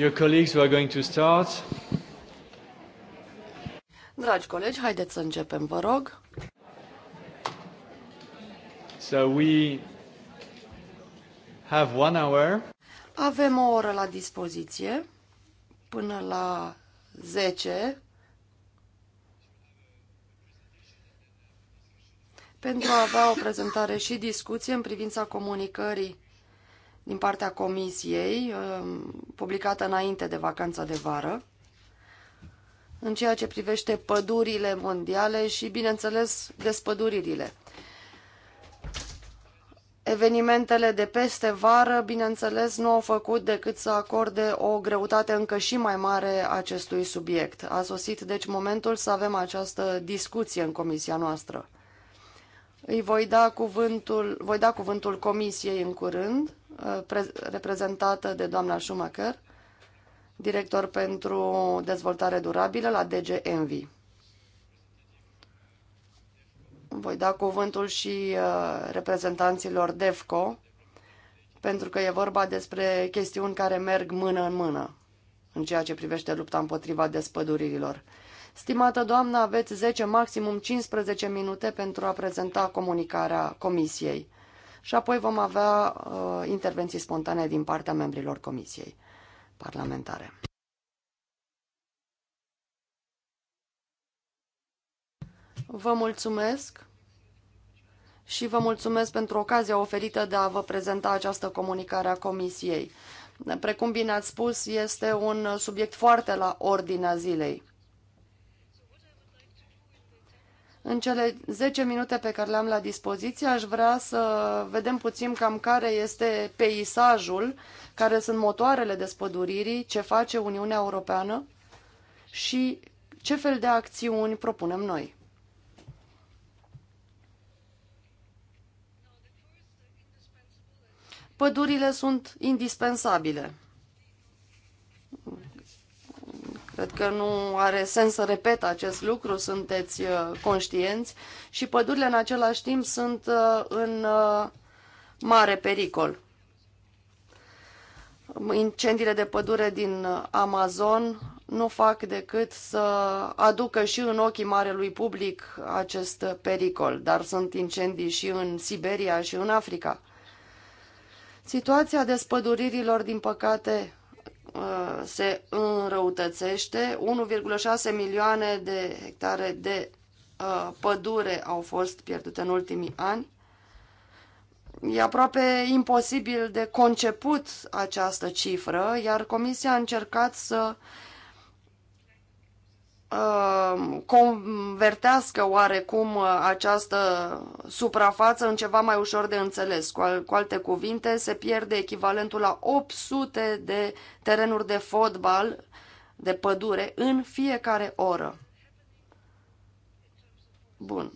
Dear colleagues, we are going to start. Dragi colegi, haideți să începem, vă rog. So we have one hour. Avem o oră la dispoziție până la 10 pentru a avea o prezentare și discuție în privința comunicării din partea Comisiei, um, publicată înainte de vacanța de vară, în ceea ce privește pădurile mondiale și, bineînțeles, despăduririle. Evenimentele de peste vară, bineînțeles, nu au făcut decât să acorde o greutate încă și mai mare acestui subiect. A sosit, deci, momentul să avem această discuție în comisia noastră. Îi voi da cuvântul, voi da cuvântul comisiei în curând Uh, reprezentată de doamna Schumacher, director pentru dezvoltare durabilă la DG Envy. Voi da cuvântul și uh, reprezentanților DEFCO, pentru că e vorba despre chestiuni care merg mână în mână în ceea ce privește lupta împotriva despăduririlor. Stimată doamnă, aveți 10, maximum 15 minute pentru a prezenta comunicarea Comisiei și apoi vom avea uh, intervenții spontane din partea membrilor Comisiei Parlamentare. Vă mulțumesc și vă mulțumesc pentru ocazia oferită de a vă prezenta această comunicare a Comisiei. Precum bine ați spus, este un subiect foarte la ordinea zilei. În cele 10 minute pe care le-am la dispoziție, aș vrea să vedem puțin cam care este peisajul, care sunt motoarele despăduririi, ce face Uniunea Europeană și ce fel de acțiuni propunem noi. Pădurile sunt indispensabile Cred că nu are sens să repet acest lucru, sunteți uh, conștienți și pădurile în același timp sunt uh, în uh, mare pericol. Incendiile de pădure din Amazon nu fac decât să aducă și în ochii marelui public acest pericol, dar sunt incendii și în Siberia și în Africa. Situația despăduririlor, din păcate, Uh, se înrăutățește. 1,6 milioane de hectare de uh, pădure au fost pierdute în ultimii ani. E aproape imposibil de conceput această cifră, iar Comisia a încercat să Uh, convertească oarecum uh, această suprafață în ceva mai ușor de înțeles. Cu, al, cu alte cuvinte, se pierde echivalentul la 800 de terenuri de fotbal, de pădure, în fiecare oră. Bun.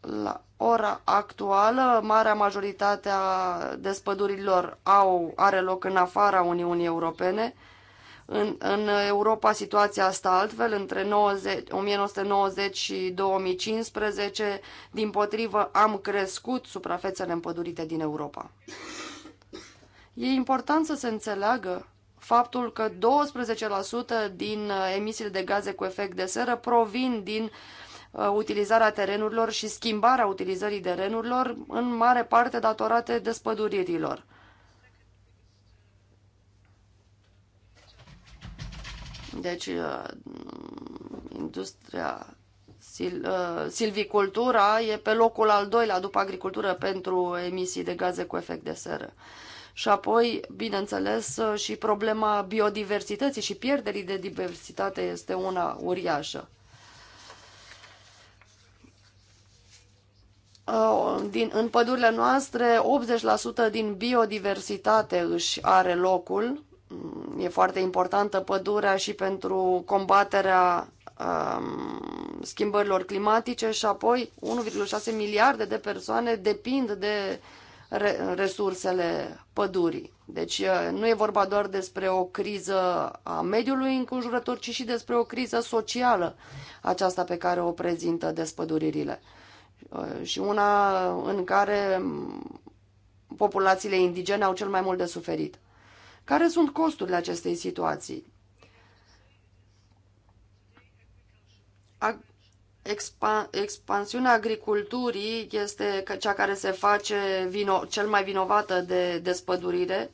La ora actuală, marea majoritate a despădurilor au, are loc în afara Uniunii Europene, în, în Europa situația asta altfel, între 90, 1990 și 2015, din potrivă, am crescut suprafețele împădurite din Europa. E important să se înțeleagă faptul că 12% din uh, emisiile de gaze cu efect de seră provin din uh, utilizarea terenurilor și schimbarea utilizării terenurilor, în mare parte datorate despăduririlor. Deci, uh, industria sil, uh, silvicultura e pe locul al doilea după agricultură pentru emisii de gaze cu efect de seră. Și apoi, bineînțeles, uh, și problema biodiversității și pierderii de diversitate este una uriașă. Din, în pădurile noastre, 80% din biodiversitate își are locul Mm, e foarte importantă pădurea și pentru combaterea um, schimbărilor climatice și apoi 1,6 miliarde de persoane depind de resursele pădurii. Deci nu e vorba doar despre o criză a mediului înconjurător, ci și despre o criză socială, aceasta pe care o prezintă despăduririle. Și una în care populațiile indigene au cel mai mult de suferit. Care sunt costurile acestei situații? A Expan expansiunea agriculturii este cea care se face vino, cel mai vinovată de despădurire,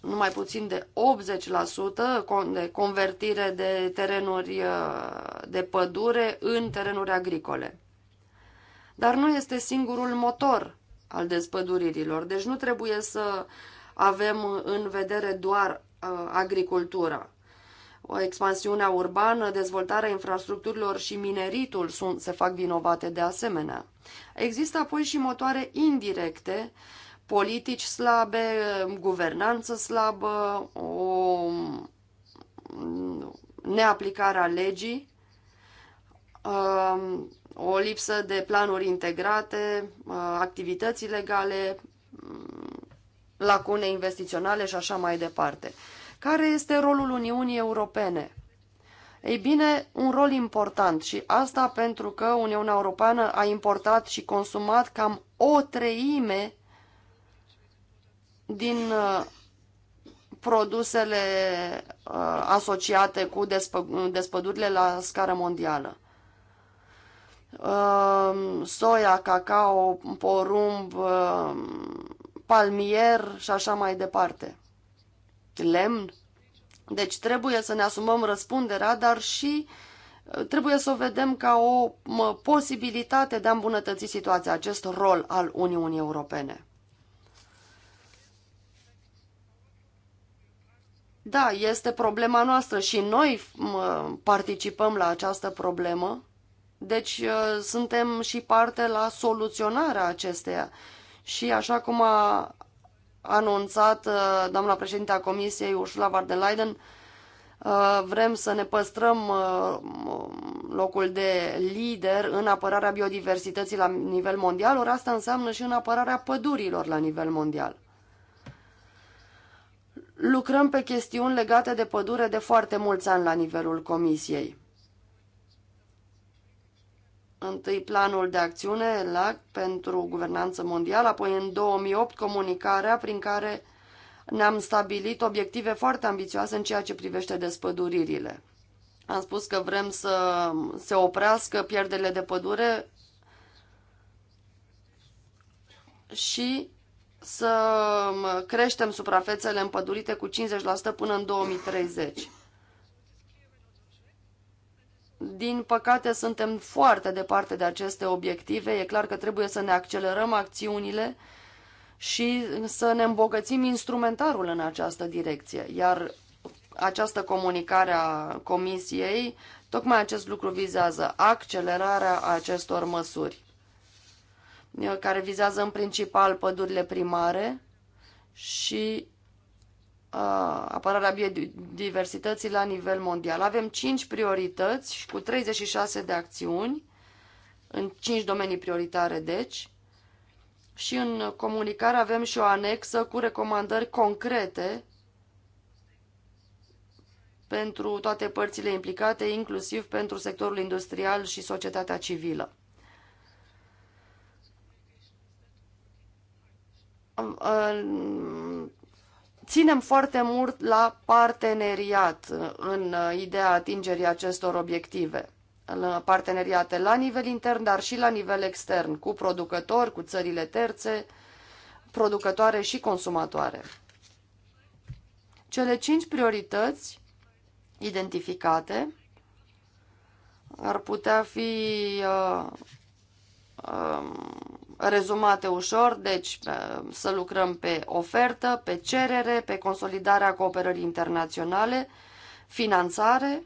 numai puțin de 80% de convertire de terenuri uh, de pădure în terenuri agricole. Dar nu este singurul motor al despăduririlor, deci nu trebuie să avem în vedere doar uh, agricultura. O expansiunea urbană, dezvoltarea infrastructurilor și mineritul sunt, se fac vinovate de asemenea. Există apoi și motoare indirecte, politici slabe, guvernanță slabă, o mm, neaplicare a legii, uh, o lipsă de planuri integrate, uh, activități legale, lacune investiționale și așa mai departe. Care este rolul Uniunii Europene? Ei bine, un rol important și asta pentru că Uniunea Europeană a importat și consumat cam o treime din uh, produsele uh, asociate cu despă, despădurile la scară mondială. Uh, soia, cacao, porumb, palmier și așa mai departe. Lemn. Deci trebuie să ne asumăm răspunderea, dar și uh, trebuie să o vedem ca o posibilitate de a îmbunătăți situația, acest rol al Uniunii Europene. Da, este problema noastră și noi participăm la această problemă, deci uh, suntem și parte la soluționarea acesteia și așa cum a anunțat uh, doamna președinte a Comisiei Ursula von der Leyen, uh, vrem să ne păstrăm uh, locul de lider în apărarea biodiversității la nivel mondial, ori asta înseamnă și în apărarea pădurilor la nivel mondial. Lucrăm pe chestiuni legate de pădure de foarte mulți ani la nivelul Comisiei întâi planul de acțiune LAC pentru guvernanță mondială, apoi în 2008 comunicarea prin care ne-am stabilit obiective foarte ambițioase în ceea ce privește despăduririle. Am spus că vrem să se oprească pierderile de pădure și să creștem suprafețele împădurite cu 50% până în 2030. Din păcate, suntem foarte departe de aceste obiective. E clar că trebuie să ne accelerăm acțiunile și să ne îmbogățim instrumentarul în această direcție. Iar această comunicare a Comisiei, tocmai acest lucru vizează accelerarea acestor măsuri, care vizează în principal pădurile primare și apărarea biodiversității la nivel mondial. Avem 5 priorități și cu 36 de acțiuni în 5 domenii prioritare, deci. Și în comunicare avem și o anexă cu recomandări concrete pentru toate părțile implicate, inclusiv pentru sectorul industrial și societatea civilă ținem foarte mult la parteneriat uh, în uh, ideea atingerii acestor obiective. Uh, parteneriate la nivel intern, dar și la nivel extern, cu producători, cu țările terțe, producătoare și consumatoare. Cele cinci priorități identificate ar putea fi uh, uh, rezumate ușor, deci uh, să lucrăm pe ofertă, pe cerere, pe consolidarea cooperării internaționale, finanțare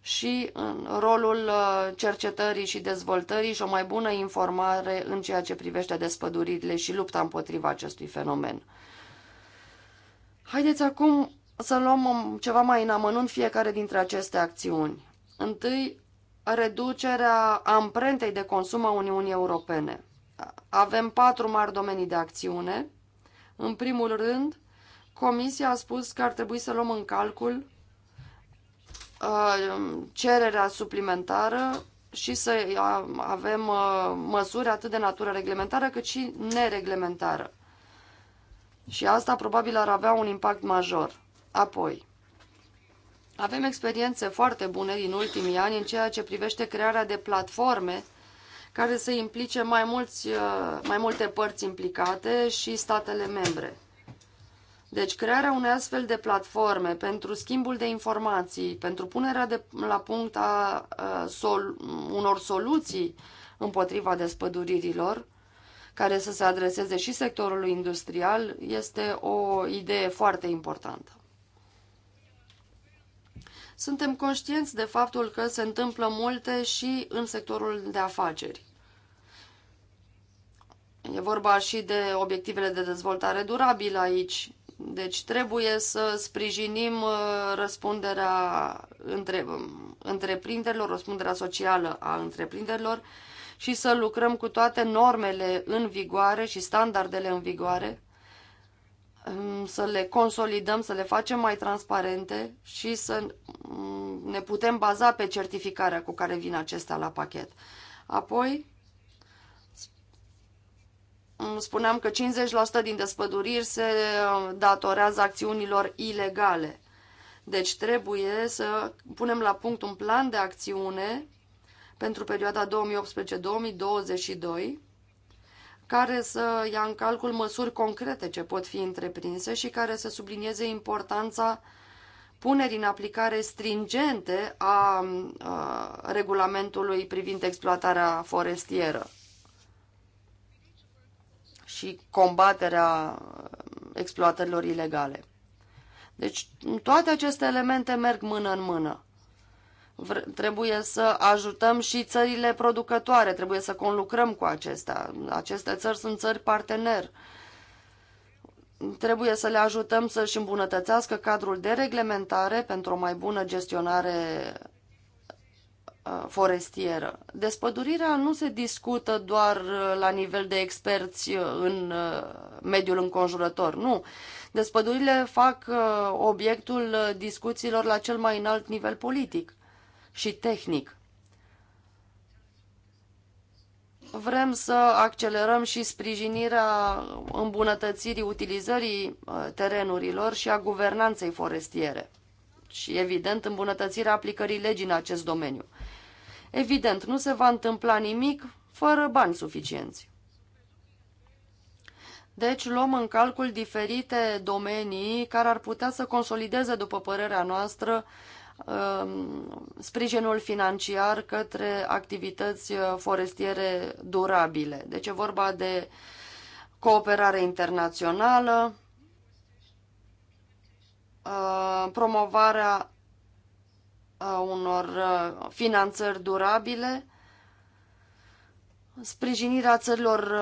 și în rolul uh, cercetării și dezvoltării și o mai bună informare în ceea ce privește despăduririle și lupta împotriva acestui fenomen. Haideți acum să luăm ceva mai în amănunt fiecare dintre aceste acțiuni. Întâi, reducerea amprentei de consum a Uniunii Europene. Avem patru mari domenii de acțiune. În primul rând, Comisia a spus că ar trebui să luăm în calcul uh, cererea suplimentară și să uh, avem uh, măsuri atât de natură reglementară cât și nereglementară. Și asta probabil ar avea un impact major. Apoi, avem experiențe foarte bune din ultimii ani în ceea ce privește crearea de platforme care să implice mai, mulți, uh, mai multe părți implicate și statele membre. Deci crearea unei astfel de platforme pentru schimbul de informații, pentru punerea de, la punct a, a sol, unor soluții împotriva despăduririlor, care să se adreseze și sectorului industrial, este o idee foarte importantă. Suntem conștienți de faptul că se întâmplă multe și în sectorul de afaceri. E vorba și de obiectivele de dezvoltare durabilă aici. Deci trebuie să sprijinim uh, răspunderea între, um, întreprinderilor, răspunderea socială a întreprinderilor și să lucrăm cu toate normele în vigoare și standardele în vigoare Um, să le consolidăm, să le facem mai transparente și să um, ne putem baza pe certificarea cu care vin acestea la pachet. Apoi, um, spuneam că 50% din despăduriri se uh, datorează acțiunilor ilegale. Deci trebuie să punem la punct un plan de acțiune pentru perioada 2018-2022 care să ia în calcul măsuri concrete ce pot fi întreprinse și care să sublinieze importanța punerii în aplicare stringente a, a regulamentului privind exploatarea forestieră și combaterea exploatărilor ilegale. Deci toate aceste elemente merg mână în mână trebuie să ajutăm și țările producătoare, trebuie să conlucrăm cu acestea. Aceste țări sunt țări partener. Trebuie să le ajutăm să-și îmbunătățească cadrul de reglementare pentru o mai bună gestionare uh, forestieră. Despădurirea nu se discută doar uh, la nivel de experți uh, în mediul înconjurător, nu. Despădurile fac obiectul discuțiilor la cel mai înalt nivel politic și tehnic. Vrem să accelerăm și sprijinirea îmbunătățirii utilizării uh, terenurilor și a guvernanței forestiere și, evident, îmbunătățirea aplicării legii în acest domeniu. Evident, nu se va întâmpla nimic fără bani suficienți. Deci luăm în calcul diferite domenii care ar putea să consolideze, după părerea noastră, Um, sprijinul financiar către activități uh, forestiere durabile. Deci e vorba de cooperare internațională, uh, promovarea uh, unor finanțări durabile, sprijinirea țărilor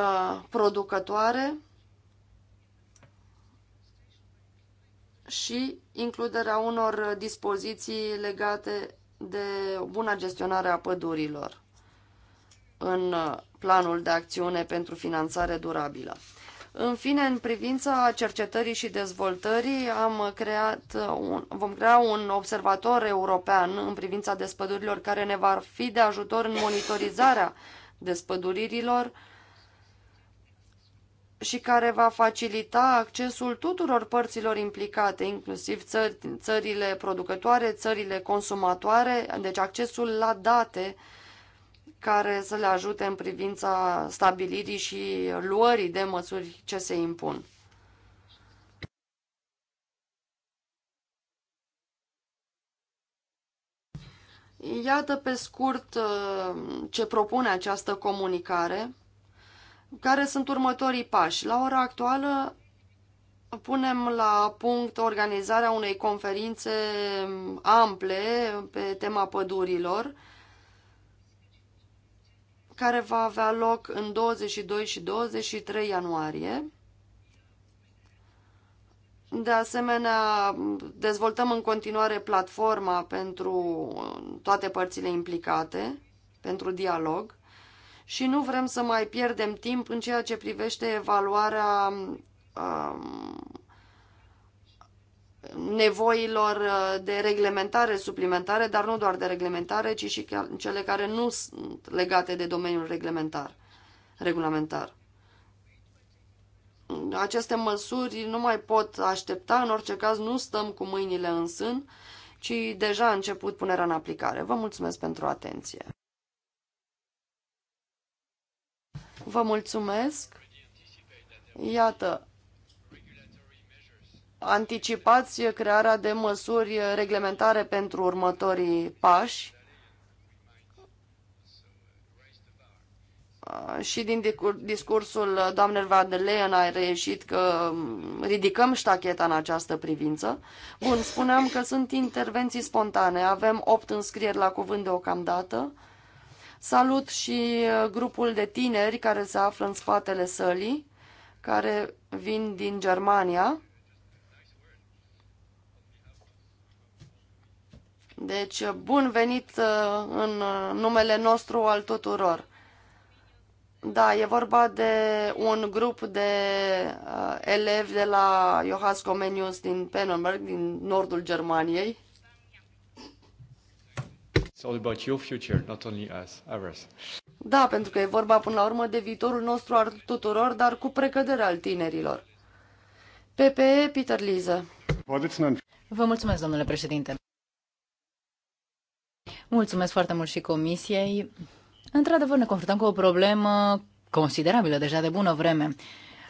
producătoare, și includerea unor dispoziții legate de buna gestionare a pădurilor în planul de acțiune pentru finanțare durabilă. În fine, în privința cercetării și dezvoltării, am creat un, vom crea un observator european în privința despădurilor care ne va fi de ajutor în monitorizarea despăduririlor și care va facilita accesul tuturor părților implicate, inclusiv ță țările producătoare, țările consumatoare, deci accesul la date care să le ajute în privința stabilirii și luării de măsuri ce se impun. Iată pe scurt uh, ce propune această comunicare. Care sunt următorii pași? La ora actuală punem la punct organizarea unei conferințe ample pe tema pădurilor, care va avea loc în 22 și 23 ianuarie. De asemenea, dezvoltăm în continuare platforma pentru toate părțile implicate, pentru dialog și nu vrem să mai pierdem timp în ceea ce privește evaluarea um, nevoilor uh, de reglementare suplimentare, dar nu doar de reglementare, ci și cele care nu sunt legate de domeniul reglementar, regulamentar. Aceste măsuri nu mai pot aștepta, în orice caz nu stăm cu mâinile în sân, ci deja a început punerea în aplicare. Vă mulțumesc pentru atenție! Vă mulțumesc. Iată, anticipați crearea de măsuri reglementare pentru următorii pași și din discursul doamnei Van der Leyen a reieșit că ridicăm ștacheta în această privință. Bun, spuneam că sunt intervenții spontane. Avem opt înscrieri la cuvânt deocamdată. Salut și uh, grupul de tineri care se află în spatele sălii, care vin din Germania. Deci, uh, bun venit uh, în numele nostru al tuturor. Da, e vorba de un grup de elevi de la Johannes Comenius din Pennenberg, din nordul Germaniei. It's all about your future, not only us, ours. Da, pentru că e vorba până la urmă de viitorul nostru al tuturor, dar cu precădere al tinerilor. PPE, Peter Liză. Vă mulțumesc, domnule președinte. Mulțumesc foarte mult și comisiei. Într-adevăr, ne confruntăm cu o problemă considerabilă deja de bună vreme,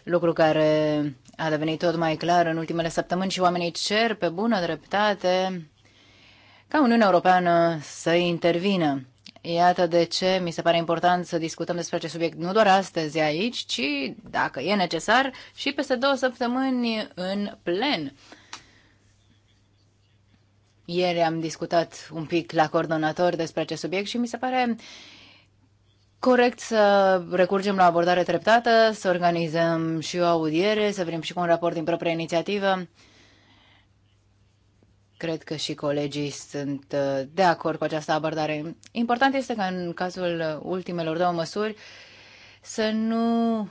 lucru care a devenit tot mai clar în ultimele săptămâni și oamenii cer pe bună dreptate ca Uniunea Europeană să intervină. Iată de ce mi se pare important să discutăm despre acest subiect nu doar astăzi aici, ci, dacă e necesar, și peste două săptămâni în plen. Ieri am discutat un pic la coordonator despre acest subiect și mi se pare corect să recurgem la abordare treptată, să organizăm și o audiere, să venim și cu un raport din propria inițiativă Cred că și colegii sunt uh, de acord cu această abordare. Important este ca în cazul ultimelor două măsuri să nu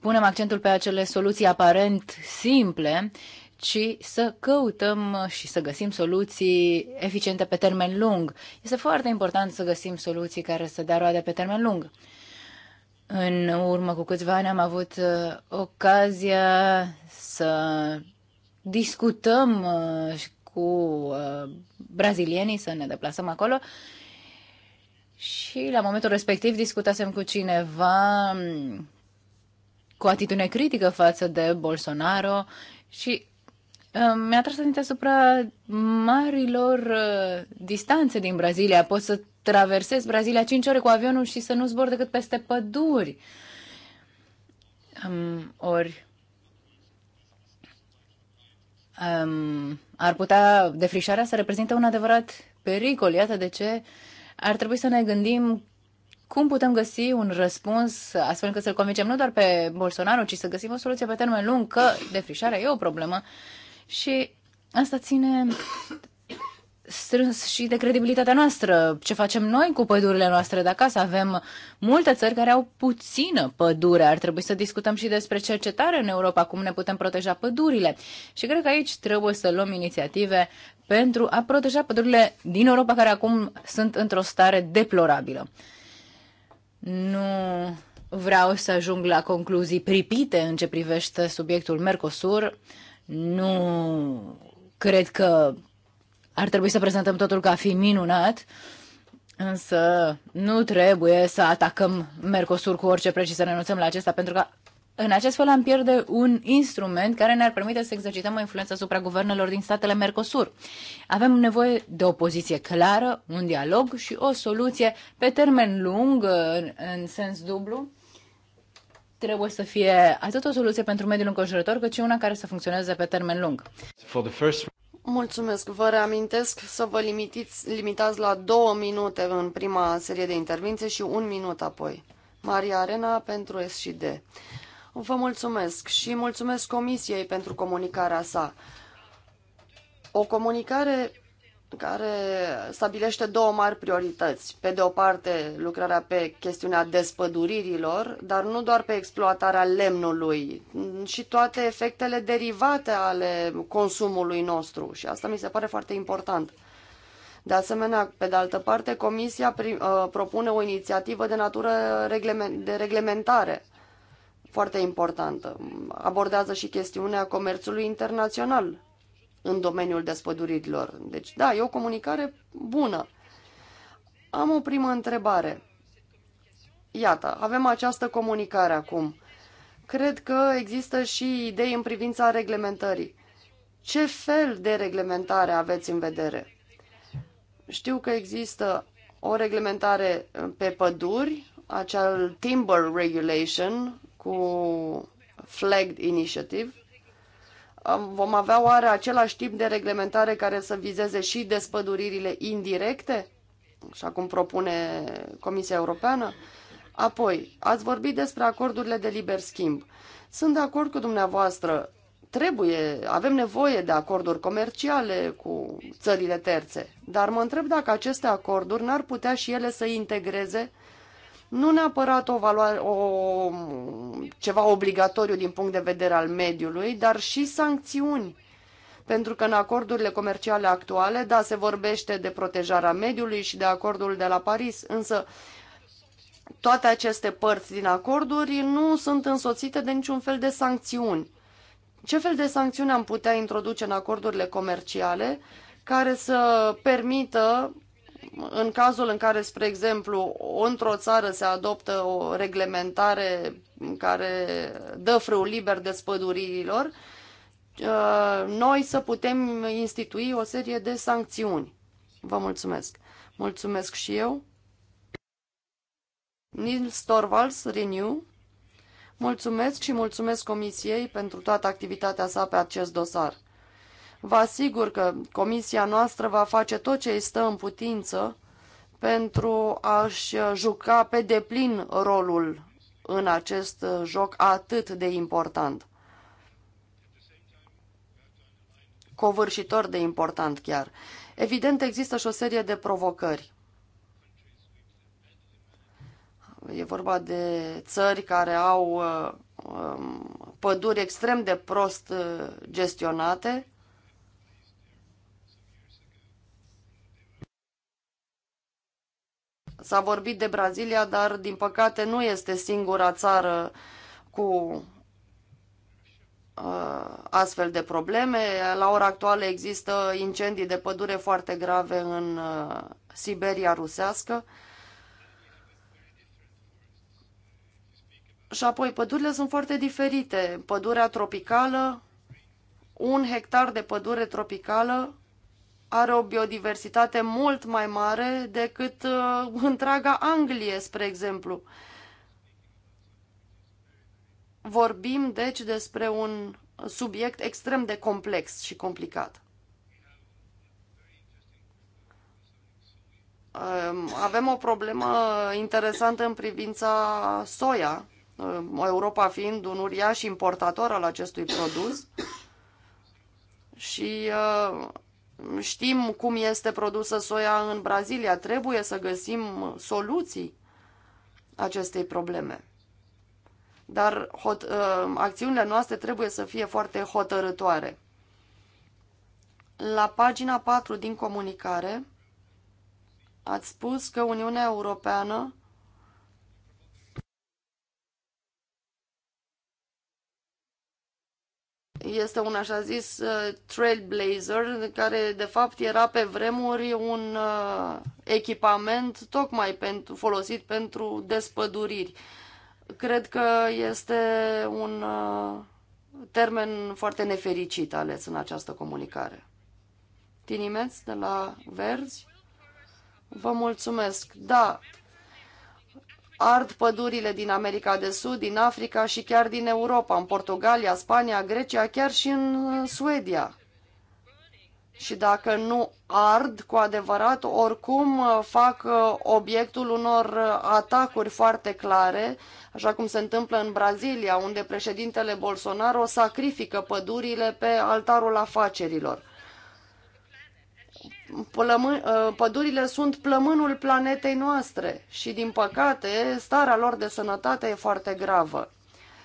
punem accentul pe acele soluții aparent simple, ci să căutăm și să găsim soluții eficiente pe termen lung. Este foarte important să găsim soluții care să dea roade pe termen lung. În urmă cu câțiva ani am avut uh, ocazia să discutăm uh, cu uh, brazilienii să ne deplasăm acolo și la momentul respectiv discutasem cu cineva mm, cu atitudine critică față de Bolsonaro și uh, mi-a tras atenția asupra marilor distanțe din Brazilia. Poți să traversezi Brazilia 5 ore cu avionul și să nu zbor decât peste păduri. Um, ori um, ar putea, defrișarea să reprezinte un adevărat pericol. Iată de ce ar trebui să ne gândim cum putem găsi un răspuns astfel încât să-l convingem nu doar pe Bolsonaro, ci să găsim o soluție pe termen lung, că defrișarea e o problemă și asta ține strâns și de credibilitatea noastră. Ce facem noi cu pădurile noastre de acasă? Avem multe țări care au puțină pădure. Ar trebui să discutăm și despre cercetare în Europa, cum ne putem proteja pădurile. Și cred că aici trebuie să luăm inițiative pentru a proteja pădurile din Europa, care acum sunt într-o stare deplorabilă. Nu vreau să ajung la concluzii pripite în ce privește subiectul Mercosur. Nu cred că ar trebui să prezentăm totul ca fi minunat, însă nu trebuie să atacăm Mercosur cu orice preț și să renunțăm la acesta, pentru că în acest fel am pierde un instrument care ne-ar permite să exercităm o influență asupra guvernelor din statele Mercosur. Avem nevoie de o poziție clară, un dialog și o soluție pe termen lung, în, în sens dublu. Trebuie să fie atât o soluție pentru mediul înconjurător, cât și una care să funcționeze pe termen lung. Mulțumesc. Vă reamintesc să vă limitiți, limitați la două minute în prima serie de intervenții și un minut apoi. Maria Arena pentru S și D. Vă mulțumesc și mulțumesc Comisiei pentru comunicarea sa. O comunicare care stabilește două mari priorități. Pe de o parte, lucrarea pe chestiunea despăduririlor, dar nu doar pe exploatarea lemnului, și toate efectele derivate ale consumului nostru. Și asta mi se pare foarte important. De asemenea, pe de altă parte, Comisia uh, propune o inițiativă de natură de reglementare foarte importantă. Abordează și chestiunea comerțului internațional în domeniul despăduririlor. Deci, da, e o comunicare bună. Am o primă întrebare. Iată, avem această comunicare acum. Cred că există și idei în privința reglementării. Ce fel de reglementare aveți în vedere? Știu că există o reglementare pe păduri, acel Timber Regulation cu Flagged Initiative, vom avea oare același tip de reglementare care să vizeze și despăduririle indirecte, așa cum propune Comisia Europeană? Apoi, ați vorbit despre acordurile de liber schimb. Sunt de acord cu dumneavoastră, trebuie, avem nevoie de acorduri comerciale cu țările terțe, dar mă întreb dacă aceste acorduri n-ar putea și ele să integreze nu neapărat o valoare, o, ceva obligatoriu din punct de vedere al mediului, dar și sancțiuni. Pentru că în acordurile comerciale actuale, da, se vorbește de protejarea mediului și de acordul de la Paris, însă toate aceste părți din acorduri nu sunt însoțite de niciun fel de sancțiuni. Ce fel de sancțiuni am putea introduce în acordurile comerciale care să permită în cazul în care, spre exemplu, într-o țară se adoptă o reglementare care dă frâu liber de spăduririlor, uh, noi să putem institui o serie de sancțiuni. Vă mulțumesc. Mulțumesc și eu. Nils Torvalds, Renew. Mulțumesc și mulțumesc Comisiei pentru toată activitatea sa pe acest dosar. Vă asigur că comisia noastră va face tot ce îi stă în putință pentru a-și juca pe deplin rolul în acest joc atât de important. Covârșitor de important chiar. Evident, există și o serie de provocări. E vorba de țări care au uh, um, păduri extrem de prost uh, gestionate, S-a vorbit de Brazilia, dar din păcate nu este singura țară cu uh, astfel de probleme. La ora actuală există incendii de pădure foarte grave în uh, Siberia rusească. Și apoi, pădurile sunt foarte diferite. Pădurea tropicală, un hectar de pădure tropicală are o biodiversitate mult mai mare decât uh, întreaga Anglie, spre exemplu. Vorbim, deci, despre un subiect extrem de complex și complicat. Um, avem o problemă interesantă în privința soia, um, Europa fiind un uriaș importator al acestui produs și uh, Știm cum este produsă soia în Brazilia. Trebuie să găsim soluții acestei probleme. Dar hot, uh, acțiunile noastre trebuie să fie foarte hotărătoare. La pagina 4 din comunicare ați spus că Uniunea Europeană este un așa zis uh, trailblazer, care de fapt era pe vremuri un uh, echipament tocmai pentru, folosit pentru despăduriri. Cred că este un uh, termen foarte nefericit ales în această comunicare. Tinimeți de la Verzi? Vă mulțumesc. Da, ard pădurile din America de Sud, din Africa și chiar din Europa, în Portugalia, Spania, Grecia, chiar și în Suedia. Și dacă nu ard cu adevărat, oricum uh, fac uh, obiectul unor uh, atacuri foarte clare, așa cum se întâmplă în Brazilia, unde președintele Bolsonaro sacrifică pădurile pe altarul afacerilor. Ă, pădurile sunt plămânul planetei noastre și, din păcate, starea lor de sănătate e foarte gravă.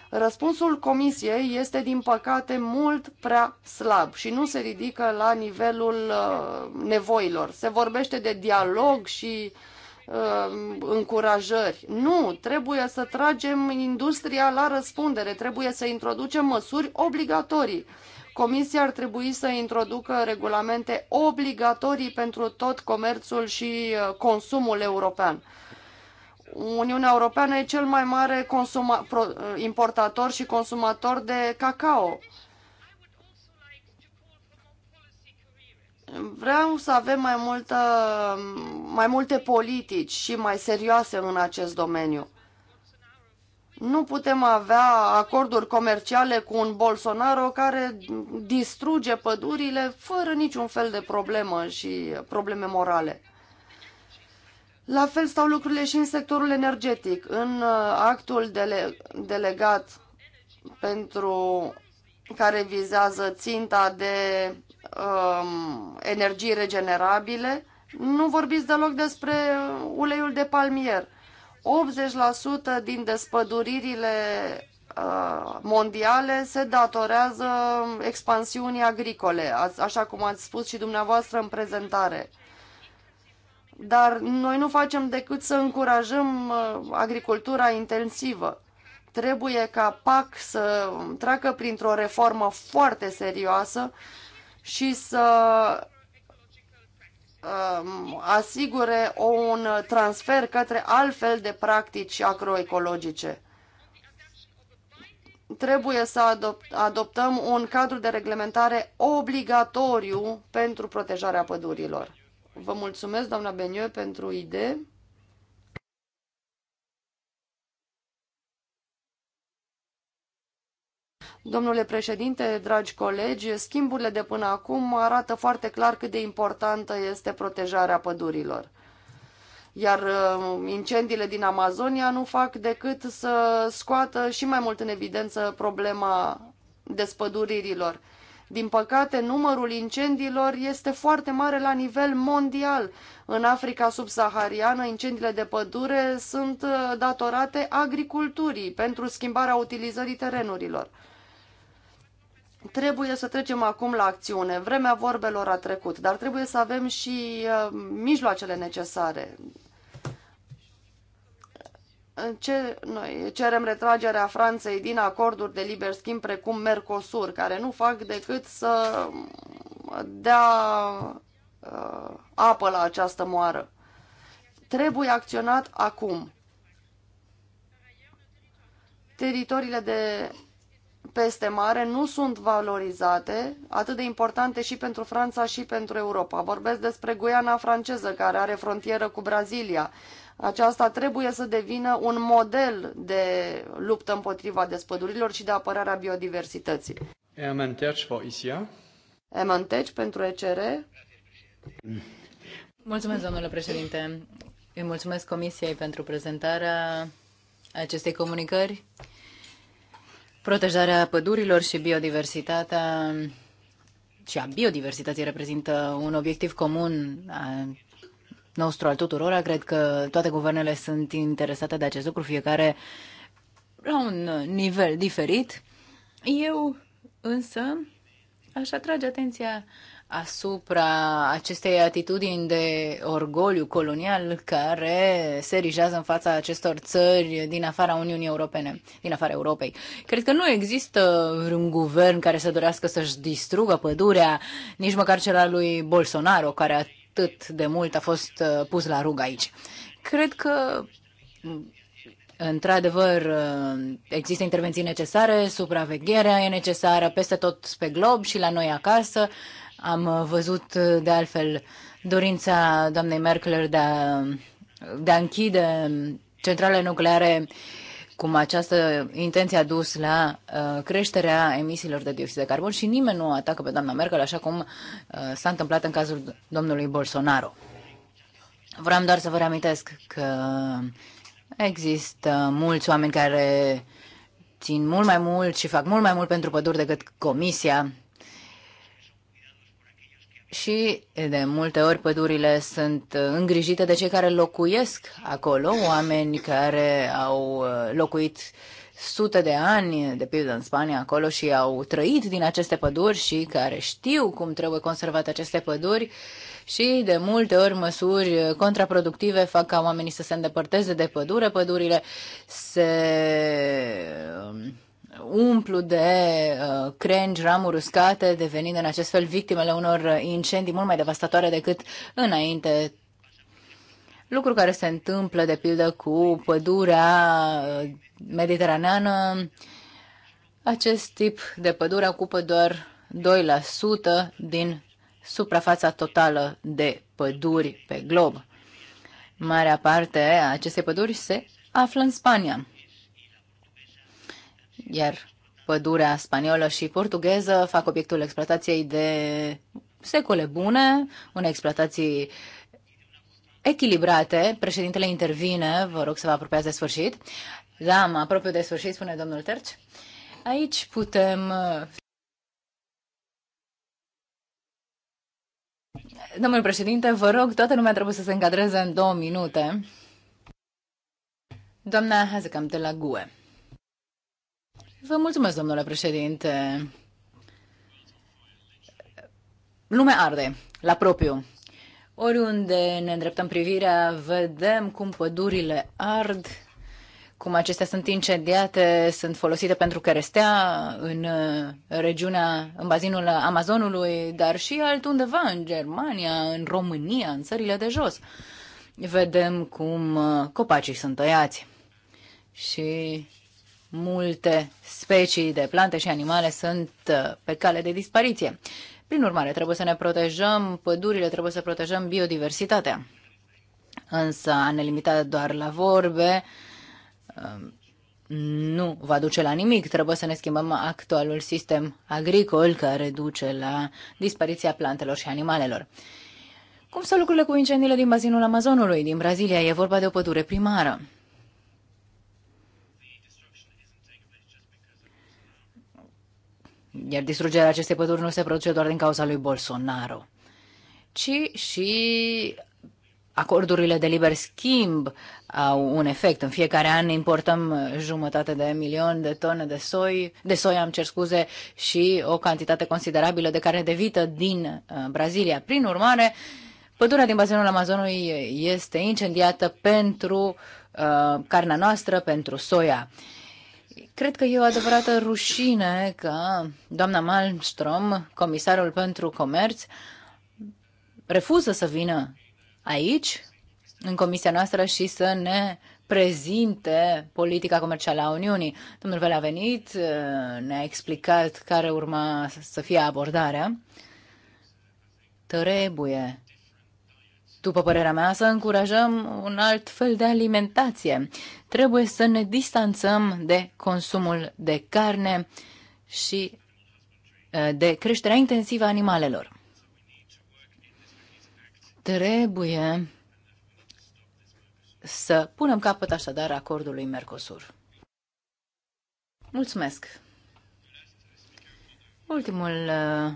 Răspunsul Comisiei este, din păcate, mult prea slab și nu se ridică la nivelul ă, nevoilor. Se vorbește de dialog și uh, încurajări. Nu, trebuie să tragem industria la răspundere, trebuie să introducem măsuri obligatorii Comisia ar trebui să introducă regulamente obligatorii pentru tot comerțul și uh, consumul european. Uniunea Europeană e cel mai mare consuma, pro, uh, importator și consumator de cacao. Vreau să avem mai, multă, mai multe politici și mai serioase în acest domeniu. Nu putem avea acorduri comerciale cu un Bolsonaro care distruge pădurile fără niciun fel de problemă și probleme morale. La fel stau lucrurile și în sectorul energetic. În uh, actul dele delegat pentru care vizează ținta de um, energii regenerabile, nu vorbiți deloc despre uleiul de palmier. 80% din despăduririle uh, mondiale se datorează expansiunii agricole, așa cum ați spus și dumneavoastră în prezentare. Dar noi nu facem decât să încurajăm uh, agricultura intensivă. Trebuie ca PAC să treacă printr-o reformă foarte serioasă și să Um, asigure un transfer către altfel de practici agroecologice. Trebuie să adoptăm un cadru de reglementare obligatoriu pentru protejarea pădurilor. Vă mulțumesc, doamna Beniu, pentru idee. Domnule președinte, dragi colegi, schimburile de până acum arată foarte clar cât de importantă este protejarea pădurilor. Iar uh, incendiile din Amazonia nu fac decât să scoată și mai mult în evidență problema despăduririlor. Din păcate, numărul incendiilor este foarte mare la nivel mondial. În Africa subsahariană, incendiile de pădure sunt uh, datorate agriculturii pentru schimbarea utilizării terenurilor. Trebuie să trecem acum la acțiune. Vremea vorbelor a trecut, dar trebuie să avem și uh, mijloacele necesare. Ce, noi cerem retragerea Franței din acorduri de liber schimb precum Mercosur, care nu fac decât să dea uh, apă la această moară. Trebuie acționat acum. Teritoriile de peste mare nu sunt valorizate, atât de importante și pentru Franța și pentru Europa. Vorbesc despre Guiana franceză, care are frontieră cu Brazilia. Aceasta trebuie să devină un model de luptă împotriva despădurilor și de apărarea biodiversității. Emanteci for ICA. Emanteci pentru ECR. Mulțumesc, domnule președinte. Îi mulțumesc Comisiei pentru prezentarea acestei comunicări. Protejarea pădurilor și biodiversitatea și a biodiversității reprezintă un obiectiv comun nostru al tuturora. Cred că toate guvernele sunt interesate de acest lucru, fiecare la un nivel diferit. Eu însă aș atrage atenția asupra acestei atitudini de orgoliu colonial care se rijează în fața acestor țări din afara Uniunii Europene, din afara Europei. Cred că nu există un guvern care să dorească să-și distrugă pădurea, nici măcar cel al lui Bolsonaro, care atât de mult a fost uh, pus la rug aici. Cred că Într-adevăr, uh, există intervenții necesare, supravegherea e necesară peste tot pe glob și la noi acasă. Am uh, văzut uh, de altfel dorința doamnei Merkel de a, de a închide centrale nucleare cum această intenție a dus la uh, creșterea emisiilor de dioxid de carbon și nimeni nu atacă pe doamna Merkel așa cum uh, s-a întâmplat în cazul domnului Bolsonaro. Vreau doar să vă reamintesc că există mulți oameni care țin mult mai mult și fac mult mai mult pentru păduri decât comisia și de multe ori pădurile sunt uh, îngrijite de cei care locuiesc acolo, oameni care au uh, locuit sute de ani, de pildă în Spania, acolo și au trăit din aceste păduri și care știu cum trebuie conservate aceste păduri și de multe ori măsuri contraproductive fac ca oamenii să se îndepărteze de pădure, pădurile se um, umplu de uh, crengi, ramuri uscate, devenind în acest fel victimele unor uh, incendii mult mai devastatoare decât înainte. Lucru care se întâmplă, de pildă, cu pădurea uh, mediteraneană. Acest tip de pădure ocupă doar 2% din suprafața totală de păduri pe glob. Marea parte a acestei păduri se află în Spania iar pădurea spaniolă și portugheză fac obiectul exploatației de secole bune, unei exploatații echilibrate. Președintele intervine, vă rog să vă apropiați de sfârșit. Da, mă apropiu de sfârșit, spune domnul Terci. Aici putem... Domnul președinte, vă rog, toată lumea trebuie să se încadreze în două minute. Doamna Hazekam de la GUE. Vă mulțumesc, domnule președinte. Lumea arde, la propriu. Oriunde ne îndreptăm privirea, vedem cum pădurile ard, cum acestea sunt incendiate, sunt folosite pentru cărestea în uh, regiunea, în bazinul Amazonului, dar și altundeva, în Germania, în România, în țările de jos. Vedem cum uh, copacii sunt tăiați și multe specii de plante și animale sunt uh, pe cale de dispariție. Prin urmare, trebuie să ne protejăm pădurile, trebuie să protejăm biodiversitatea. Însă a ne limita doar la vorbe um, nu va duce la nimic. Trebuie să ne schimbăm actualul sistem agricol care duce la dispariția plantelor și animalelor. Cum sunt lucrurile cu incendiile din bazinul Amazonului, din Brazilia? E vorba de o pădure primară. Iar distrugerea acestei păduri nu se produce doar din cauza lui Bolsonaro, ci și acordurile de liber schimb au un efect. În fiecare an importăm jumătate de milion de tone de soi, de soi am cer scuze, și o cantitate considerabilă de carne de vită din uh, Brazilia. Prin urmare, pădurea din bazinul Amazonului este incendiată pentru uh, carnea noastră, pentru soia. Uh, Cred că e o adevărată rușine că doamna Malmström, comisarul pentru comerț, refuză să vină aici, în comisia noastră, și să ne prezinte politica comercială a Uniunii. Domnul Vela a venit, ne-a explicat care urma să fie abordarea. Trebuie după părerea mea, să încurajăm un alt fel de alimentație. Trebuie să ne distanțăm de consumul de carne și uh, de creșterea intensivă a animalelor. Trebuie să punem capăt așadar acordului Mercosur. Mulțumesc! Ultimul uh,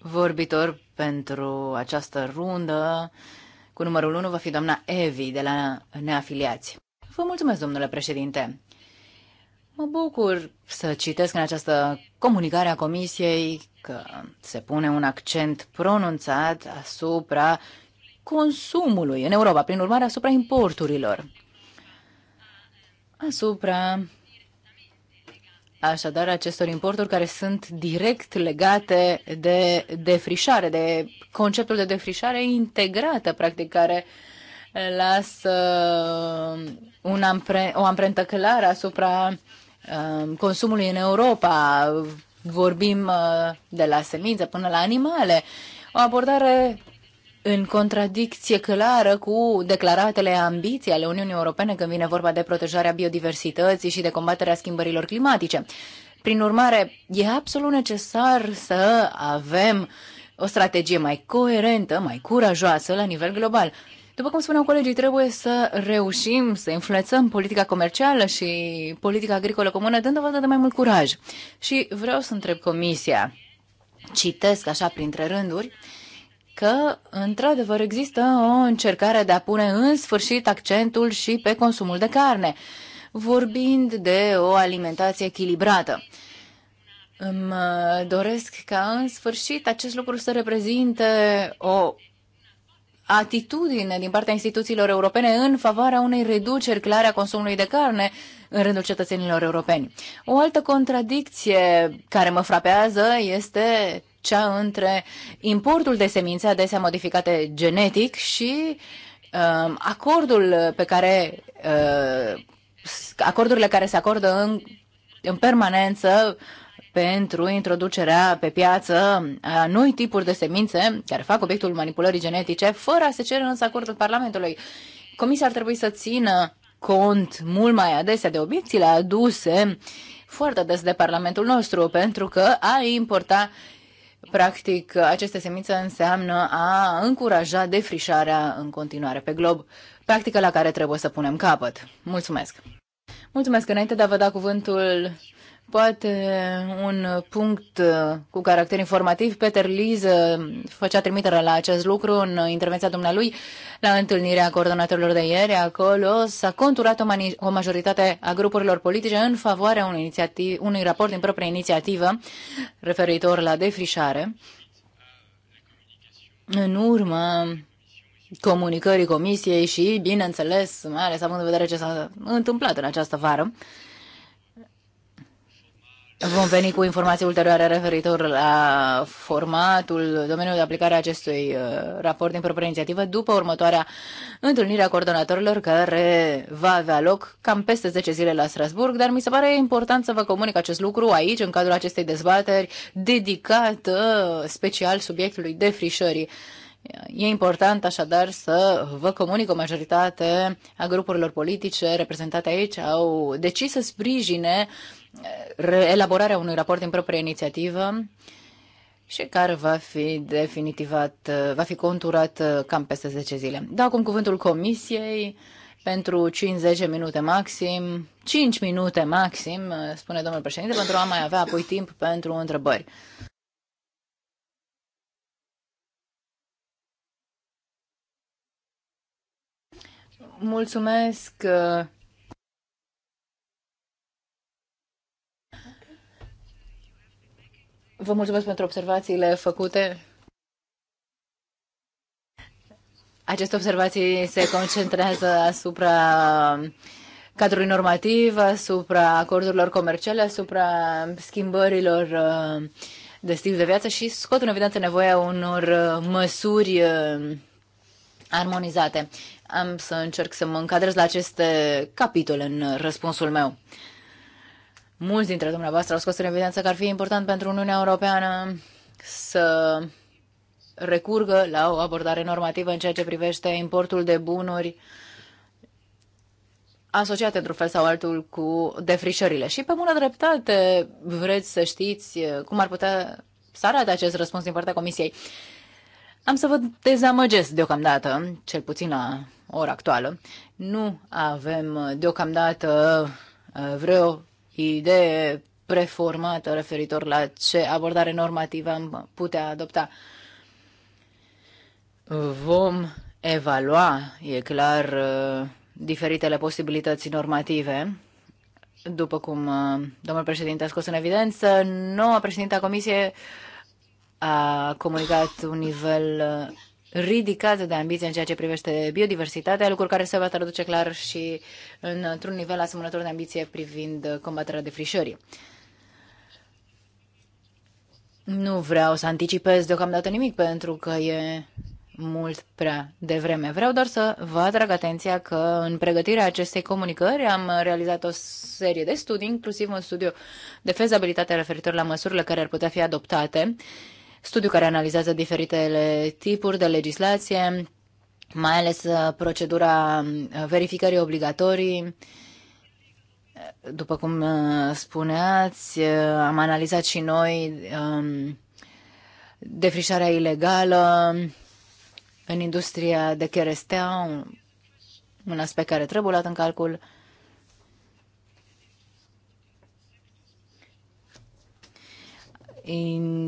vorbitor pentru această rundă cu numărul 1 va fi doamna Evi de la Neafiliați. Vă mulțumesc, domnule președinte. Mă bucur să citesc în această comunicare a Comisiei că se pune un accent pronunțat asupra consumului în Europa, prin urmare asupra importurilor, asupra așadar acestor importuri care sunt direct legate de defrișare, de conceptul de defrișare integrată, practic, care lasă uh, un ampre- o amprentă clară asupra uh, consumului în Europa. Vorbim uh, de la semințe până la animale. O abordare în contradicție clară cu declaratele ambiții ale Uniunii Europene când vine vorba de protejarea biodiversității și de combaterea schimbărilor climatice. Prin urmare, e absolut necesar să avem o strategie mai coerentă, mai curajoasă la nivel global. După cum spuneau colegii, trebuie să reușim să influențăm politica comercială și politica agricolă comună, dând dovadă de mai mult curaj. Și vreau să întreb Comisia, citesc așa printre rânduri, că, într-adevăr, există o încercare de a pune în sfârșit accentul și pe consumul de carne, vorbind de o alimentație echilibrată. Îmi uh, doresc ca, în sfârșit, acest lucru să reprezinte o atitudine din partea instituțiilor europene în favoarea unei reduceri clare a consumului de carne în rândul cetățenilor europeni. O altă contradicție care mă frapează este cea între importul de semințe adesea modificate genetic și uh, acordul pe care uh, acordurile care se acordă în, în permanență pentru introducerea pe piață a noi tipuri de semințe care fac obiectul manipulării genetice, fără a se cere însă acordul Parlamentului. Comisia ar trebui să țină cont mult mai adesea de obiecțiile aduse foarte des de Parlamentul nostru, pentru că a importa Practic, aceste semințe înseamnă a încuraja defrișarea în continuare pe glob, practică la care trebuie să punem capăt. Mulțumesc! Mulțumesc! Înainte de a vă da cuvântul Poate un punct uh, cu caracter informativ, Peter Liz uh, făcea trimitere la acest lucru în uh, intervenția dumnealui la întâlnirea coordonatorilor de ieri. Acolo s-a conturat o, o majoritate a grupurilor politice în favoarea unui, unui raport din propria inițiativă referitor la defrișare. În urmă, comunicării comisiei și, bineînțeles, mai ales având în vedere ce s-a întâmplat în această vară, Vom veni cu informații ulterioare referitor la formatul, domeniul de aplicare a acestui uh, raport din propria inițiativă după următoarea întâlnire a coordonatorilor care va avea loc cam peste 10 zile la Strasburg, dar mi se pare important să vă comunic acest lucru aici, în cadrul acestei dezbateri dedicată special subiectului defrișării. E important așadar să vă comunic o majoritate a grupurilor politice reprezentate aici au decis să sprijine uh, elaborarea unui raport din proprie inițiativă și care va fi definitivat, va fi conturat uh, cam peste 10 zile. Dau acum cuvântul comisiei pentru 50 minute maxim, 5 minute maxim, uh, spune domnul președinte, pentru a mai avea apoi timp pentru întrebări. Mulțumesc uh, Vă mulțumesc pentru observațiile făcute. Aceste observații se concentrează asupra cadrului normativ, asupra acordurilor comerciale, asupra schimbărilor uh, de stil de viață și scot în evidență nevoia unor uh, măsuri uh, armonizate. Am să încerc să mă încadrez la aceste capitole în răspunsul meu. Mulți dintre dumneavoastră au scos în evidență că ar fi important pentru Uniunea Europeană să recurgă la o abordare normativă în ceea ce privește importul de bunuri asociate într-un fel sau altul cu defrișările. Și pe bună dreptate vreți să știți cum ar putea să arate acest răspuns din partea Comisiei. Am să vă dezamăgesc deocamdată, cel puțin la ora actuală. Nu avem deocamdată uh, vreo idee preformată referitor la ce abordare normativă am putea adopta. Vom evalua, e clar, uh, diferitele posibilități normative. După cum uh, domnul președinte a scos în evidență, noua președinte a Comisiei a comunicat un nivel uh, ridicate de ambiție în ceea ce privește biodiversitatea, lucru care se va traduce clar și într-un nivel asemănător de ambiție privind combaterea defrișării. Nu vreau să anticipez deocamdată nimic pentru că e mult prea devreme. Vreau doar să vă atrag atenția că în pregătirea acestei comunicări am realizat o serie de studii, inclusiv un studiu de fezabilitate referitor la măsurile care ar putea fi adoptate studiu care analizează diferitele tipuri de legislație, mai ales uh, procedura uh, verificării obligatorii. După cum uh, spuneați, am analizat și noi um, defrișarea ilegală în industria de cherestea, un aspect care trebuie luat în calcul.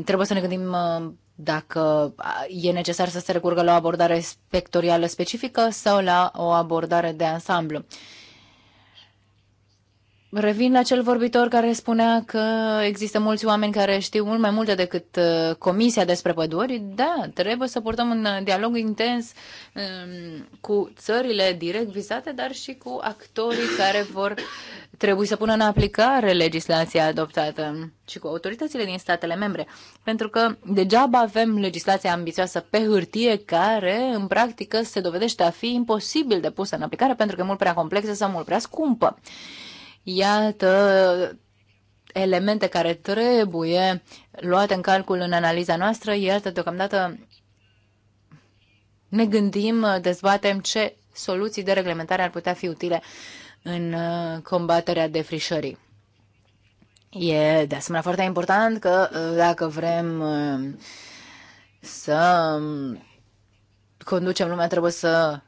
Trebuie să ne gândim uh, dacă uh, e necesar să se recurgă la o abordare sectorială specifică sau la o abordare de ansamblu. Revin la cel vorbitor care spunea că există mulți oameni care știu mult mai multe decât uh, Comisia despre păduri. Da, trebuie să purtăm un uh, dialog intens um, cu țările direct vizate, dar și cu actorii care vor trebui să pună în aplicare legislația adoptată și cu autoritățile din statele membre. Pentru că degeaba avem legislația ambițioasă pe hârtie care, în practică, se dovedește a fi imposibil de pusă în aplicare pentru că e mult prea complexă sau mult prea scumpă. Iată elemente care trebuie luate în calcul în analiza noastră. Iată, deocamdată ne gândim, dezbatem ce soluții de reglementare ar putea fi utile în uh, combaterea defrișării. E de asemenea foarte important că uh, dacă vrem uh, să conducem lumea, trebuie să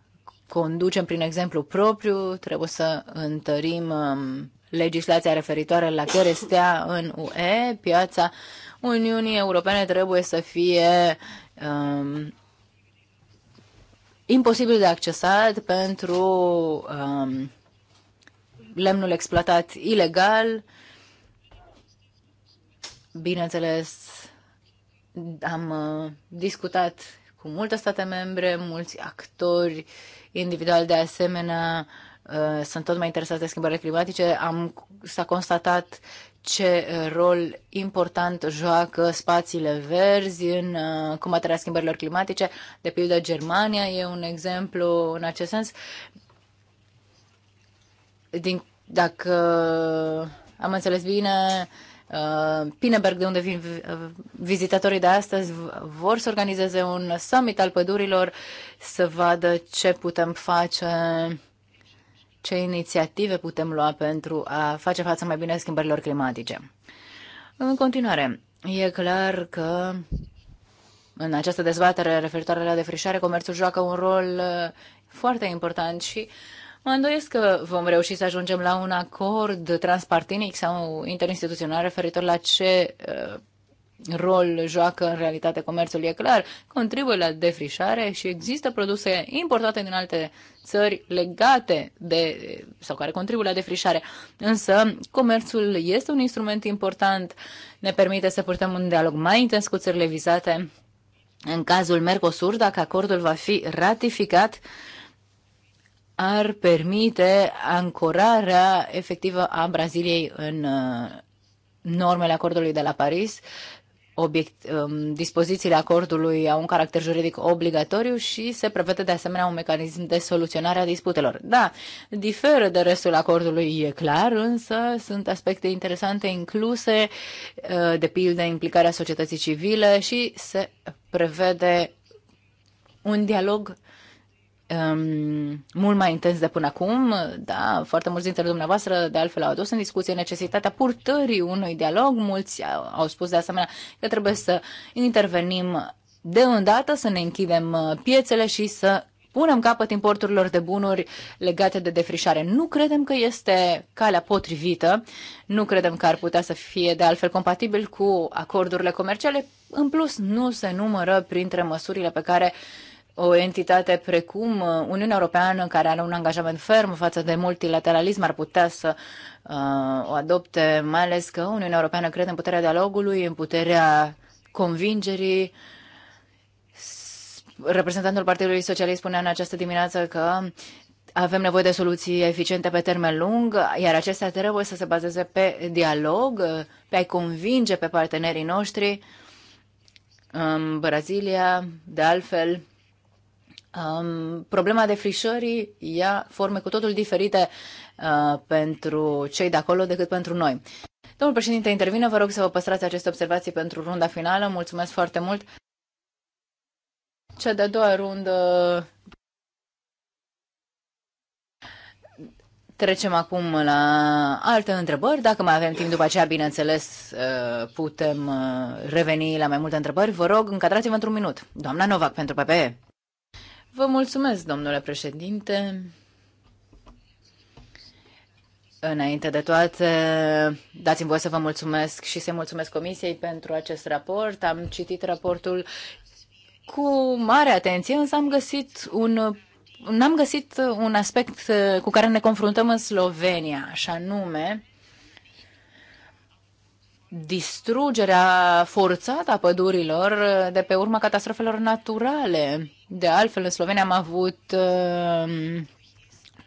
conducem prin exemplu propriu, trebuie să întărim um, legislația referitoare la care stea în UE, piața Uniunii Europene trebuie să fie um, imposibil de accesat pentru um, lemnul exploatat ilegal. Bineînțeles, am uh, discutat cu multe state membre, mulți actori uh, individual. De asemenea, uh, sunt tot mai interesați de schimbările climatice. Am, s-a constatat ce uh, rol important joacă spațiile verzi în uh, combaterea schimbărilor climatice. De pildă, Germania e un exemplu în acest sens. Din, dacă am înțeles bine, Uh, Pineberg, de unde vin uh, vizitatorii de astăzi, vor să organizeze un summit al pădurilor să vadă ce putem face, ce inițiative putem lua pentru a face față mai bine schimbărilor climatice. În continuare, e clar că în această dezbatere referitoare la defrișare, comerțul joacă un rol uh, foarte important și uh, Mă îndoiesc că vom reuși să ajungem la un acord transpartinic sau interinstituțional referitor la ce uh, rol joacă în realitate comerțul, e clar, contribuie la defrișare și există produse importate din alte țări legate de sau care contribuie la defrișare. Însă, comerțul este un instrument important, ne permite să purtăm un dialog mai intens cu țările vizate. În cazul Mercosur, dacă acordul va fi ratificat, uh, ar permite ancorarea efectivă a Braziliei în uh, normele acordului de la Paris. Obiect, um, dispozițiile acordului au un caracter juridic obligatoriu și se prevede de asemenea un mecanism de soluționare a disputelor. Da, diferă de restul acordului, e clar, însă sunt aspecte interesante incluse, uh, de pildă implicarea societății civile și se prevede un dialog um, mult mai intens de până acum. Da, foarte mulți dintre dumneavoastră, de altfel, au adus în discuție necesitatea purtării unui dialog. Mulți au spus de asemenea că trebuie să intervenim de îndată, să ne închidem uh, piețele și să punem capăt importurilor de bunuri legate de defrișare. Nu credem că este calea potrivită, nu credem că ar putea să fie de altfel compatibil cu acordurile comerciale. În plus, nu se numără printre măsurile pe care uh, o entitate precum uh, Uniunea Europeană, care are un angajament ferm față de multilateralism, ar putea să uh, o adopte, mai ales că Uniunea Europeană crede în puterea dialogului, în puterea convingerii. Reprezentantul Partidului Socialist spunea în această dimineață că avem nevoie de soluții eficiente pe termen lung, iar acestea trebuie să se bazeze pe dialog, pe a-i convinge pe partenerii noștri. În Brazilia, de altfel, Um, problema defrișării ia forme cu totul diferite uh, pentru cei de acolo decât pentru noi. Domnul președinte, intervine, vă rog să vă păstrați aceste observații pentru runda finală. Mulțumesc foarte mult. Cea de-a doua rundă. Trecem acum la alte întrebări. Dacă mai avem timp după aceea, bineînțeles, uh, putem uh, reveni la mai multe întrebări. Vă rog, încadrați-vă într-un minut. Doamna Novac, pentru PPE. Vă mulțumesc, domnule președinte. Înainte de toate, dați-mi voie să vă mulțumesc și să mulțumesc Comisiei pentru acest raport. Am citit raportul cu mare atenție, însă am găsit un n-am găsit un aspect cu care ne confruntăm în Slovenia, și anume distrugerea forțată a pădurilor de pe urma catastrofelor naturale. De altfel, în Slovenia am avut uh,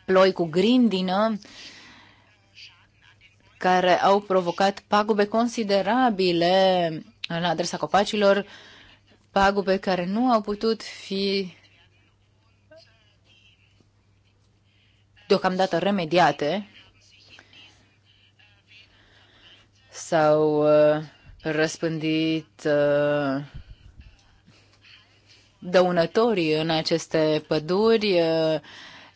ploi cu grindină care au provocat pagube considerabile la adresa copacilor, pagube care nu au putut fi deocamdată remediate sau uh, răspândit uh, dăunători în aceste păduri, uh,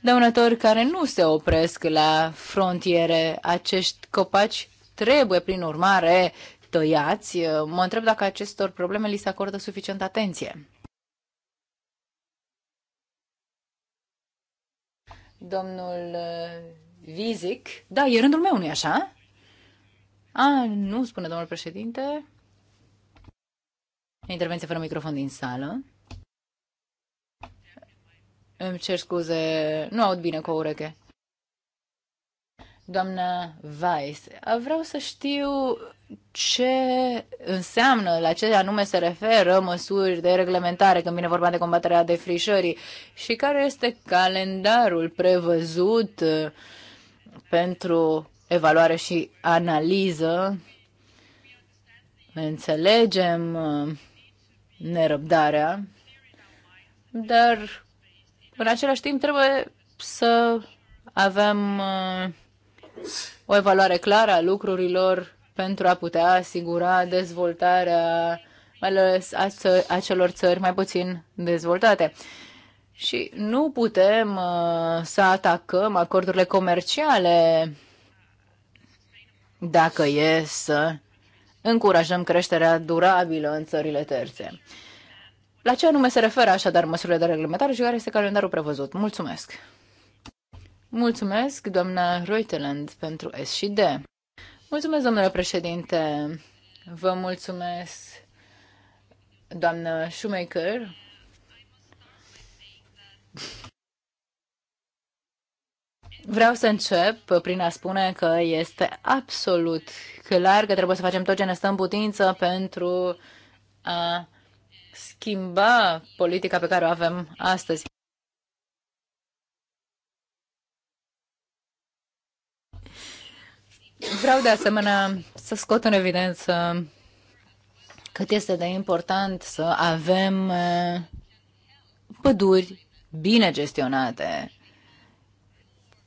dăunători care nu se opresc la frontiere. Acești copaci trebuie, prin urmare, tăiați. Uh, mă întreb dacă acestor probleme li se acordă suficient atenție. Domnul uh, Vizic. Da, e rândul meu, nu-i așa? A, nu, spune domnul președinte. Intervenție fără microfon din sală. Îmi cer scuze, nu aud bine cu o ureche. Doamna Weiss, vreau să știu ce înseamnă, la ce anume se referă măsuri de reglementare când vine vorba de combaterea defrișării și care este calendarul prevăzut uh, pentru evaluare și analiză. Înțelegem uh, nerăbdarea, dar în același timp, trebuie să avem uh, o evaluare clară a lucrurilor pentru a putea asigura dezvoltarea mai ales a, ță- a celor țări mai puțin dezvoltate. Și nu putem uh, să atacăm acordurile comerciale dacă e să încurajăm creșterea durabilă în țările terțe. La ce anume se referă așadar măsurile de reglementare și care este calendarul prevăzut? Mulțumesc! Mulțumesc, doamna Reuteland, pentru S și D. Mulțumesc, domnule președinte. Vă mulțumesc, doamnă Shoemaker. Vreau să încep prin a spune că este absolut clar că trebuie să facem tot ce ne stă în putință pentru a schimba politica pe care o avem astăzi. Vreau de asemenea să scot în evidență cât este de important să avem păduri bine gestionate.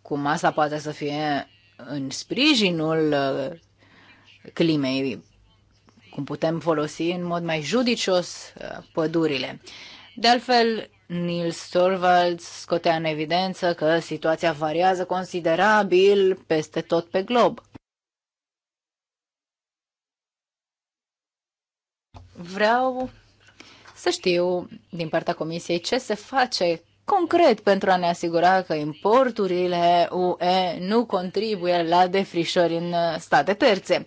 Cum asta poate să fie în sprijinul climei cum putem folosi în mod mai judicios uh, pădurile. De altfel, Nils Torvalds scotea în evidență că situația variază considerabil peste tot pe glob. Vreau să știu din partea Comisiei ce se face concret pentru a ne asigura că importurile UE nu contribuie la defrișări în uh, state terțe.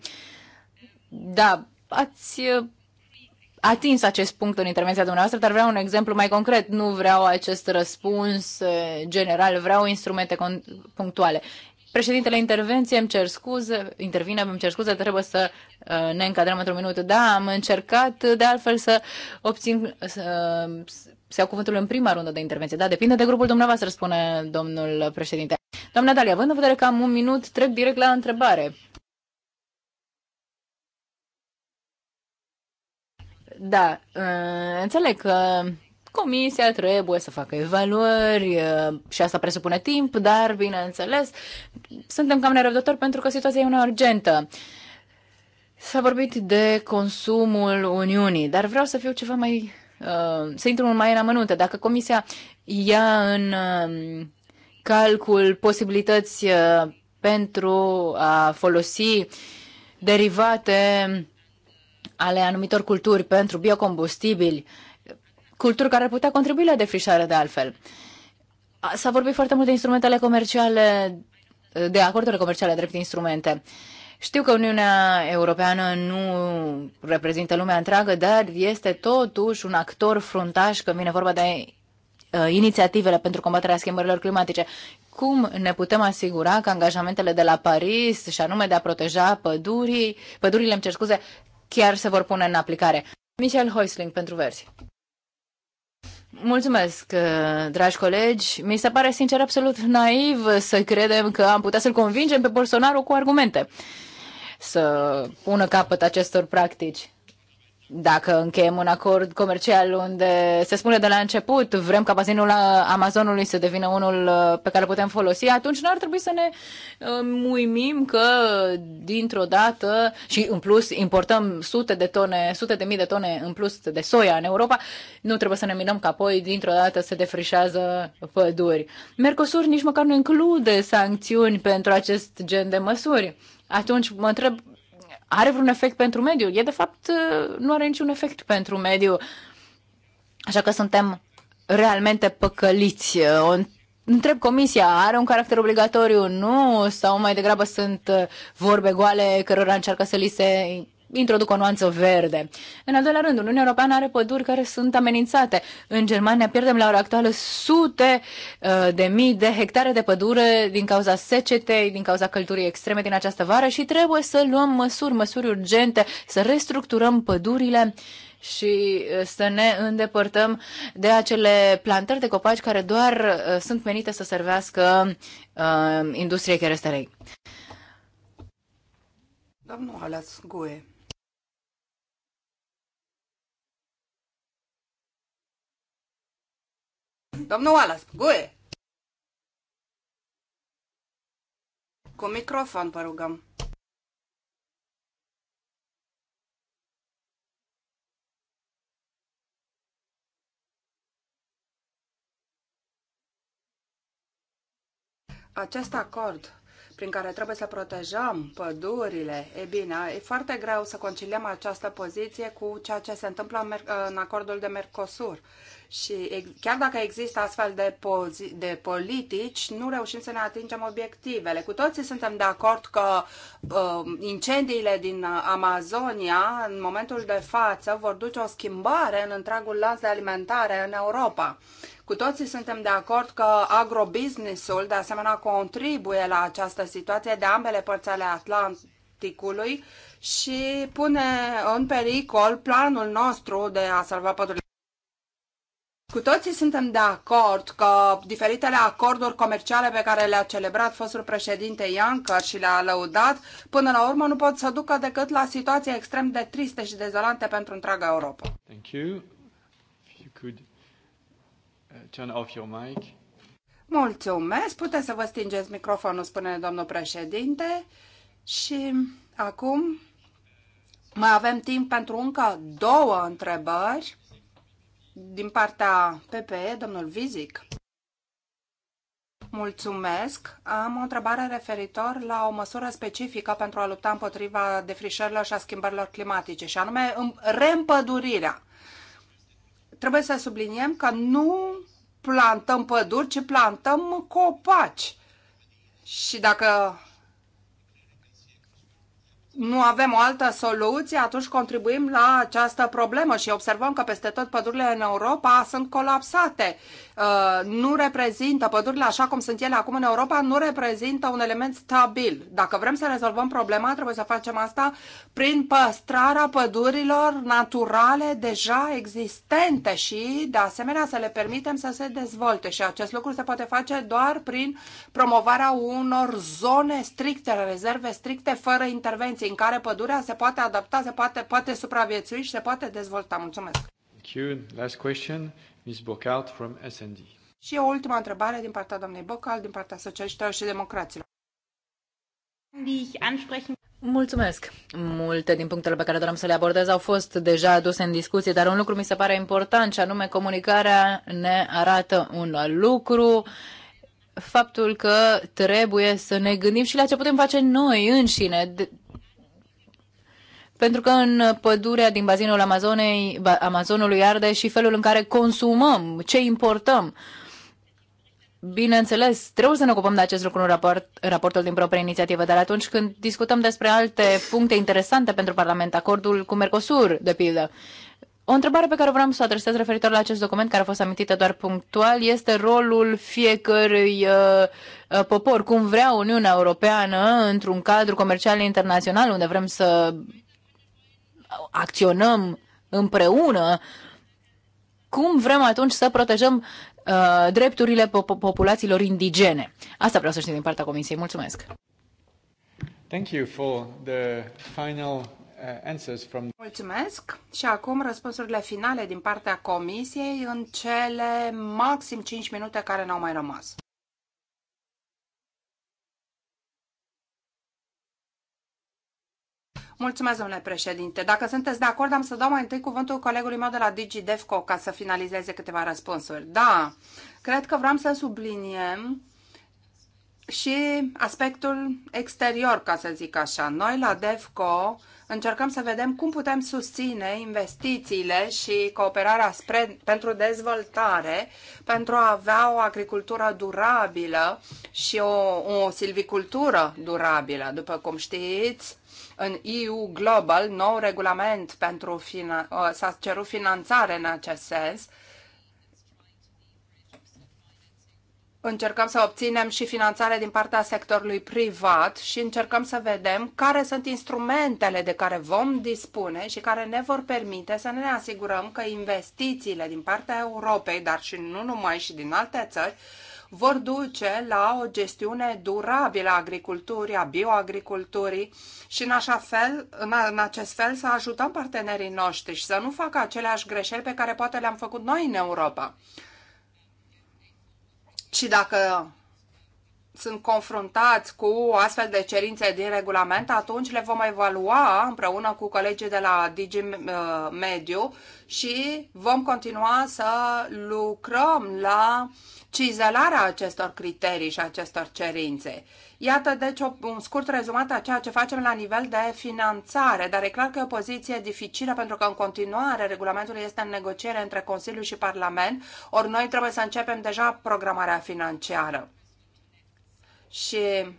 Da, ați uh, atins acest punct în intervenția dumneavoastră, dar vreau un exemplu mai concret. Nu vreau acest răspuns uh, general, vreau instrumente punctuale. Președintele intervenție, îmi cer scuze, intervine, îmi cer scuze, trebuie să uh, ne încadrăm într-un minut. Da, am încercat de altfel să obțin, să, să iau cuvântul în prima rundă de intervenție. Da, depinde de grupul dumneavoastră, spune domnul președinte. Doamna Dalia, având în vedere că am un minut, trec direct la întrebare. Da, uh, înțeleg că comisia trebuie să facă evaluări uh, și asta presupune timp, dar, bineînțeles, suntem cam nerăbdători pentru că situația e una urgentă. S-a vorbit de consumul Uniunii, dar vreau să fiu ceva mai. Uh, să intru mai în amănunte. Dacă comisia ia în um, calcul posibilități pentru a folosi derivate ale anumitor culturi pentru biocombustibili, culturi care ar putea contribui la defrișare de altfel. S-a vorbit foarte mult de instrumentele comerciale, de acordurile comerciale drept instrumente. Știu că Uniunea Europeană nu reprezintă lumea întreagă, dar este totuși un actor fruntaș când vine vorba de uh, inițiativele pentru combaterea schimbărilor climatice. Cum ne putem asigura că angajamentele de la Paris, și anume de a proteja pădurii, pădurile, îmi cer scuze, chiar se vor pune în aplicare. Michel Hoisling pentru Verzi. Mulțumesc, uh, dragi colegi. Mi se pare sincer absolut naiv să credem că am putea să-l convingem pe Bolsonaro cu argumente să pună capăt acestor practici dacă încheiem un acord comercial unde se spune de la început vrem ca bazinul Amazonului să devină unul uh, pe care putem folosi, atunci nu ar trebui să ne uh, muimim că dintr-o dată și în plus importăm sute de tone, sute de mii de tone în plus de soia în Europa, nu trebuie să ne minăm că apoi dintr-o dată se defrișează păduri. Mercosur nici măcar nu include sancțiuni pentru acest gen de măsuri. Atunci mă întreb are vreun efect pentru mediu. E, de fapt, uh, nu are niciun efect pentru mediu. Așa că suntem realmente păcăliți. Uh, o întreb comisia, are un caracter obligatoriu, nu? Sau mai degrabă sunt uh, vorbe goale cărora încearcă să li se introduc o nuanță verde. În al doilea rând, Uniunea Europeană are păduri care sunt amenințate. În Germania pierdem la ora actuală sute uh, de mii de hectare de pădure din cauza secetei, din cauza călturii extreme din această vară și trebuie să luăm măsuri, măsuri urgente, să restructurăm pădurile și uh, să ne îndepărtăm de acele plantări de copaci care doar uh, sunt menite să servească industriei cherestărei. Domnul Halas Gue. Domnul Wallace, guie! Cu microfon, vă rugăm. Acest acord prin care trebuie să protejăm pădurile, e bine, e foarte greu să conciliem această poziție cu ceea ce se întâmplă în acordul de Mercosur. Și chiar dacă există astfel de, pozi, de politici, nu reușim să ne atingem obiectivele. Cu toții suntem de acord că uh, incendiile din uh, Amazonia, în momentul de față, vor duce o schimbare în întregul lanț de alimentare în Europa. Cu toții suntem de acord că agrobusinessul, de asemenea, contribuie la această situație de ambele părți ale Atlanticului și pune în pericol planul nostru de a salva pădurile. Cu toții suntem de acord că diferitele acorduri comerciale pe care le-a celebrat fostul președinte Iancăr și le-a lăudat, până la urmă nu pot să ducă decât la situații extrem de triste și dezolante pentru întreaga Europa. Thank you. If you could uh, turn off your mic. Mulțumesc. Puteți să vă stingeți microfonul, spune domnul președinte. Și acum mai avem timp pentru încă două întrebări din partea PPE, domnul Vizic. Mulțumesc. Am o întrebare referitor la o măsură specifică pentru a lupta împotriva defrișărilor și a schimbărilor climatice, și anume reîmpădurirea. Trebuie să subliniem că nu plantăm păduri, ci plantăm copaci. Și dacă nu avem o altă soluție, atunci contribuim la această problemă și observăm că peste tot pădurile în Europa sunt colapsate Uh, nu reprezintă, pădurile așa cum sunt ele acum în Europa, nu reprezintă un element stabil. Dacă vrem să rezolvăm problema, trebuie să facem asta prin păstrarea pădurilor naturale deja existente și, de asemenea, să le permitem să se dezvolte. Și acest lucru se poate face doar prin promovarea unor zone stricte, rezerve stricte, fără intervenții, în care pădurea se poate adapta, se poate, poate supraviețui și se poate dezvolta. Mulțumesc! Thank you. Last question. Ms. Bocalt from SND. Și o ultima întrebare din partea doamnei Bocal, din partea socialiștilor și democraților. Mulțumesc! Multe din punctele pe care doream să le abordez au fost deja aduse în discuție, dar un lucru mi se pare important, și anume comunicarea ne arată un lucru, faptul că trebuie să ne gândim și la ce putem face noi înșine pentru că în pădurea din bazinul Amazonei, Amazonului arde și felul în care consumăm, ce importăm. Bineînțeles, trebuie să ne ocupăm de acest lucru în raport, raportul din propria inițiativă, dar atunci când discutăm despre alte puncte interesante pentru Parlament, acordul cu Mercosur, de pildă, o întrebare pe care vreau să o adresez referitor la acest document, care a fost amintită doar punctual, este rolul fiecărui uh, uh popor. Cum vrea Uniunea Europeană, într-un cadru comercial internațional, unde vrem să acționăm împreună, cum vrem atunci să protejăm uh, drepturile po- populațiilor indigene? Asta vreau să știu din partea Comisiei. Mulțumesc! Thank you for the final uh, answers from... Mulțumesc! Și acum răspunsurile finale din partea Comisiei în cele maxim 5 minute care ne-au mai rămas. Mulțumesc, domnule președinte. Dacă sunteți de acord, am să dau mai întâi cuvântul colegului meu de la DigiDevco ca să finalizeze câteva răspunsuri. Da, cred că vreau să subliniem și aspectul exterior, ca să zic așa. Noi la DEVCO încercăm să vedem cum putem susține investițiile și cooperarea spre, pentru dezvoltare, pentru a avea o agricultură durabilă și o, o silvicultură durabilă. După cum știți, în EU Global, nou regulament pentru uh, s-a cerut finanțare în acest sens. Încercăm să obținem și finanțare din partea sectorului privat și încercăm să vedem care sunt instrumentele de care vom dispune și care ne vor permite să ne asigurăm că investițiile din partea Europei, dar și nu numai și din alte țări, vor duce la o gestiune durabilă a agriculturii, a bioagriculturii și în, așa fel, în acest fel să ajutăm partenerii noștri și să nu facă aceleași greșeli pe care poate le-am făcut noi în Europa. Și dacă sunt confruntați cu astfel de cerințe din regulament, atunci le vom evalua împreună cu colegii de la Digi uh, Mediu și vom continua să lucrăm la cizelarea acestor criterii și acestor cerințe. Iată, deci, un scurt rezumat a ceea ce facem la nivel de finanțare, dar e clar că e o poziție dificilă pentru că, în continuare, regulamentul este în negociere între Consiliu și Parlament, ori noi trebuie să începem deja programarea financiară și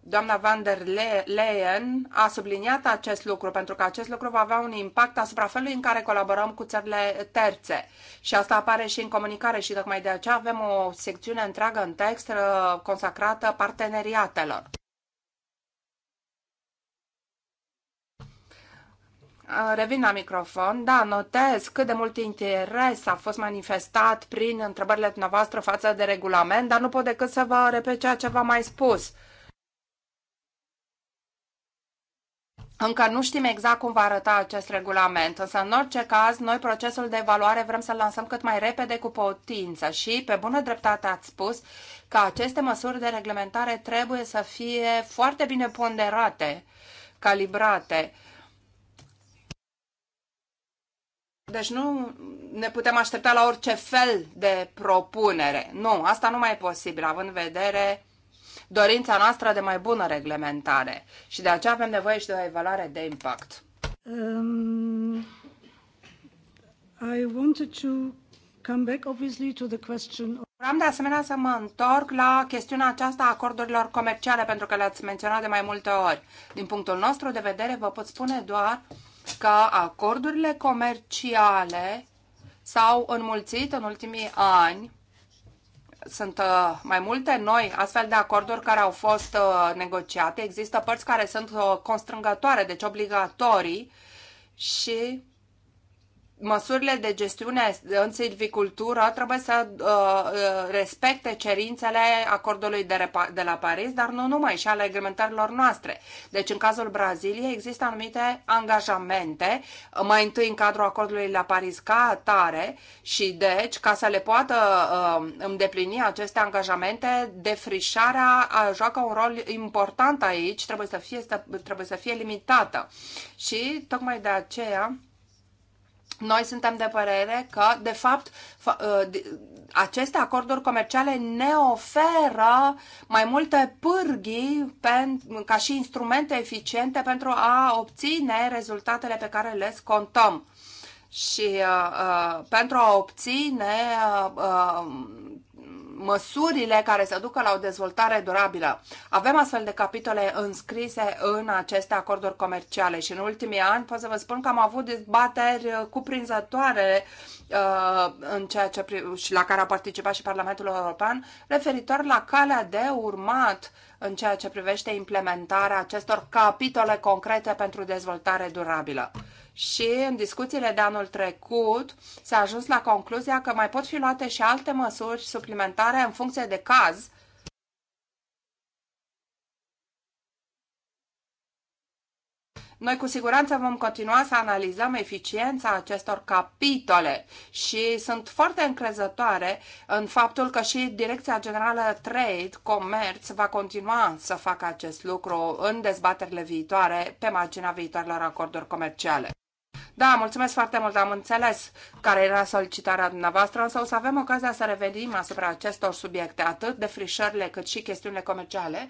doamna van der Leyen a subliniat acest lucru pentru că acest lucru va avea un impact asupra felului în care colaborăm cu țările terțe. Și asta apare și în comunicare și tocmai de aceea avem o secțiune întreagă în text uh, consacrată parteneriatelor. Uh, revin la microfon. Da, notez cât de mult interes a fost manifestat prin întrebările dumneavoastră față de regulament, dar nu pot decât să vă repet ceea ce v-am mai spus. Încă nu știm exact cum va arăta acest regulament, însă în orice caz, noi procesul de evaluare vrem să-l lansăm cât mai repede cu putință și, pe bună dreptate ați spus, că aceste măsuri de reglementare trebuie să fie foarte bine ponderate, calibrate, Deci nu ne putem aștepta la orice fel de propunere. Nu, asta nu mai e posibil, având în vedere dorința noastră de mai bună reglementare. Și de aceea avem nevoie și de o evaluare de impact. Um, I wanted to come back obviously to the question of... Vreau de asemenea să mă întorc la chestiunea aceasta a acordurilor comerciale, pentru că le-ați menționat de mai multe ori. Din punctul nostru de vedere, vă pot spune doar că acordurile comerciale s-au înmulțit în ultimii ani. Sunt uh, mai multe noi astfel de acorduri care au fost uh, negociate. Există părți care sunt uh, constrângătoare, deci obligatorii și măsurile de gestiune în silvicultură trebuie să uh, uh respecte cerințele acordului de, de la Paris, dar nu numai, și ale reglementărilor noastre. Deci, în cazul Braziliei, există anumite angajamente, mai întâi în cadrul acordului la Paris ca atare și, deci, ca să le poată uh, îndeplini aceste angajamente, defrișarea joacă un rol important aici, trebuie să fie, trebuie să fie limitată. Și, tocmai de aceea, noi suntem de părere că, de fapt, ă, aceste acorduri comerciale ne oferă mai multe pârghii ca și instrumente eficiente pentru a obține rezultatele pe care le scontăm. Și uh, pentru a obține uh, măsurile care să ducă la o dezvoltare durabilă. Avem astfel de capitole înscrise în aceste acorduri comerciale și în ultimii ani pot să vă spun că am avut dezbateri cuprinzătoare uh, în ceea ce, și la care a participat și Parlamentul European referitor la calea de urmat în ceea ce privește implementarea acestor capitole concrete pentru dezvoltare durabilă și în discuțiile de anul trecut s-a ajuns la concluzia că mai pot fi luate și alte măsuri suplimentare în funcție de caz, Noi cu siguranță vom continua să analizăm eficiența acestor capitole și sunt foarte încrezătoare în faptul că și Direcția Generală Trade, Comerț, va continua să facă acest lucru în dezbaterile viitoare pe marginea viitoarelor acorduri comerciale. Da, mulțumesc foarte mult, am înțeles care era solicitarea dumneavoastră, însă o să avem ocazia să revenim asupra acestor subiecte, atât de frișările cât și chestiunile comerciale,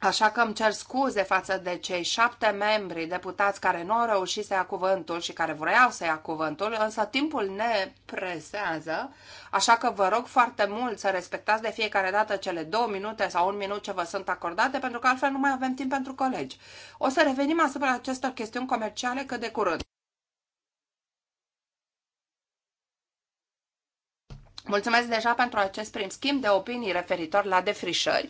Așa că îmi cer scuze față de cei șapte membri deputați care nu au reușit să ia cuvântul și care vreau să ia cuvântul, însă timpul ne presează, așa că vă rog foarte mult să respectați de fiecare dată cele două minute sau un minut ce vă sunt acordate, pentru că altfel nu mai avem timp pentru colegi. O să revenim asupra acestor chestiuni comerciale cât de curând. Mulțumesc deja pentru acest prim schimb de opinii referitor la defrișări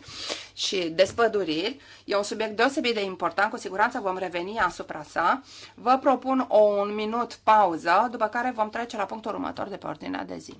și despăduriri. E un subiect deosebit de important, cu siguranță vom reveni asupra sa. Vă propun o un minut pauză, după care vom trece la punctul următor de pe ordinea de zi.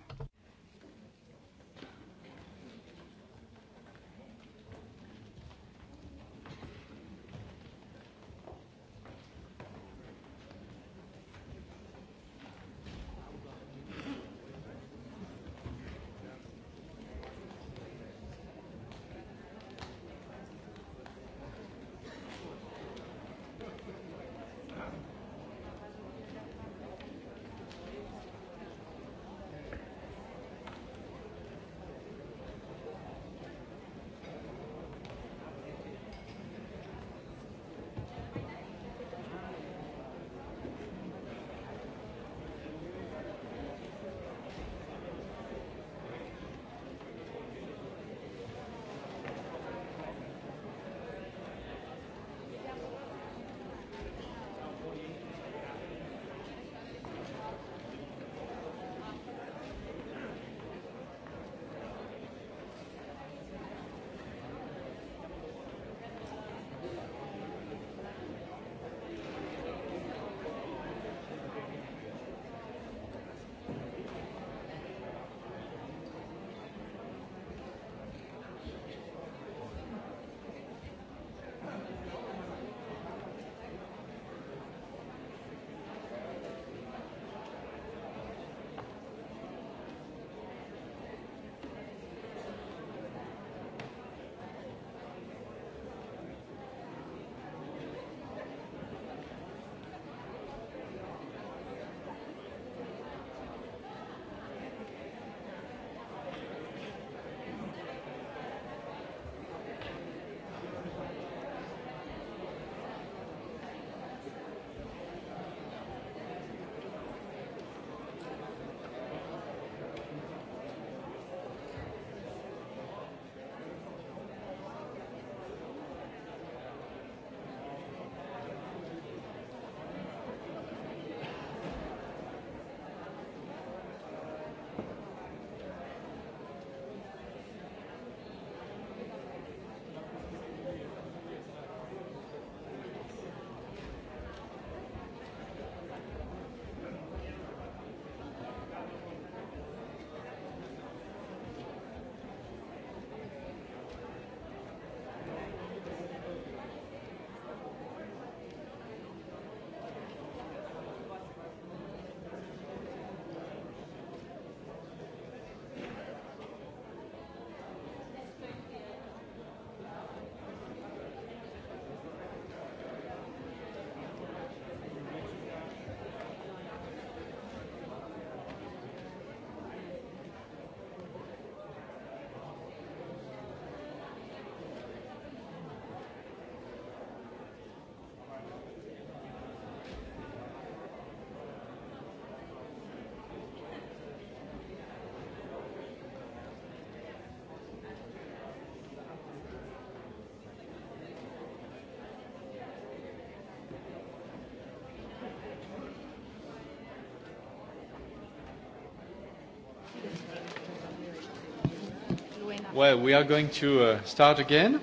Well, we are going to uh, start again.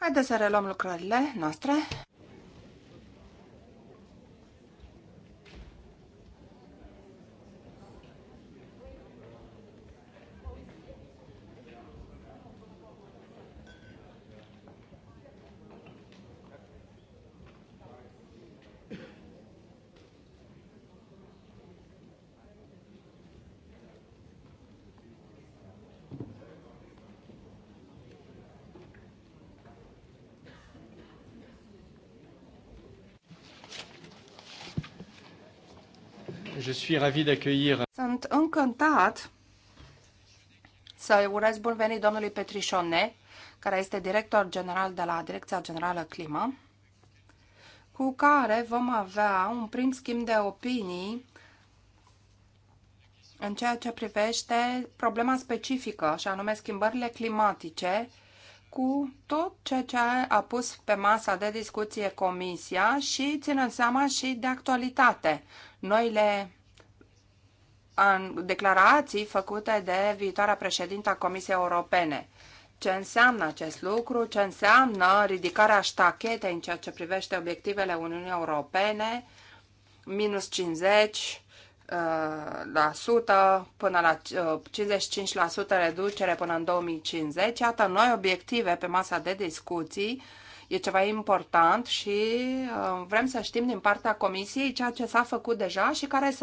Haideți să reluăm lucrările noastre. Je suis ravi d'accueillir. Sunt încântat să urez bun venit domnului Petrișone, care este director general de la Direcția Generală Climă, cu care vom avea un prim schimb de opinii în ceea ce privește problema specifică, și anume schimbările climatice, cu tot ceea ce a pus pe masa de discuție Comisia și ținând seama și de actualitate, noile în declarații făcute de viitoarea președintă a Comisiei Europene. Ce înseamnă acest lucru? Ce înseamnă ridicarea ștachetei în ceea ce privește obiectivele Uniunii Europene? Minus 50 uh, la sută până la 55% uh, reducere până în 2050. Iată noi obiective pe masa de discuții E ceva important și uh, vrem să știm din partea Comisiei ceea ce s-a făcut deja și care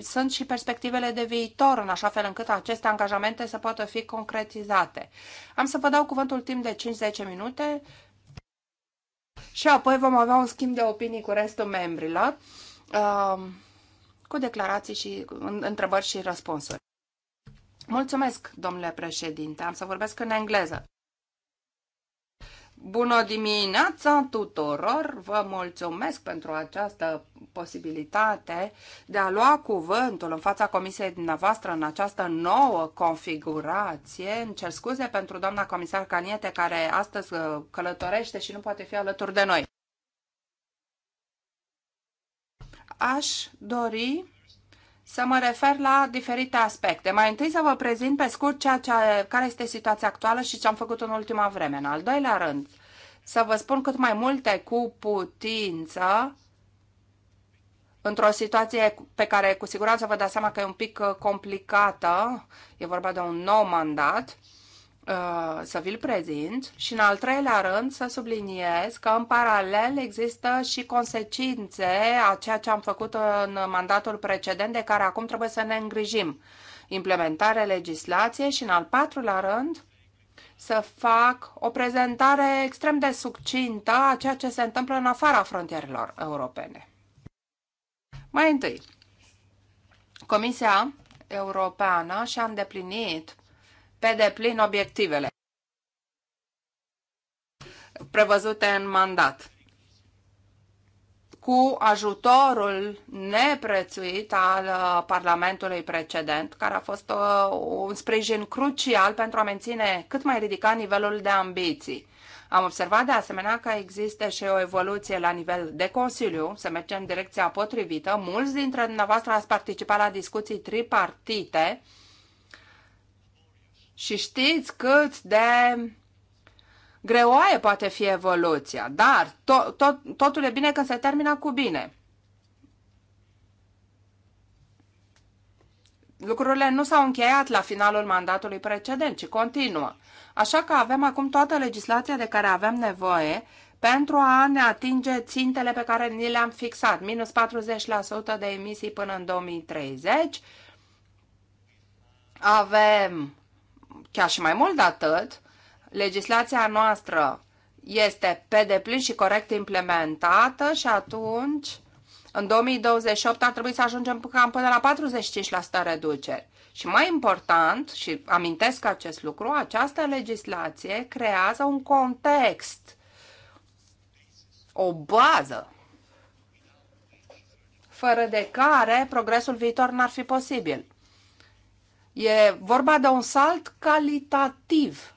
sunt și perspectivele de viitor, în așa fel încât aceste angajamente să poată fi concretizate. Am să vă dau cuvântul timp de 5-10 minute și apoi vom avea un schimb de opinii cu restul membrilor, uh, cu declarații și întrebări și răspunsuri. Mulțumesc, domnule președinte. Am să vorbesc în engleză. Bună dimineața tuturor! Vă mulțumesc pentru această posibilitate de a lua cuvântul în fața comisiei dumneavoastră în această nouă configurație. Îmi cer scuze pentru doamna comisar Caniete care astăzi uh, călătorește și nu poate fi alături de noi. Aș dori să mă refer la diferite aspecte. Mai întâi să vă prezint pe scurt ceea ce, care este situația actuală și ce am făcut în ultima vreme. În al doilea rând, să vă spun cât mai multe cu putință într-o situație pe care cu siguranță vă dați seama că e un pic uh, complicată, e vorba de un nou mandat, Uh, să vi-l prezint și, în al treilea rând, să subliniez că, în paralel, există și consecințe a ceea ce am făcut în mandatul precedent, de care acum trebuie să ne îngrijim. Implementare legislației și, în al patrulea rând, să fac o prezentare extrem de succintă a ceea ce se întâmplă în afara frontierelor europene. Mai întâi, Comisia Europeană și-a îndeplinit pe deplin obiectivele prevăzute în mandat cu ajutorul neprețuit al uh, Parlamentului precedent, care a fost uh, un sprijin crucial pentru a menține cât mai ridicat nivelul de ambiții. Am observat de asemenea că există și o evoluție la nivel de Consiliu, să mergem în direcția potrivită. Mulți dintre dumneavoastră ați participat la discuții tripartite, și știți cât de greoaie poate fi evoluția, dar to- to- totul e bine când se termină cu bine. Lucrurile nu s-au încheiat la finalul mandatului precedent, ci continuă. Așa că avem acum toată legislația de care avem nevoie pentru a ne atinge țintele pe care ni le-am fixat, minus 40% de emisii până în 2030. Avem chiar și mai mult de atât, legislația noastră este pe deplin și corect implementată și atunci în 2028 ar trebui să ajungem cam până la 45% reduceri. Și mai important, și amintesc acest lucru, această legislație creează un context, o bază, fără de care progresul viitor n-ar fi posibil. E vorba de un salt calitativ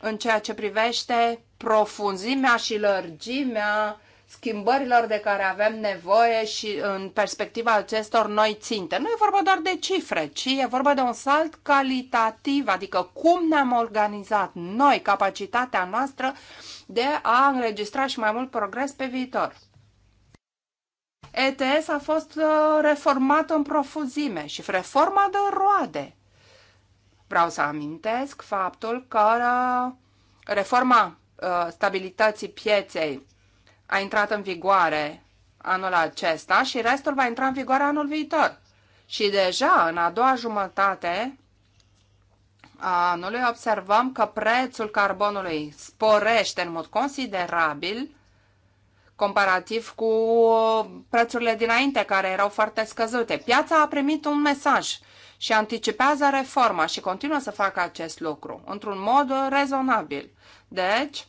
în ceea ce privește profunzimea și lărgimea schimbărilor de care avem nevoie și în perspectiva acestor noi ținte. Nu e vorba doar de cifre, ci e vorba de un salt calitativ, adică cum ne-am organizat noi, capacitatea noastră de a înregistra și mai mult progres pe viitor. ETS a fost uh, reformată în profuzime și reforma de roade. Vreau să amintesc faptul că uh, reforma uh, stabilității pieței a intrat în vigoare anul acesta și restul va intra în vigoare anul viitor. Și deja în a doua jumătate a anului observăm că prețul carbonului sporește în mod considerabil comparativ cu uh, prețurile dinainte, care erau foarte scăzute. Piața a primit un mesaj și anticipează reforma și continuă să facă acest lucru într-un mod rezonabil. Deci,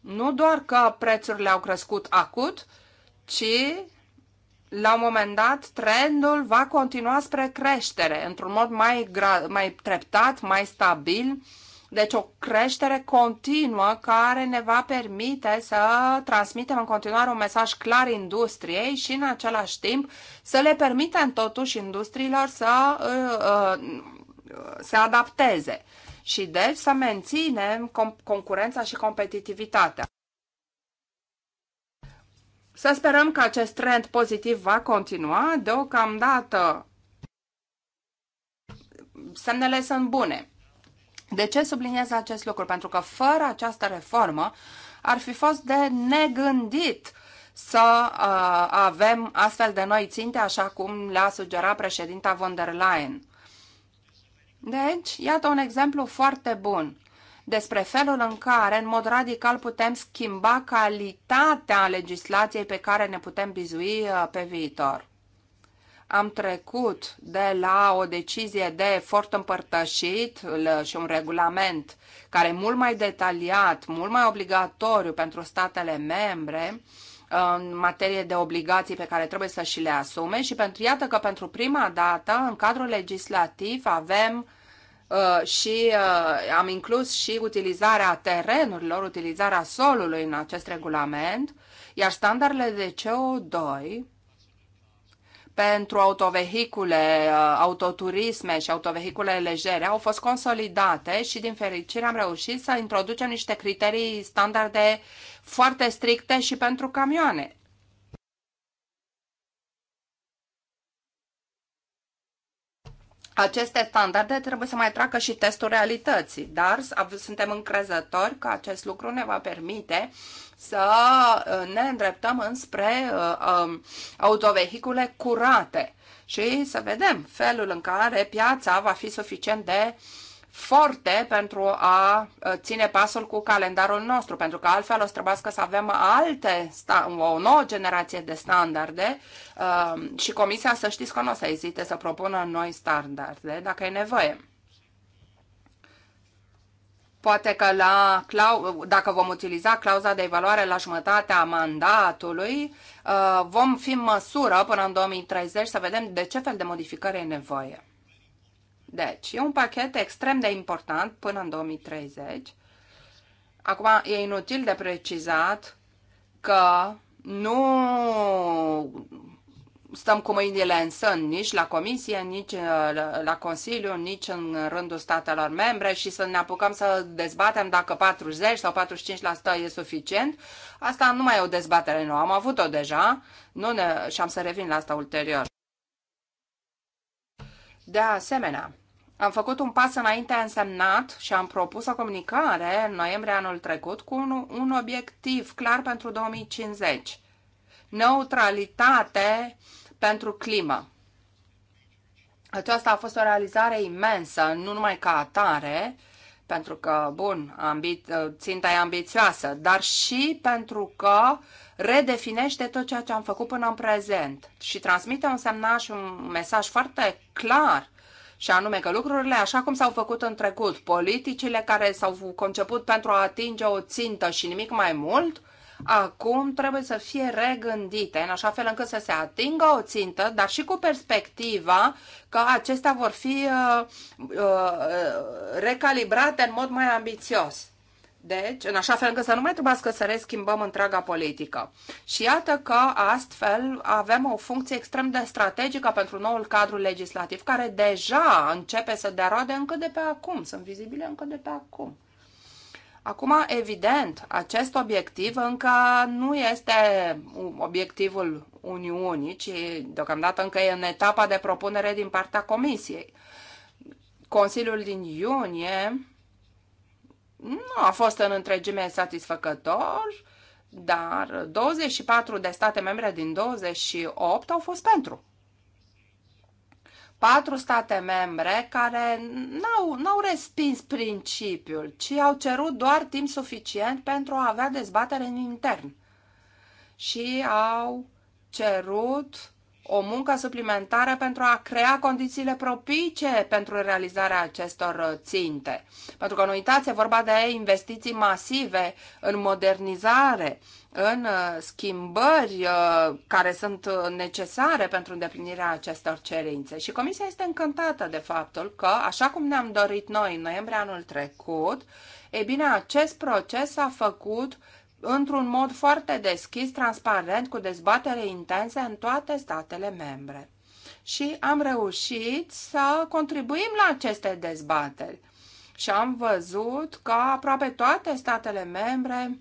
nu doar că prețurile au crescut acut, ci la un moment dat trendul va continua spre creștere într-un mod mai, mai treptat, mai stabil deci o creștere continuă care ne va permite să transmitem în continuare un mesaj clar industriei și în același timp să le permitem totuși industriilor să uh, uh, se adapteze și deci să menținem concurența și competitivitatea. Să sperăm că acest trend pozitiv va continua. Deocamdată semnele sunt bune. De ce subliniez acest lucru? Pentru că fără această reformă ar fi fost de negândit să uh, avem astfel de noi ținte, așa cum le-a sugerat președinta von der Leyen. Deci, iată un exemplu foarte bun despre felul în care, în mod radical, putem schimba calitatea legislației pe care ne putem bizui uh, pe viitor am trecut de la o decizie de efort împărtășit și un regulament care e mult mai detaliat, mult mai obligatoriu pentru statele membre, în materie de obligații pe care trebuie să și le asume și pentru iată că pentru prima dată în cadrul legislativ avem uh, și uh, am inclus și utilizarea terenurilor, utilizarea solului în acest regulament, iar standardele de CO2 pentru autovehicule, uh, autoturisme și autovehicule legere au fost consolidate și din fericire am reușit să introducem niște criterii standarde foarte stricte și pentru camioane. Aceste standarde trebuie să mai tracă și testul realității, dar suntem încrezători că acest lucru ne va permite să uh, ne îndreptăm înspre uh, um, autovehicule curate și să vedem felul în care piața va fi suficient de forte pentru a uh, ține pasul cu calendarul nostru, pentru că altfel o să trebuiască să avem alte, o nouă generație de standarde și Comisia să știți că nu o să ezite să propună noi standarde dacă e nevoie. Poate că la, dacă vom utiliza clauza de evaluare la jumătatea mandatului, uh, vom fi în măsură până în 2030 să vedem de ce fel de modificări e nevoie. Deci, e un pachet extrem de important până în 2030. Acum, e inutil de precizat că nu stăm cu mâinile în sân, nici la Comisie, nici uh, la Consiliu, nici în rândul statelor membre și să ne apucăm să dezbatem dacă 40 sau 45% e suficient. Asta nu mai e o dezbatere nouă, am avut-o deja nu ne, și am să revin la asta ulterior. De asemenea, am făcut un pas înainte însemnat și am propus o comunicare în noiembrie anul trecut cu un, un obiectiv clar pentru 2050 neutralitate pentru climă. Aceasta a fost o realizare imensă, nu numai ca atare, pentru că, bun, ambi- ținta e ambițioasă, dar și pentru că redefinește tot ceea ce am făcut până în prezent și transmite un și un mesaj foarte clar și anume că lucrurile așa cum s-au făcut în trecut, politicile care s-au conceput pentru a atinge o țintă și nimic mai mult, acum trebuie să fie regândite, în așa fel încât să se atingă o țintă, dar și cu perspectiva că acestea vor fi uh, uh, recalibrate în mod mai ambițios. Deci, în așa fel încât să nu mai trebuiască să reschimbăm întreaga politică. Și iată că astfel avem o funcție extrem de strategică pentru noul cadru legislativ, care deja începe să dea roade încă de pe acum, sunt vizibile încă de pe acum. Acum, evident, acest obiectiv încă nu este obiectivul Uniunii, ci deocamdată încă e în etapa de propunere din partea Comisiei. Consiliul din iunie nu a fost în întregime satisfăcător, dar 24 de state membre din 28 au fost pentru patru state membre care n-au, n-au respins principiul, ci au cerut doar timp suficient pentru a avea dezbatere în intern. Și au cerut o muncă suplimentară pentru a crea condițiile propice pentru realizarea acestor ținte. Pentru că nu uitați, e vorba de investiții masive în modernizare, în uh, schimbări uh, care sunt uh, necesare pentru îndeplinirea acestor cerințe. Și Comisia este încântată de faptul că, așa cum ne-am dorit noi în noiembrie anul trecut, e bine, acest proces s-a făcut într-un mod foarte deschis, transparent, cu dezbatere intense în toate statele membre. Și am reușit să contribuim la aceste dezbateri. Și am văzut că aproape toate statele membre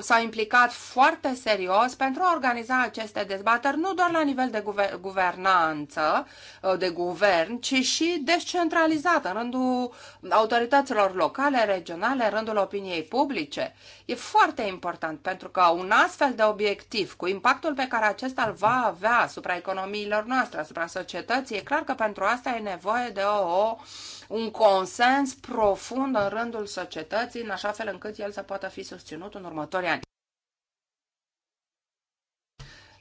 s-au implicat foarte serios pentru a organiza aceste dezbateri, nu doar la nivel de guver- guvernanță, uh, de guvern, ci și descentralizat, în rândul autorităților locale, regionale, în rândul opiniei publice. E foarte important pentru că un astfel de obiectiv, cu impactul pe care acesta îl va avea asupra economiilor noastre, asupra societății, e clar că pentru asta e nevoie de o, o un consens profund în rândul societății, în așa fel încât el să poată fi susținut în următorii ani.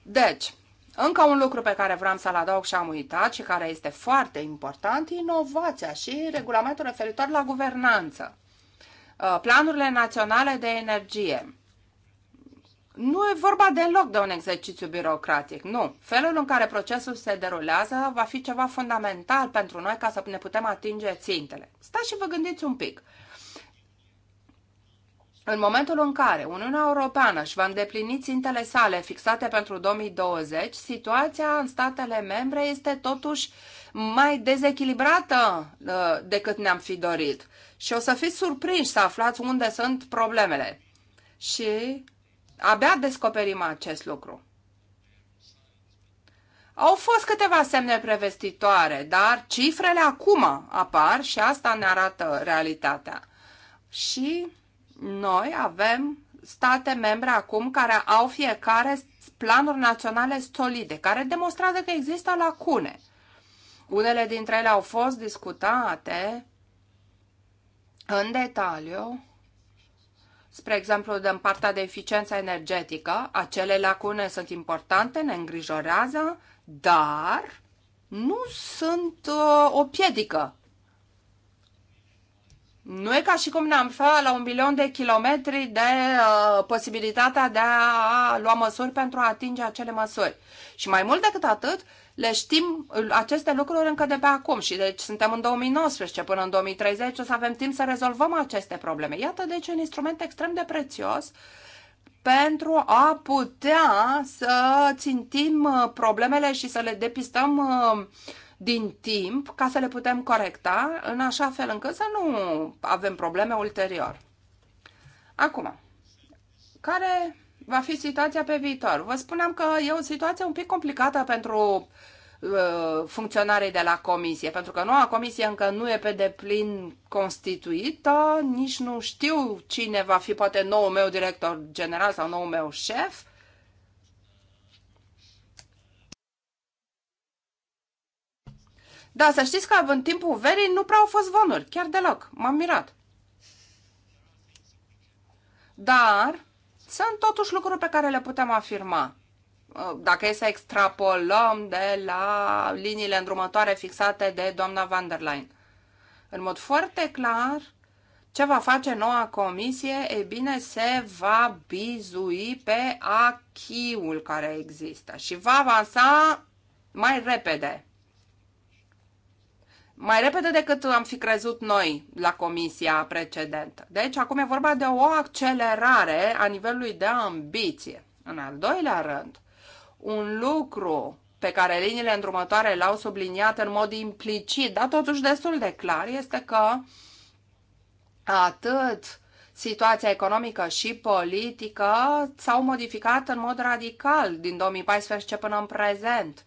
Deci, încă un lucru pe care vreau să-l adaug și am uitat și care este foarte important, inovația și regulamentul referitor la guvernanță. Uh, planurile naționale de energie. Nu e vorba deloc de un exercițiu birocratic, nu. Felul în care procesul se derulează va fi ceva fundamental pentru noi ca să ne putem atinge țintele. Stați și vă gândiți un pic. În momentul în care Uniunea Europeană își va îndeplini țintele sale fixate pentru 2020, situația în statele membre este totuși mai dezechilibrată uh, decât ne-am fi dorit. Și o să fiți surprinși să aflați unde sunt problemele. Și Abia descoperim acest lucru. Au fost câteva semne prevestitoare, dar cifrele acum apar și asta ne arată realitatea. Și noi avem state membre acum care au fiecare planuri naționale solide, care demonstrează că există lacune. Unele dintre ele au fost discutate în detaliu Spre exemplu, în partea de eficiență energetică, acele lacune sunt importante, ne îngrijorează, dar nu sunt uh, o piedică. Nu e ca și cum ne-am fă la un milion de kilometri de uh, posibilitatea de a lua măsuri pentru a atinge acele măsuri. Și mai mult decât atât, le știm aceste lucruri încă de pe acum și deci suntem în 2019 până în 2030 o să avem timp să rezolvăm aceste probleme. Iată deci un instrument extrem de prețios pentru a putea să țintim uh, problemele și să le depistăm uh, din timp ca să le putem corecta în așa fel încât să nu avem probleme ulterior. Acum, care va fi situația pe viitor. Vă spuneam că e o situație un pic complicată pentru uh, funcționarii de la comisie, pentru că noua comisie încă nu e pe deplin constituită, nici nu știu cine va fi poate noul meu director general sau noul meu șef. Da, să știți că în timpul verii nu prea au fost zvonuri, chiar deloc. M-am mirat. Dar sunt totuși lucruri pe care le putem afirma. Uh, dacă e să extrapolăm de la liniile îndrumătoare fixate de doamna van der Leyen. În mod foarte clar, ce va face noua comisie? E bine, se va bizui pe achiul care există și va avansa mai repede mai repede decât am fi crezut noi la comisia precedentă. Deci acum e vorba de o accelerare a nivelului de ambiție. În al doilea rând, un lucru pe care liniile îndrumătoare l-au subliniat în mod implicit, dar totuși destul de clar, este că atât situația economică și politică s-au modificat în mod radical din 2014 până în prezent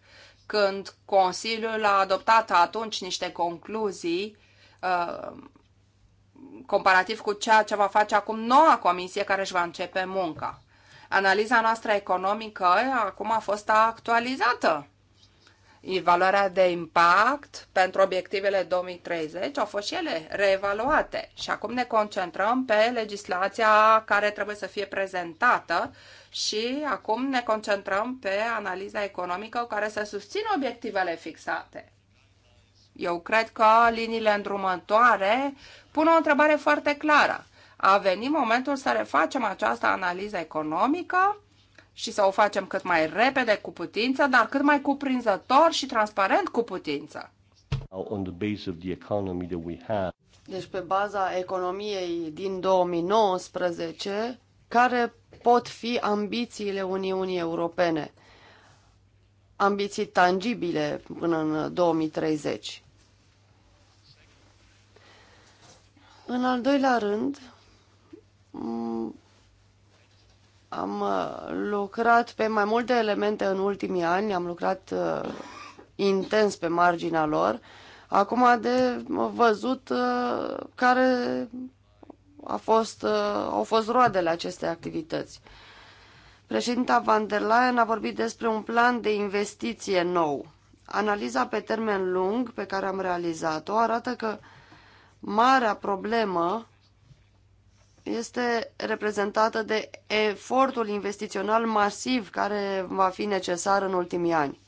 când Consiliul a adoptat atunci niște concluzii uh, comparativ cu ceea ce va face acum noua comisie care își va începe munca. Analiza noastră economică acum a fost actualizată evaluarea de impact pentru obiectivele 2030 au fost și ele reevaluate și acum ne concentrăm pe legislația care trebuie să fie prezentată și acum ne concentrăm pe analiza economică care să susțină obiectivele fixate. Eu cred că liniile îndrumătoare pun o întrebare foarte clară. A venit momentul să refacem această analiză economică și să o facem cât mai repede cu putință, dar cât mai cuprinzător și transparent cu putință. On the base of the economy that we have. Deci pe baza economiei din 2019, care pot fi ambițiile Uniunii Europene? Ambiții tangibile până în 2030. În al doilea rând, am uh, lucrat pe mai multe elemente în ultimii ani, am lucrat uh, intens pe marginea lor. Acum de uh, văzut care a fost, au fost roadele acestei activități. Președinta van der Leyen a vorbit despre un plan de investiție nou. Analiza pe termen lung pe care am realizat-o arată că marea problemă este reprezentată de efortul investițional masiv care va fi necesar în ultimii ani.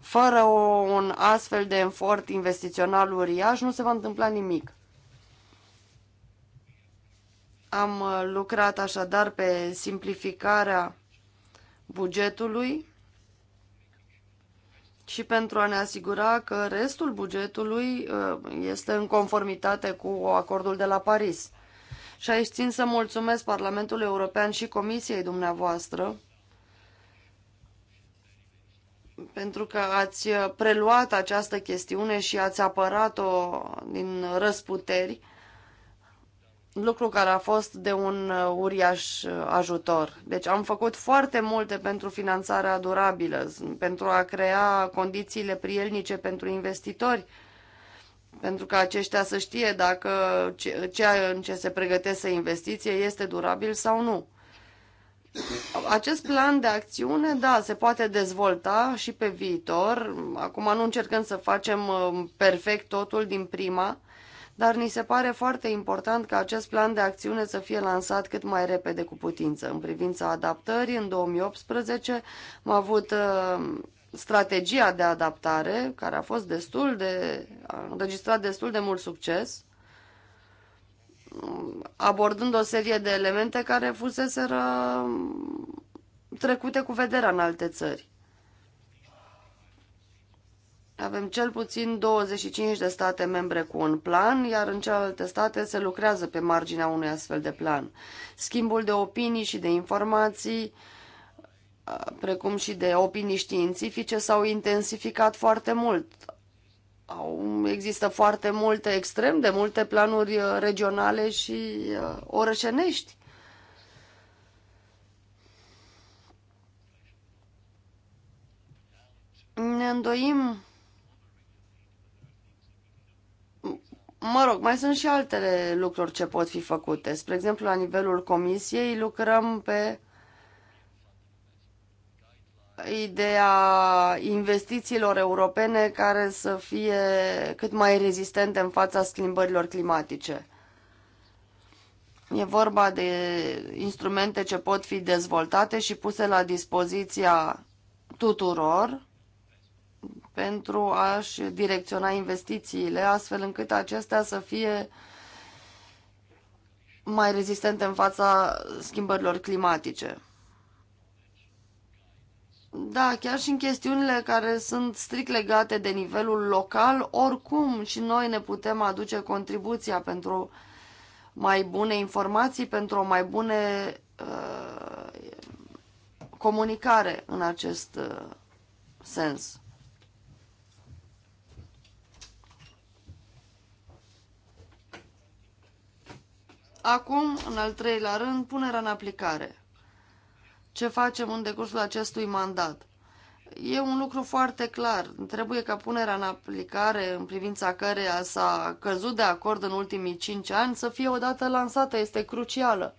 Fără o, un astfel de efort investițional uriaș nu se va întâmpla nimic. Am uh, lucrat așadar pe simplificarea bugetului și pentru a ne asigura că restul bugetului uh, este în conformitate cu acordul de la Paris. Și aici țin să mulțumesc Parlamentul European și Comisiei dumneavoastră pentru că ați preluat această chestiune și ați apărat-o din răsputeri, lucru care a fost de un uriaș ajutor. Deci am făcut foarte multe pentru finanțarea durabilă, pentru a crea condițiile prielnice pentru investitori, pentru ca aceștia să știe dacă ceea în ce se pregătesc să investiție este durabil sau nu. Acest plan de acțiune, da, se poate dezvolta și pe viitor. Acum nu încercăm să facem um, perfect totul din prima, dar ni se pare foarte important ca acest plan de acțiune să fie lansat cât mai repede cu putință. În privința adaptării, în 2018 am avut um, strategia de adaptare, care a fost destul de, a înregistrat destul de mult succes, abordând o serie de elemente care fuseseră trecute cu vederea în alte țări. Avem cel puțin 25 de state membre cu un plan, iar în celelalte state se lucrează pe marginea unui astfel de plan. Schimbul de opinii și de informații, uh, precum și de opinii științifice, s-au intensificat foarte mult. Au, există foarte multe, extrem de multe planuri uh, regionale și uh, orășenești. Ne îndoim mă rog, mai sunt și altele lucruri ce pot fi făcute. Spre exemplu, la nivelul comisiei lucrăm pe ideea investițiilor europene care să fie cât mai rezistente în fața schimbărilor climatice. E vorba de instrumente ce pot fi dezvoltate și puse la dispoziția tuturor pentru a-și direcționa investițiile, astfel încât acestea să fie mai rezistente în fața schimbărilor climatice. Da, chiar și în chestiunile care sunt strict legate de nivelul local, oricum și noi ne putem aduce contribuția pentru mai bune informații, pentru o mai bună uh, comunicare în acest uh, sens. Acum, în al treilea rând, punerea în aplicare ce facem în decursul acestui mandat. E un lucru foarte clar. Trebuie ca punerea în aplicare în privința căreia s-a căzut de acord în ultimii cinci ani să fie odată lansată. Este crucială.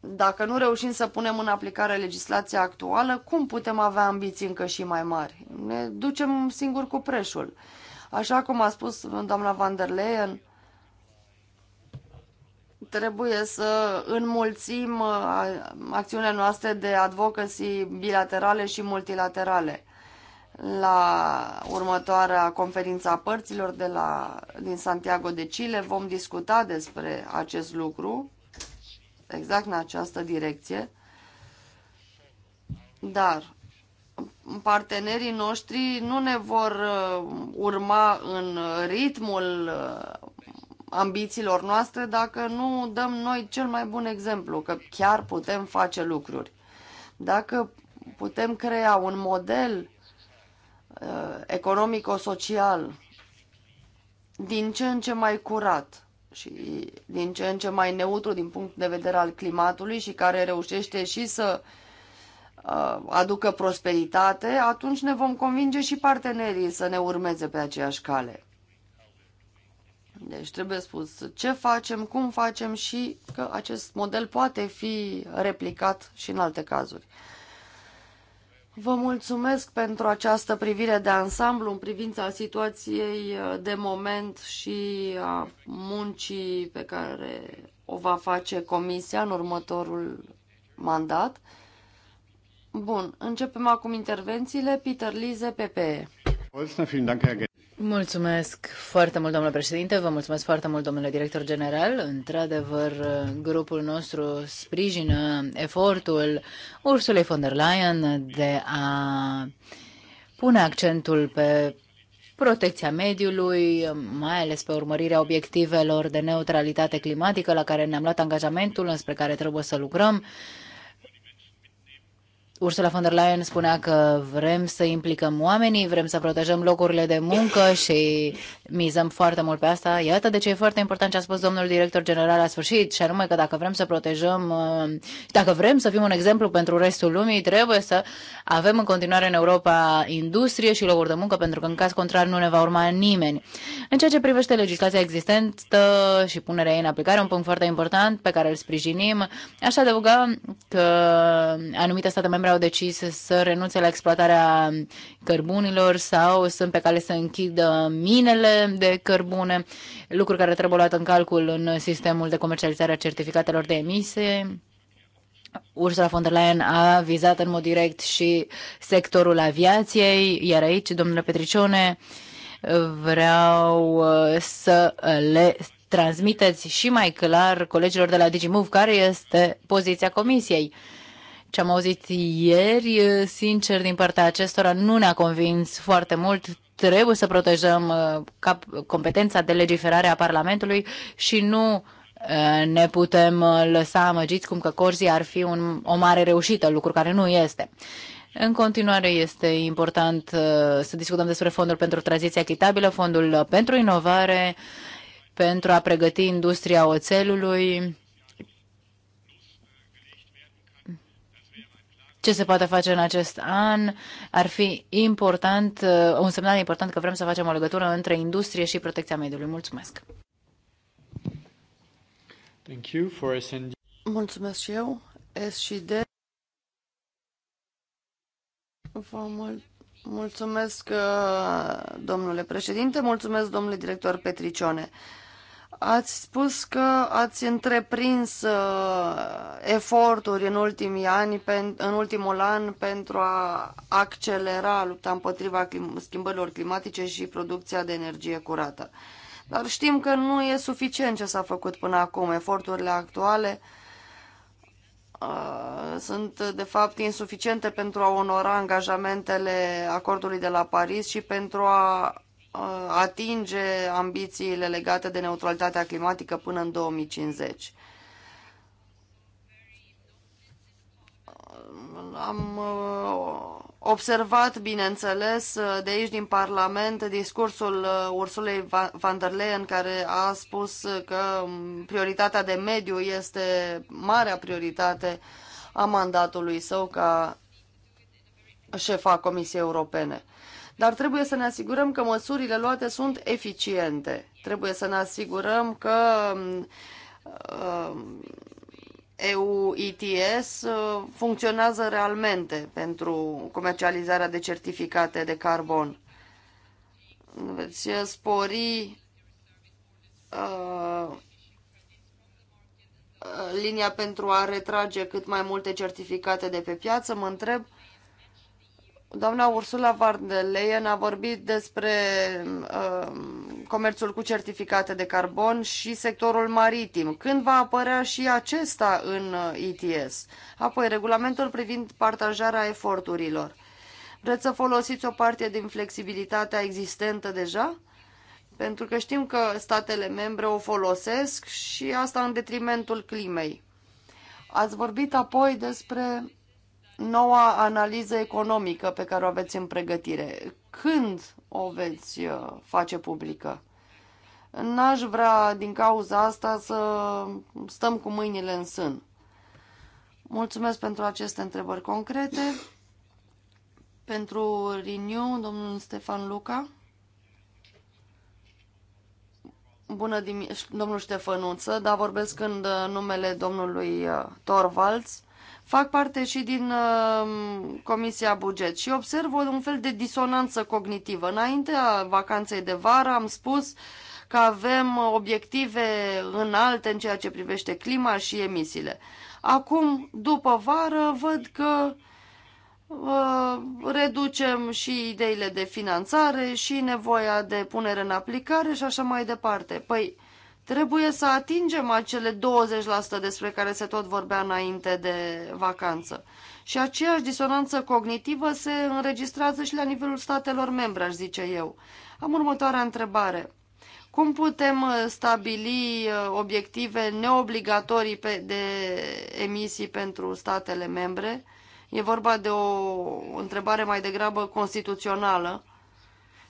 Dacă nu reușim să punem în aplicare legislația actuală, cum putem avea ambiții încă și mai mari? Ne ducem singur cu preșul. Așa cum a spus doamna van der Leyen, trebuie să înmulțim uh, acțiunile noastre de advocacy bilaterale și multilaterale. La următoarea conferință a părților de la, din Santiago de Chile vom discuta despre acest lucru, exact în această direcție. Dar partenerii noștri nu ne vor uh, urma în ritmul uh, ambițiilor noastre dacă nu dăm noi cel mai bun exemplu, că chiar putem face lucruri. Dacă putem crea un model uh, economico-social din ce în ce mai curat și din ce în ce mai neutru din punct de vedere al climatului și care reușește și să uh, aducă prosperitate, atunci ne vom convinge și partenerii să ne urmeze pe aceeași cale. Deci trebuie spus ce facem, cum facem și că acest model poate fi replicat și în alte cazuri. Vă mulțumesc pentru această privire de ansamblu în privința situației de moment și a muncii pe care o va face Comisia în următorul mandat. Bun, începem acum intervențiile. Peter Lize, PPE. Mulțumesc foarte mult, domnule președinte, vă mulțumesc foarte mult, domnule director general. Într-adevăr, grupul nostru sprijină efortul Ursulei von der Leyen de a pune accentul pe protecția mediului, mai ales pe urmărirea obiectivelor de neutralitate climatică la care ne-am luat angajamentul, înspre care trebuie să lucrăm. Ursula von der Leyen spunea că vrem să implicăm oamenii, vrem să protejăm locurile de muncă și mizăm foarte mult pe asta. Iată de ce e foarte important ce a spus domnul director general la sfârșit, și anume că dacă vrem să protejăm, uh, dacă vrem să fim un exemplu pentru restul lumii, trebuie să avem în continuare în Europa industrie și locuri de muncă, pentru că în caz contrar nu ne va urma nimeni. În ceea ce privește legislația existentă și punerea ei în aplicare, un punct foarte important pe care îl sprijinim, aș adăuga că anumite state membre au decis să renunțe la exploatarea cărbunilor sau sunt pe cale să închidă minele de cărbune, lucruri care trebuie luat în calcul în sistemul de comercializare a certificatelor de emisie. Ursula von der Leyen a vizat în mod direct și sectorul aviației, iar aici, domnule Petricione, vreau uh, să le transmiteți și mai clar colegilor de la DigiMove care este poziția Comisiei. Ce am auzit ieri, sincer, din partea acestora nu ne-a convins foarte mult. Trebuie să protejăm competența de legiferare a Parlamentului și nu ne putem lăsa amăgiți cum că Corzi ar fi un, o mare reușită, lucru care nu este. În continuare este important să discutăm despre fondul pentru tranziție echitabilă, fondul pentru inovare, pentru a pregăti industria oțelului ce se poate face în acest an. Ar fi important, uh, un semnal important că vrem să facem o legătură între industrie și protecția mediului. Mulțumesc! Thank you for SND. Mulțumesc și eu. S și D. Vă mul- mulțumesc, uh, domnule președinte, mulțumesc, domnule director Petricione. Ați spus că ați întreprins uh, eforturi în ultimii ani, pen, în ultimul an, pentru a accelera lupta împotriva clim, schimbărilor climatice și producția de energie curată. Dar știm că nu e suficient ce s-a făcut până acum. Eforturile actuale uh, sunt, de fapt, insuficiente pentru a onora angajamentele acordului de la Paris și pentru a Uh, atinge ambițiile legate de neutralitatea climatică până în 2050. Am uh, observat, bineînțeles, uh, de aici din Parlament discursul Ursulei van der Leyen care a spus că um, prioritatea de mediu este marea prioritate a mandatului său ca șefa Comisiei Europene dar trebuie să ne asigurăm că măsurile luate sunt eficiente. Trebuie să ne asigurăm că um, um, uh, EU ETS funcționează realmente pentru comercializarea de certificate de carbon. Veți uh, spori uh, uh, linia pentru a retrage cât mai multe certificate de pe piață. Mă întreb Doamna Ursula von der Leyen a vorbit despre uh, comerțul cu certificate de carbon și sectorul maritim. Când va apărea și acesta în uh, ETS? Apoi, regulamentul privind partajarea eforturilor. Vreți să folosiți o parte din flexibilitatea existentă deja? Pentru că știm că statele membre o folosesc și asta în detrimentul climei. Ați vorbit apoi despre noua analiză economică pe care o aveți în pregătire. Când o veți uh, face publică? N-aș vrea din cauza asta să stăm cu mâinile în sân. Mulțumesc pentru aceste întrebări concrete. Pentru Renew, domnul Stefan Luca. Bună dimineața, domnul Ștefănuță, dar vorbesc în uh, numele domnului uh, Torvalds fac parte și din uh, Comisia Buget și observ un fel de disonanță cognitivă. Înaintea vacanței de vară am spus că avem obiective înalte în ceea ce privește clima și emisiile. Acum, după vară, văd că uh, reducem și ideile de finanțare și nevoia de punere în aplicare și așa mai departe. Păi, Trebuie să atingem acele 20% despre care se tot vorbea înainte de vacanță. Și aceeași disonanță cognitivă se înregistrează și la nivelul statelor membre, aș zice eu. Am următoarea întrebare. Cum putem uh, stabili uh, obiective neobligatorii de emisii pentru statele membre? E vorba de o întrebare mai degrabă constituțională.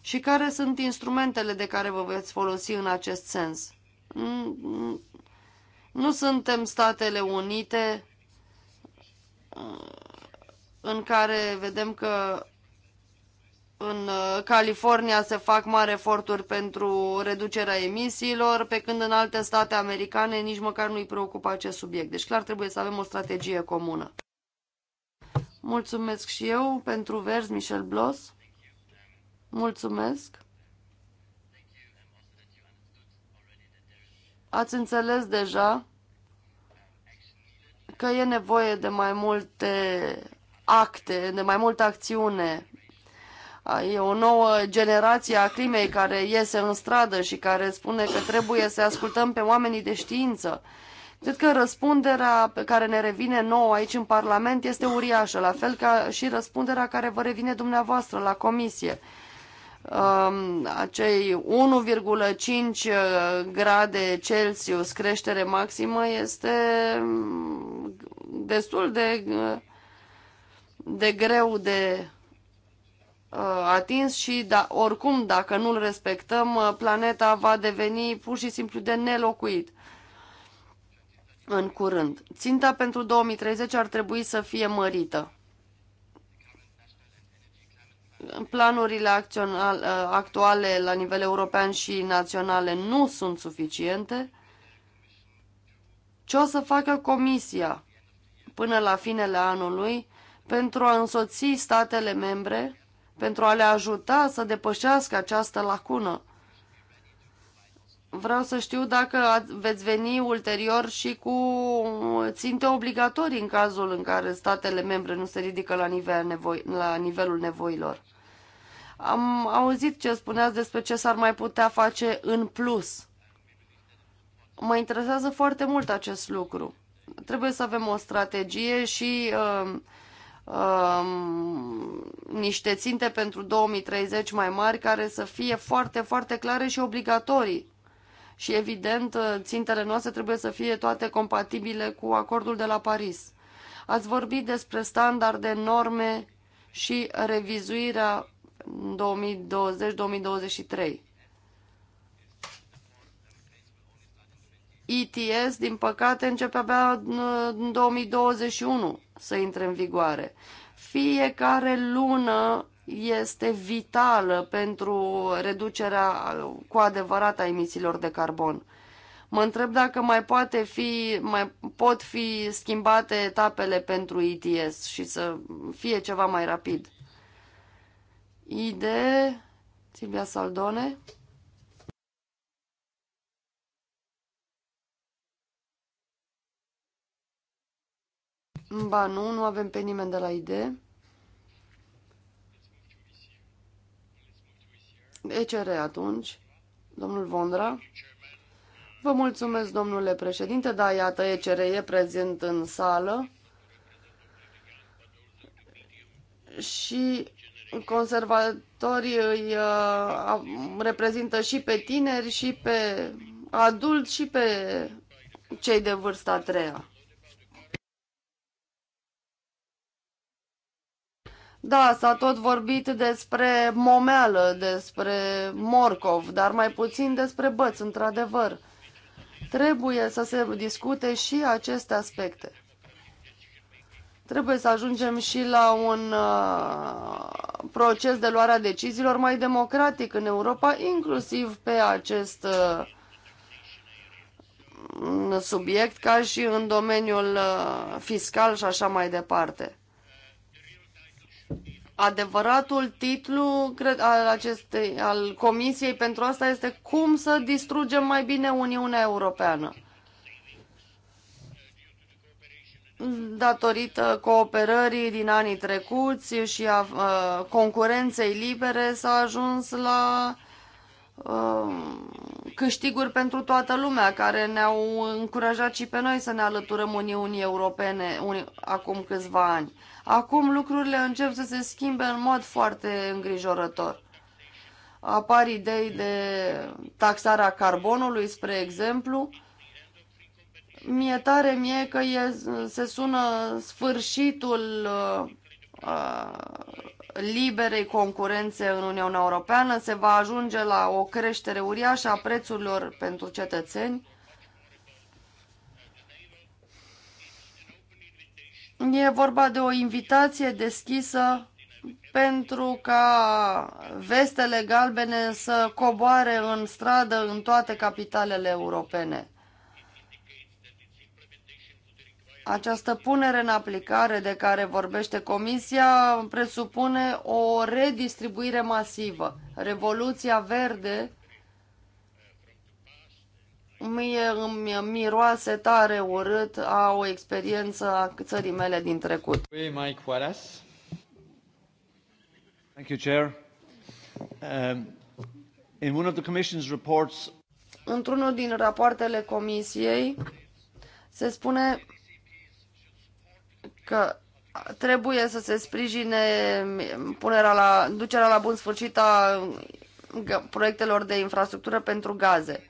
Și care sunt instrumentele de care vă veți folosi în acest sens? Nu suntem Statele Unite în care vedem că în uh, California se fac mari eforturi pentru reducerea emisiilor, pe când în alte state americane nici măcar nu-i preocupă acest subiect. Deci clar trebuie să avem o strategie comună. Mulțumesc și eu pentru vers, Michel Blos. Mulțumesc. ați înțeles deja că e nevoie de mai multe acte, de mai multă acțiune. E o nouă generație a crimei care iese în stradă și care spune că trebuie să ascultăm pe oamenii de știință. Cred că răspunderea pe care ne revine nouă aici în Parlament este uriașă, la fel ca și răspunderea care vă revine dumneavoastră la Comisie. Um, acei 1,5 uh, grade Celsius creștere maximă este um, destul de, uh, de greu de uh, atins și da, oricum dacă nu-l respectăm, planeta va deveni pur și simplu de nelocuit în curând. Ținta pentru 2030 ar trebui să fie mărită planurile uh, actuale la nivel european și naționale nu sunt suficiente, ce o să facă Comisia până la finele anului pentru a însoți statele membre, pentru a le ajuta să depășească această lacună? Vreau să știu dacă veți veni ulterior și cu ținte obligatorii în cazul în care statele membre nu se ridică la, nivel nevoi, la nivelul nevoilor. Am auzit ce spuneați despre ce s-ar mai putea face în plus. Mă interesează foarte mult acest lucru. Trebuie să avem o strategie și uh, uh, niște ținte pentru 2030 mai mari care să fie foarte, foarte clare și obligatorii. Și evident, uh, țintele noastre trebuie să fie toate compatibile cu acordul de la Paris. Ați vorbit despre standarde, norme și revizuirea 2020-2023. ETS, din păcate, începe abia în 2021 să intre în vigoare. Fiecare lună este vitală pentru reducerea cu adevărat a emisiilor de carbon. Mă întreb dacă mai, poate fi, mai pot fi schimbate etapele pentru ETS și să fie ceva mai rapid. ID, Silvia Saldone. Ba nu, nu avem pe nimeni de la ID. ECR atunci, domnul Vondra. Vă mulțumesc, domnule președinte. Da, iată, ECR e prezent în sală. Și conservatorii îi uh, reprezintă și pe tineri, și pe adulți, și pe cei de vârsta a treia. Da, s-a tot vorbit despre momeală, despre morcov, dar mai puțin despre băți, într-adevăr. Trebuie să se discute și aceste aspecte. Trebuie să ajungem și la un uh, proces de luare a deciziilor mai democratic în Europa, inclusiv pe acest uh, subiect, ca și în domeniul uh, fiscal și așa mai departe. Adevăratul titlu cred, al, acestei, al Comisiei pentru asta este cum să distrugem mai bine Uniunea Europeană. datorită cooperării din anii trecuți și a uh, concurenței libere s-a ajuns la uh, câștiguri pentru toată lumea, care ne-au încurajat și pe noi să ne alăturăm Uniunii Europene uni, acum câțiva ani. Acum lucrurile încep să se schimbe în mod foarte îngrijorător. Apar idei de taxarea carbonului, spre exemplu, uh, mi-e tare mie că e, se sună sfârșitul uh, uh, liberei concurențe în Uniunea Europeană, se va ajunge la o creștere uriașă a prețurilor pentru cetățeni. E vorba de o invitație deschisă pentru ca vestele galbene să coboare în stradă în toate capitalele europene. Această punere în aplicare de care vorbește Comisia presupune o redistribuire masivă. Revoluția verde mie îmi miroase tare urât a o experiență a țării mele din trecut. Mike Wallace. Thank you, Chair. Um, in one of the Commission's reports... Într-unul din rapoartele Comisiei se spune că trebuie să se sprijine punerea la, ducerea la bun sfârșit a proiectelor de infrastructură pentru gaze,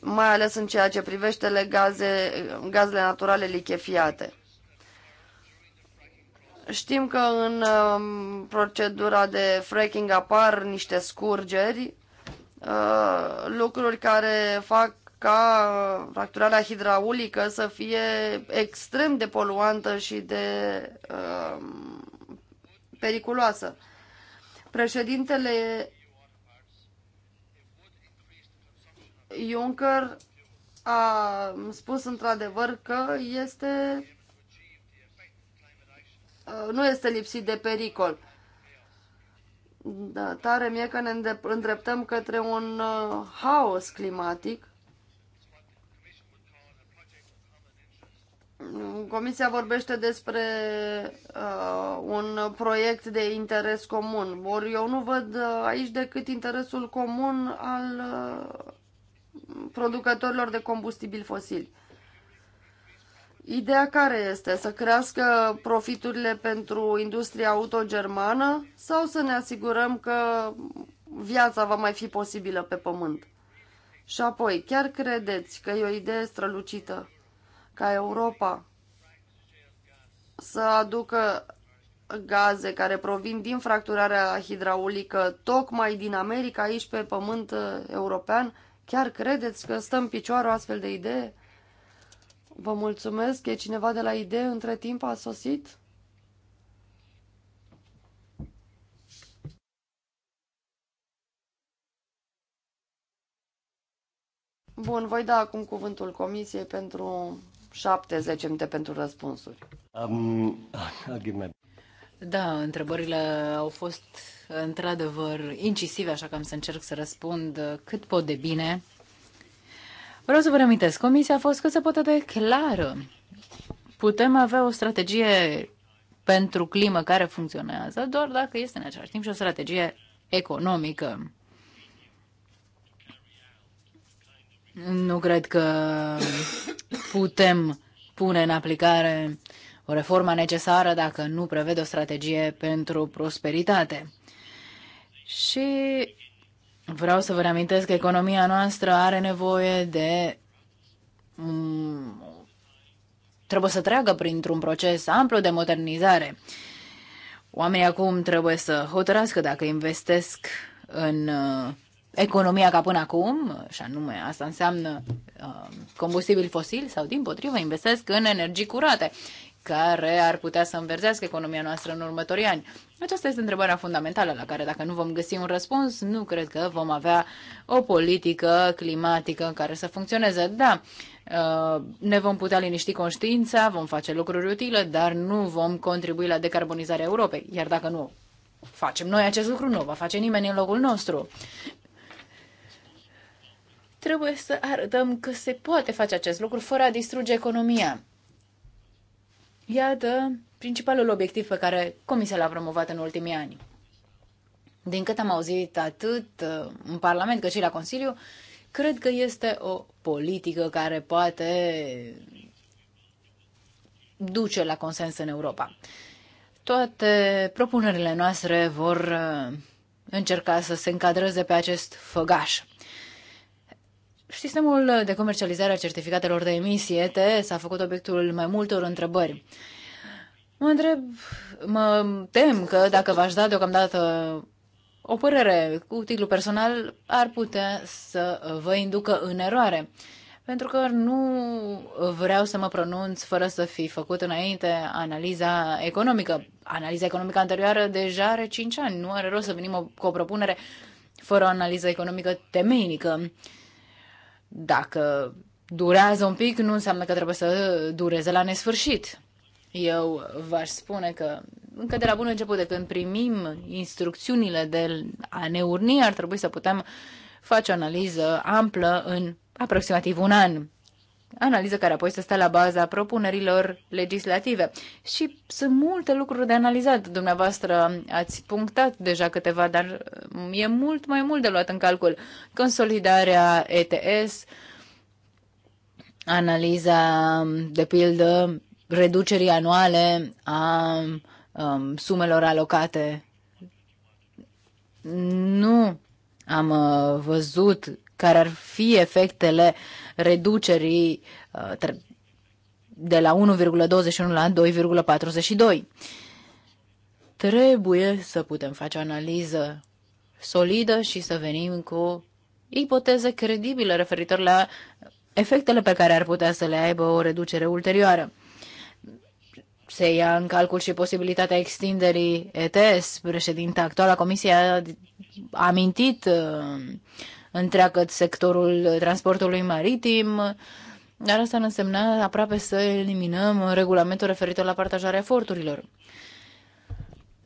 mai ales în ceea ce privește le gaze, gazele naturale lichefiate. Știm că în um, procedura de fracking apar niște scurgeri, uh, lucruri care fac ca fracturarea hidraulică să fie extrem de poluantă și de uh, periculoasă. Președintele Juncker a spus într-adevăr că este uh, nu este lipsit de pericol. Da, tare mie că ne îndreptăm către un uh, haos climatic Comisia vorbește despre uh, un proiect de interes comun. Ori eu nu văd uh, aici decât interesul comun al uh, producătorilor de combustibil fosili. Ideea care este? Să crească profiturile pentru industria autogermană sau să ne asigurăm că viața va mai fi posibilă pe pământ? Și apoi, chiar credeți că e o idee strălucită ca Europa să aducă gaze care provin din fracturarea hidraulică tocmai din America, aici pe pământ uh, european, chiar credeți că stăm picioare o astfel de idee? Vă mulțumesc. E cineva de la idee între timp a sosit? Bun, voi da acum cuvântul Comisiei pentru 70 10 minute pentru răspunsuri. Um, da, întrebările au fost într-adevăr incisive, așa că am să încerc să răspund cât pot de bine. Vreau să vă reamintesc, comisia a fost cât se poate de clară. Putem avea o strategie pentru climă care funcționează doar dacă este în același timp și o strategie economică. Nu cred că putem pune în aplicare o reformă necesară dacă nu prevede o strategie pentru prosperitate. Și vreau să vă reamintesc că economia noastră are nevoie de trebuie să treacă printr-un proces amplu de modernizare. Oamenii acum trebuie să hotărască dacă investesc în uh, economia ca până acum, și anume asta înseamnă uh, combustibil fosil sau din potrivă investesc în energii curate care ar putea să înverzească economia noastră în următorii ani? Aceasta este întrebarea fundamentală la care dacă nu vom găsi un răspuns, nu cred că vom avea o politică climatică care să funcționeze. Da, uh, ne vom putea liniști conștiința, vom face lucruri utile, dar nu vom contribui la decarbonizarea Europei. Iar dacă nu facem noi acest lucru, nu va face nimeni în locul nostru. Trebuie să arătăm că se poate face acest lucru fără a distruge economia. Iată principalul obiectiv pe care Comisia l-a promovat în ultimii ani. Din cât am auzit atât uh, în Parlament cât și la Consiliu, cred că este o politică care poate duce la consens în Europa. Toate propunerile noastre vor uh, încerca să se încadreze pe acest făgaș. Sistemul de comercializare a certificatelor de emisie, ETS, a făcut obiectul mai multor întrebări. Mă întreb, mă tem că dacă v-aș da deocamdată o părere cu titlu personal, ar putea să vă inducă în eroare. Pentru că nu vreau să mă pronunț fără să fi făcut înainte analiza economică. Analiza economică anterioară deja are 5 ani. Nu are rost să venim cu o propunere fără o analiză economică temeinică. Dacă durează un pic, nu înseamnă că trebuie să dureze la nesfârșit. Eu v-aș spune că încă de la bun început, de când primim instrucțiunile de a ne urni, ar trebui să putem face o analiză amplă în aproximativ un an analiză care apoi să stea la baza propunerilor legislative. Și sunt multe lucruri de analizat. Dumneavoastră ați punctat deja câteva, dar e mult mai mult de luat în calcul. Consolidarea ETS, analiza, de pildă, reducerii anuale a um, sumelor alocate. Nu am uh, văzut care ar fi efectele uh, reducerii uh, de la 1,21 la 2,42. Trebuie să putem face o analiză solidă și să venim cu ipoteze credibile referitor la efectele pe care ar putea să le aibă o reducere ulterioară. Se ia în calcul și posibilitatea extinderii ETS. Președinta actuală a Comisiei a amintit uh, întreagă sectorul transportului maritim, dar asta ar însemna aproape să eliminăm regulamentul referitor la partajarea eforturilor.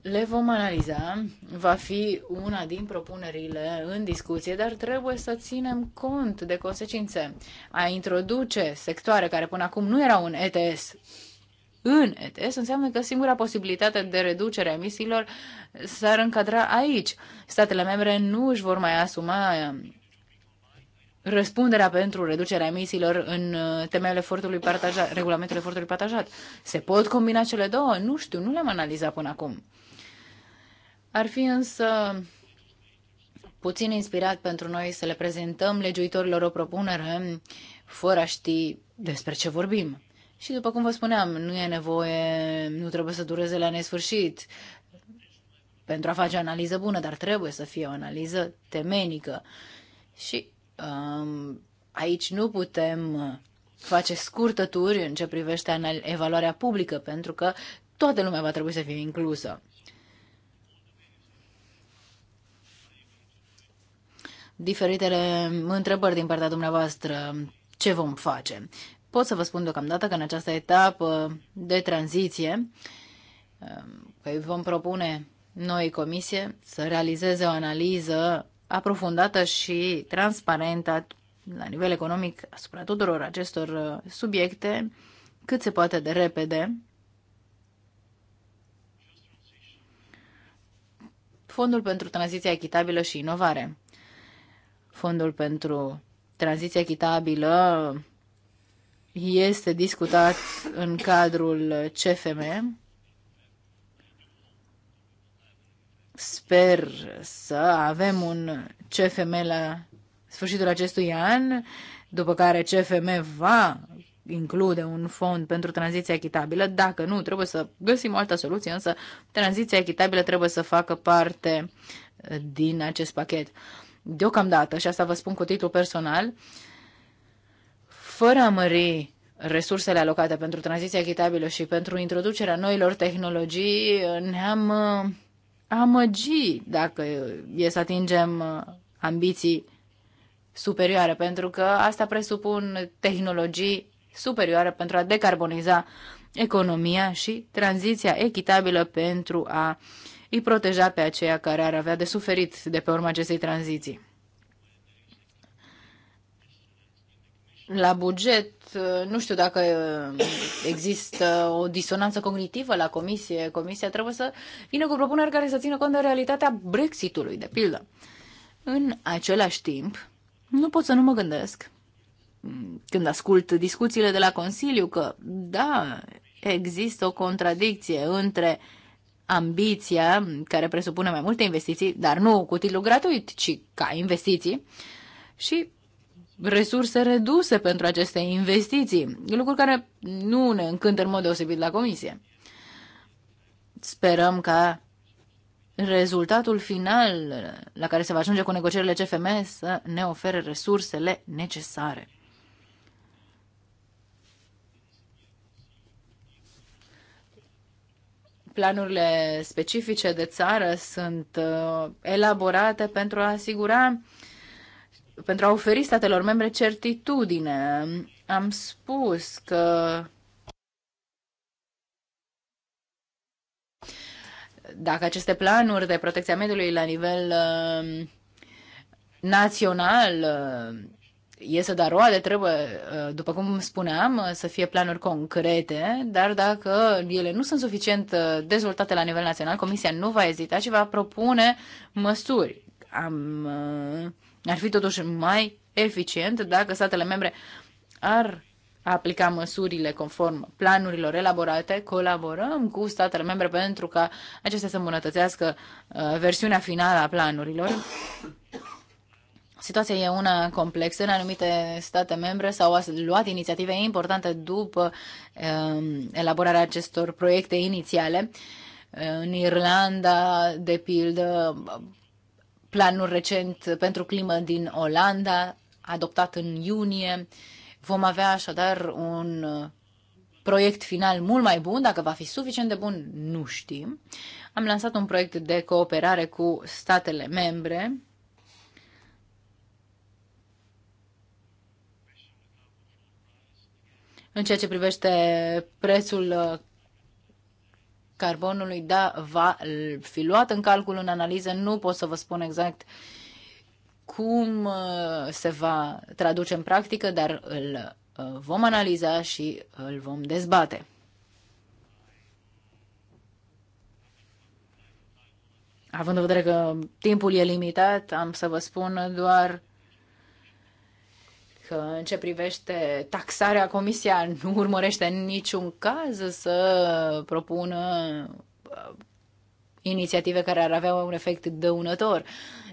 Le vom analiza, va fi una din propunerile în discuție, dar trebuie să ținem cont de consecințe. A introduce sectoare care până acum nu erau în ETS în ETS înseamnă că singura posibilitate de reducere a emisiilor s-ar încadra aici. Statele membre nu își vor mai asuma răspunderea pentru reducerea emisiilor în uh, temele efortului partajat, regulamentul efortului partajat. Se pot combina cele două? Nu știu, nu le-am analizat până acum. Ar fi însă puțin inspirat pentru noi să le prezentăm legiuitorilor o propunere fără a ști despre ce vorbim. Și după cum vă spuneam, nu e nevoie, nu trebuie să dureze la nesfârșit pentru a face o analiză bună, dar trebuie să fie o analiză temenică. Și Um, aici nu putem uh, face scurtături în ce privește evaluarea publică, pentru că toată lumea va trebui să fie inclusă. Diferitele întrebări din partea dumneavoastră, ce vom face? Pot să vă spun deocamdată că în această etapă de tranziție, um, că vom propune noi comisie să realizeze o analiză aprofundată și transparentă la nivel economic asupra tuturor acestor uh, subiecte cât se poate de repede. Fondul pentru tranziția echitabilă și inovare. Fondul pentru tranziția echitabilă este discutat în cadrul CFM Sper să avem un CFM la sfârșitul acestui an, după care CFM va include un fond pentru tranziția echitabilă. Dacă nu, trebuie să găsim o altă soluție, însă tranziția echitabilă trebuie să facă parte din acest pachet. Deocamdată, și asta vă spun cu titlu personal, fără a mări resursele alocate pentru tranziția echitabilă și pentru introducerea noilor tehnologii, ne-am amăgi dacă e să atingem uh, ambiții superioare, pentru că asta presupun tehnologii superioare pentru a decarboniza economia și tranziția echitabilă pentru a îi proteja pe aceia care ar avea de suferit de pe urma acestei tranziții. la buget, nu știu dacă uh, există o disonanță cognitivă la comisie. Comisia trebuie să vină cu propuneri care să țină cont de realitatea Brexitului, de pildă. În același timp, nu pot să nu mă gândesc, când ascult discuțiile de la Consiliu, că, da, există o contradicție între ambiția, care presupune mai multe investiții, dar nu cu titlu gratuit, ci ca investiții, și resurse reduse pentru aceste investiții, lucruri care nu ne încântă în mod deosebit la comisie. Sperăm ca rezultatul final la care se va ajunge cu negocierile CFM să ne ofere resursele necesare. Planurile specifice de țară sunt uh, elaborate pentru a asigura uh, pentru a oferi statelor membre certitudine. Am spus că dacă aceste planuri de protecție a mediului la nivel um, național um, iese de roade, trebuie, uh, după cum spuneam, uh, să fie planuri concrete, dar dacă ele nu sunt suficient uh, dezvoltate la nivel național, Comisia nu va ezita și va propune măsuri. Am ar fi totuși mai eficient dacă statele membre ar aplica măsurile conform planurilor elaborate, colaborăm cu statele membre pentru ca acestea să îmbunătățească uh, versiunea finală a planurilor. Situația e una complexă. În anumite state membre s-au luat inițiative importante după um, elaborarea acestor proiecte inițiale. Uh, în Irlanda, de pildă, planul recent pentru climă din Olanda, adoptat în iunie. Vom avea așadar un proiect final mult mai bun, dacă va fi suficient de bun, nu știm. Am lansat un proiect de cooperare cu statele membre. În ceea ce privește prețul carbonului, da, va fi luat în calcul în analiză. Nu pot să vă spun exact cum uh, se va traduce în practică, dar îl uh, vom analiza și îl vom dezbate. Având în vedere că timpul e limitat, am să vă spun doar că în ce privește taxarea, Comisia nu urmărește în niciun caz să propună uh, inițiative care ar avea un efect dăunător.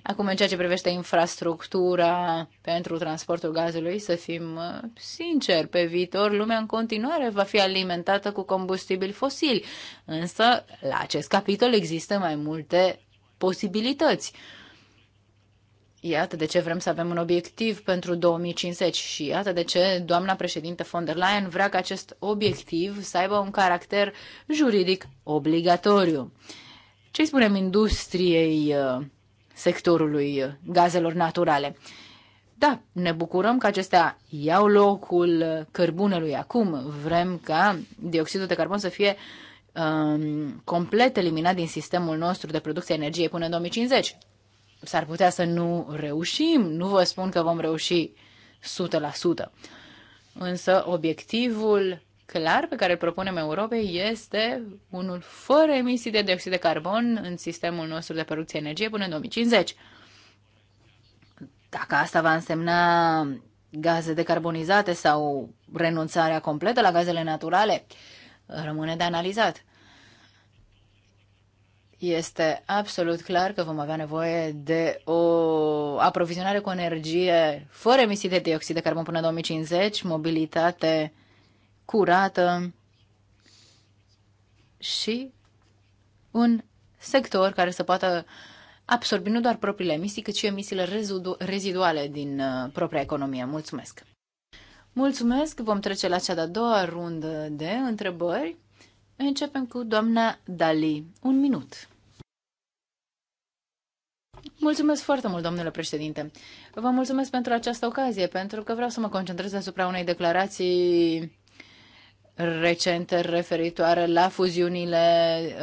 Acum, în ceea ce privește infrastructura pentru transportul gazului, să fim uh, sinceri, pe viitor lumea în continuare va fi alimentată cu combustibili fosili. Însă, la acest capitol există mai multe posibilități. Iată de ce vrem să avem un obiectiv pentru 2050 și iată de ce doamna președinte von der Leyen vrea ca acest obiectiv să aibă un caracter juridic obligatoriu. Ce spunem industriei uh, sectorului uh, gazelor naturale? Da, ne bucurăm că acestea iau locul uh, cărbunelui acum. Vrem ca dioxidul de carbon să fie um, complet eliminat din sistemul nostru de producție a energiei până în 2050 s-ar putea să nu reușim, nu vă spun că vom reuși 100%. Însă obiectivul clar pe care îl propunem Europei este unul fără emisii de dioxid de carbon în sistemul nostru de producție energie până în 2050. Dacă asta va însemna gaze decarbonizate sau renunțarea completă la gazele naturale, rămâne de analizat. Este absolut clar că vom avea nevoie de o aprovizionare cu energie fără emisii de dioxid de carbon până în 2050, mobilitate curată și un sector care să poată absorbi nu doar propriile emisii, cât și emisiile reziduale din uh, propria economie. Mulțumesc! Mulțumesc! Vom trece la cea de-a doua rundă de întrebări. Începem cu doamna Dali. Un minut. Mulțumesc foarte mult, domnule președinte. Vă mulțumesc pentru această ocazie, pentru că vreau să mă concentrez asupra unei declarații recente referitoare la fuziunile,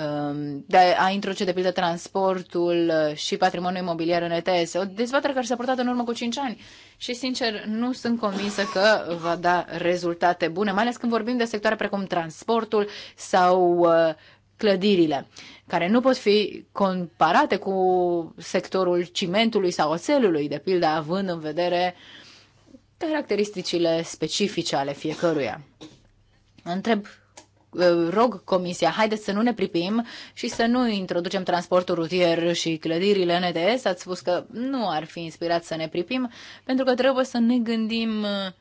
um, de a introduce de pildă transportul și patrimoniul imobiliar în ETS. O dezbatere care s-a purtat în urmă cu 5 ani și, sincer, nu sunt convinsă că va da rezultate bune, mai ales când vorbim de sectoare precum transportul sau uh, clădirile, care nu pot fi comparate cu sectorul cimentului sau oțelului, de pildă, având în vedere caracteristicile specifice ale fiecăruia. Întreb ă, rog Comisia, haideți să nu ne pripim și să nu introducem transportul rutier și clădirile în Ați spus că nu ar fi inspirat să ne pripim, pentru că trebuie să ne gândim ă,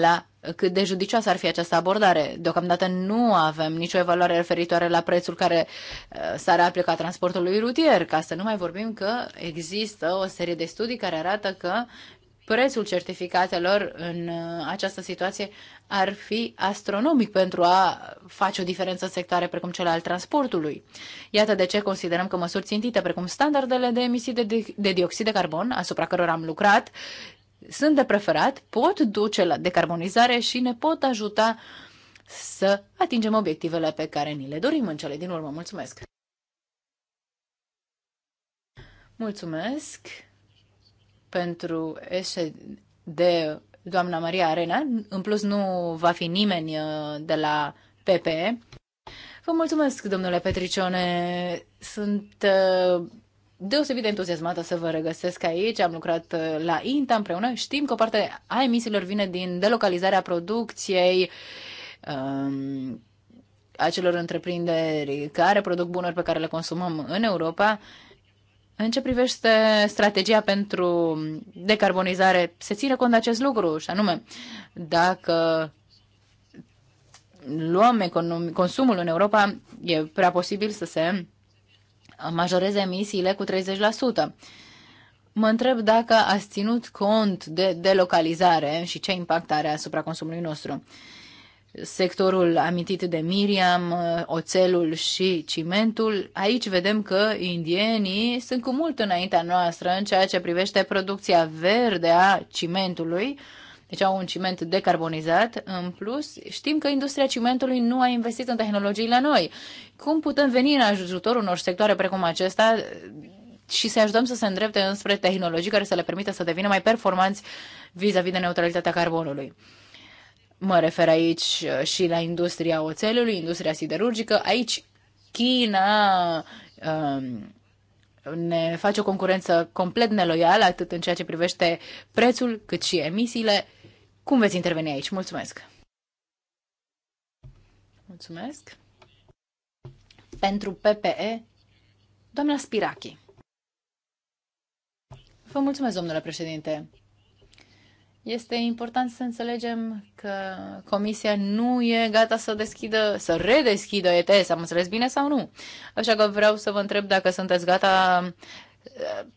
la cât de judicioasă ar fi această abordare. Deocamdată nu avem nicio evaluare referitoare la prețul care uh, s-ar aplica transportului rutier, ca să nu mai vorbim că există o serie de studii care arată că prețul certificatelor în uh, această situație ar fi astronomic pentru a face o diferență în sectoare precum cel al transportului. Iată de ce considerăm că măsuri țintite precum standardele de emisii de, de dioxid de carbon, asupra cărora am lucrat, sunt de preferat, pot duce la decarbonizare și ne pot ajuta să atingem obiectivele pe care ni le dorim în cele din urmă. Mulțumesc! Mulțumesc pentru de doamna Maria Arena. În plus, nu va fi nimeni uh, de la PPE. Vă mulțumesc, domnule Petricione. Sunt uh, deosebit de entuziasmată să vă regăsesc aici. Am lucrat uh, la INTA împreună. Știm că o parte a emisiilor vine din delocalizarea producției um, acelor întreprinderi care produc bunuri pe care le consumăm în Europa. În ce privește strategia pentru decarbonizare, se ține cont de acest lucru și anume dacă luăm economi- consumul în Europa, e prea posibil să se majoreze emisiile cu 30%. Mă întreb dacă ați ținut cont de delocalizare și ce impact are asupra consumului nostru. Sectorul amintit de Miriam, oțelul și cimentul, aici vedem că indienii sunt cu mult înaintea noastră în ceea ce privește producția verde a cimentului, deci au un ciment decarbonizat. În plus, știm că industria cimentului nu a investit în tehnologiile noi. Cum putem veni în ajutorul unor sectoare precum acesta și să ajutăm să se îndrepte înspre tehnologii care să le permită să devină mai performanți vis-a-vis -vis de neutralitatea carbonului? Mă refer aici uh, și la industria oțelului, industria siderurgică. Aici China um, ne face o concurență complet neloială, atât în ceea ce privește prețul, cât și emisiile. Cum veți interveni aici? Mulțumesc! Mulțumesc! Pentru PPE, doamna Spirachi. Vă mulțumesc, domnule președinte. Este important să înțelegem că Comisia nu e gata să deschidă, să redeschidă ETS, am înțeles bine sau nu? Așa că vreau să vă întreb dacă sunteți gata,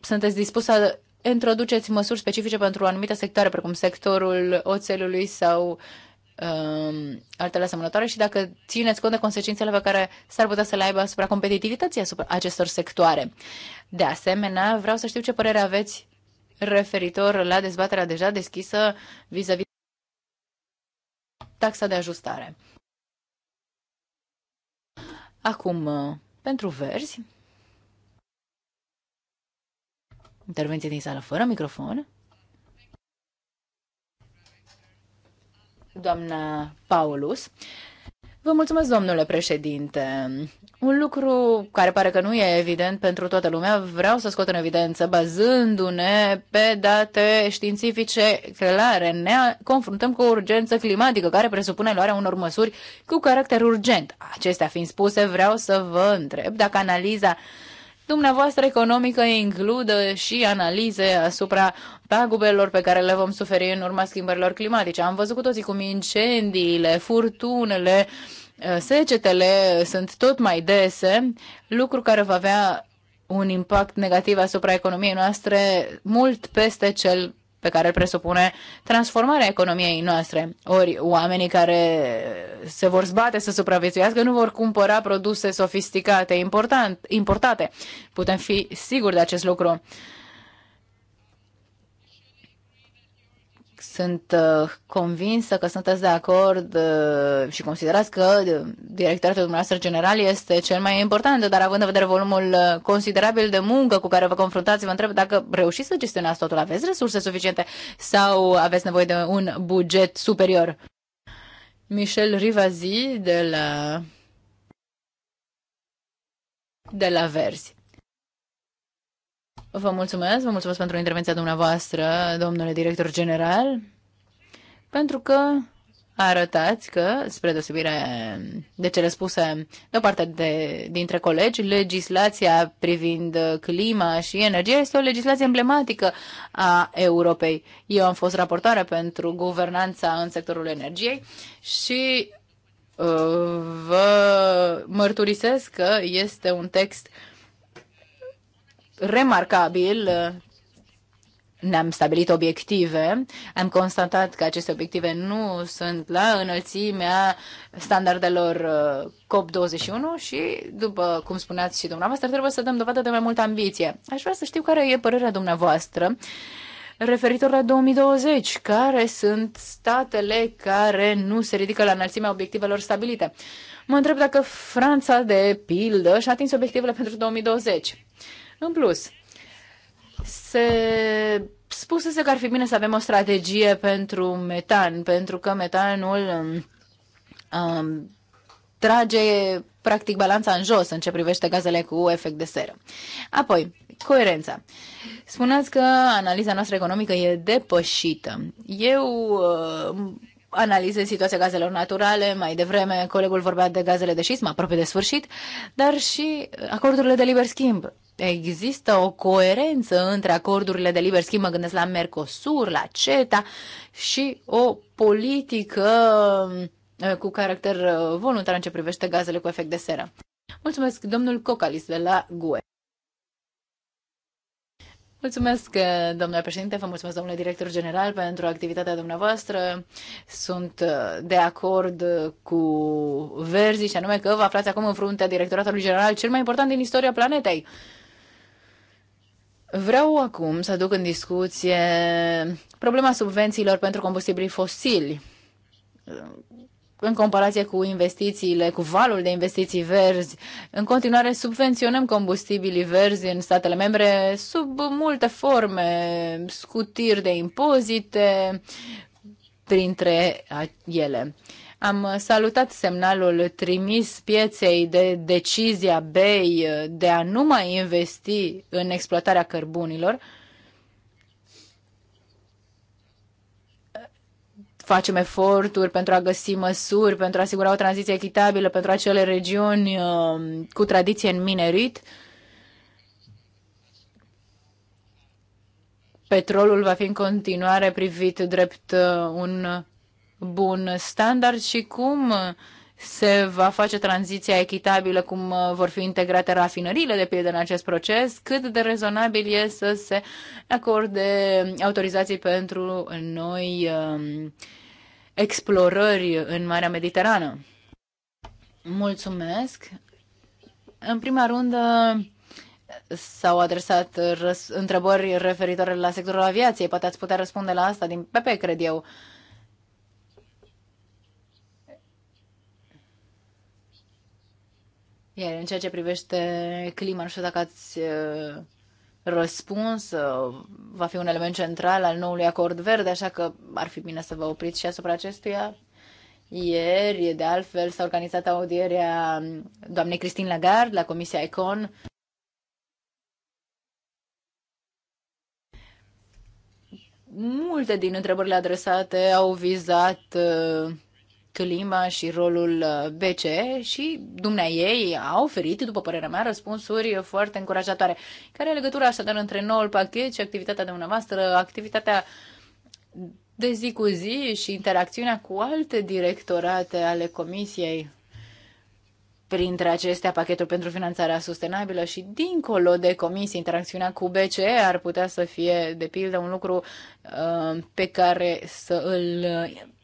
sunteți dispus să introduceți măsuri specifice pentru anumite sectoare, precum sectorul oțelului sau um, altele asemănătoare și dacă țineți cont de consecințele pe care s-ar putea să le aibă asupra competitivității asupra acestor sectoare. De asemenea, vreau să știu ce părere aveți referitor la dezbaterea deja deschisă vis-a-vis -vis taxa de ajustare. Acum, uh, pentru verzi, Intervenție din sală fără microfon. Doamna Paulus. Vă mulțumesc, domnule președinte. Un lucru care pare că nu e evident pentru toată lumea, vreau să scot în evidență, bazându-ne pe date științifice clare. Ne confruntăm cu o urgență climatică care presupune luarea unor măsuri cu caracter urgent. Acestea fiind spuse, vreau să vă întreb dacă analiza uh, dumneavoastră economică includă și analize asupra pagubelor pe care le vom suferi în urma schimbărilor climatice. Am văzut cu toții cum incendiile, furtunele, eh, secetele sunt tot mai dese, lucru care va avea un impact negativ asupra economiei noastre mult peste cel pe care îl presupune transformarea economiei noastre. Ori oamenii care se vor zbate să supraviețuiască nu vor cumpăra produse sofisticate, importante, importate. Putem fi siguri de acest lucru. Sunt uh, convinsă că sunteți de acord uh, și considerați că uh, directoratul dumneavoastră general este cel mai important, dar având în vedere volumul considerabil de muncă cu care vă confruntați, vă întreb dacă reușiți să gestionați totul, aveți resurse suficiente sau aveți nevoie de un buget superior? Michel Rivazi de la de la Verzi. Vă mulțumesc, vă mulțumesc pentru intervenția dumneavoastră, domnule director general, pentru că arătați că, spre deosebire de cele spuse de parte de, dintre colegi, legislația privind clima și energia este o legislație emblematică a Europei. Eu am fost raportoare pentru guvernanța în sectorul energiei și uh, vă mărturisesc că este un text remarcabil uh, ne-am stabilit obiective, am constatat că aceste obiective nu sunt la înălțimea standardelor uh, COP21 și, după cum spuneați și dumneavoastră, trebuie să dăm dovadă de mai multă ambiție. Aș vrea să știu care e părerea dumneavoastră referitor la 2020, care sunt statele care nu se ridică la înălțimea obiectivelor stabilite. Mă întreb dacă Franța, de pildă, și-a atins obiectivele pentru 2020. În plus, se spusese că ar fi bine să avem o strategie pentru metan, pentru că metanul um, um, trage practic balanța în jos în ce privește gazele cu efect de seră. Apoi, coerența. Spuneați că analiza noastră economică e depășită. Eu uh, analize situația gazelor naturale, mai devreme colegul vorbea de gazele de șism, aproape de sfârșit, dar și acordurile de liber schimb. Există o coerență între acordurile de liber schimb, mă gândesc la Mercosur, la CETA și o politică uh, cu caracter uh, voluntar în ce privește gazele cu efect de seră. Mulțumesc, domnul Cocalis de la GUE. Mulțumesc, eh, domnule președinte, vă mulțumesc, domnule director general, pentru activitatea dumneavoastră. Sunt eh, de acord eh, cu Verzi, și anume că vă aflați acum în fruntea directoratului general cel mai important din istoria planetei. Vreau acum să aduc în discuție problema subvențiilor pentru combustibili fosili în comparație cu investițiile, cu valul de investiții verzi, în continuare subvenționăm combustibilii verzi în statele membre sub multe forme, scutiri de impozite, printre ele. Am salutat semnalul trimis pieței de decizia BEI de a nu mai investi în exploatarea cărbunilor, facem eforturi pentru a găsi măsuri, pentru a asigura o tranziție echitabilă pentru acele regiuni um, cu tradiție în minerit. Petrolul va fi în continuare privit drept uh, un bun standard și cum uh, se va face tranziția echitabilă, cum uh, vor fi integrate rafinările de pildă în acest proces, cât de rezonabil e să se acorde autorizații pentru noi um, explorări în Marea Mediterană. Mulțumesc! În prima rundă s-au adresat întrebări referitoare la sectorul aviației. Poate ați putea răspunde la asta din PP, cred eu. Uh, Iar în ceea ce privește clima, nu știu dacă ați uh, răspuns, uh, va fi un element central al noului acord verde, așa că ar fi bine să vă opriți și asupra acestuia. Ieri, de altfel, s-a organizat audierea um, doamnei Cristin Lagarde la Comisia ICON. Multe din întrebările adresate au vizat uh, clima și rolul uh, BCE și dumnea ei a oferit, după părerea mea, răspunsuri foarte încurajatoare. Care e legătura dar între noul pachet și activitatea dumneavoastră, activitatea de zi cu zi și interacțiunea cu alte directorate ale Comisiei? printre acestea pachetul pentru finanțarea sustenabilă și dincolo de comisie, interacțiunea cu BCE ar putea să fie, de pildă, un lucru uh, pe care să îl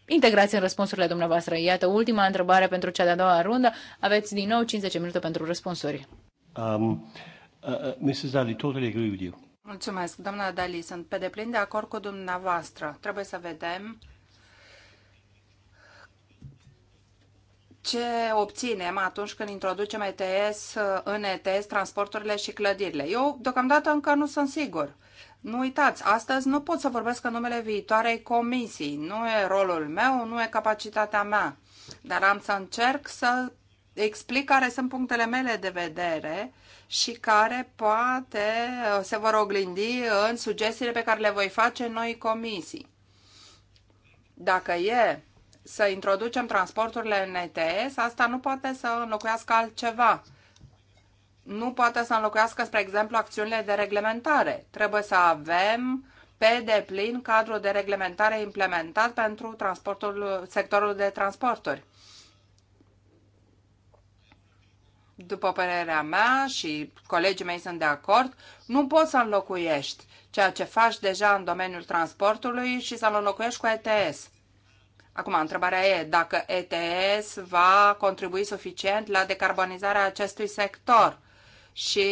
integrați în răspunsurile dumneavoastră. Iată, ultima întrebare pentru cea de-a doua rundă. Aveți din nou 50 minute pentru răspunsuri. Um, uh, Mrs. Daly, totally agree with you. Mulțumesc, doamna Dali. Sunt pe deplin de acord cu dumneavoastră. Trebuie să vedem ce obținem atunci când introducem ETS în ETS transporturile și clădirile. Eu deocamdată încă nu sunt sigur. Nu uitați, astăzi nu pot să vorbesc în numele viitoarei comisii. Nu e rolul meu, nu e capacitatea mea. Dar am să încerc să explic care sunt punctele mele de vedere și care poate uh, se vor oglindi în sugestiile pe care le voi face noi comisii. Dacă e să introducem transporturile în ETS, asta nu poate să înlocuiască altceva nu poate să înlocuiască, spre exemplu, acțiunile de reglementare. Trebuie să avem pe deplin cadrul de reglementare implementat pentru transportul, sectorul de transporturi. După părerea mea și colegii mei sunt de acord, nu poți să înlocuiești ceea ce faci deja în domeniul transportului și să-l înlocuiești cu ETS. Acum, întrebarea e dacă ETS va contribui suficient la decarbonizarea acestui sector și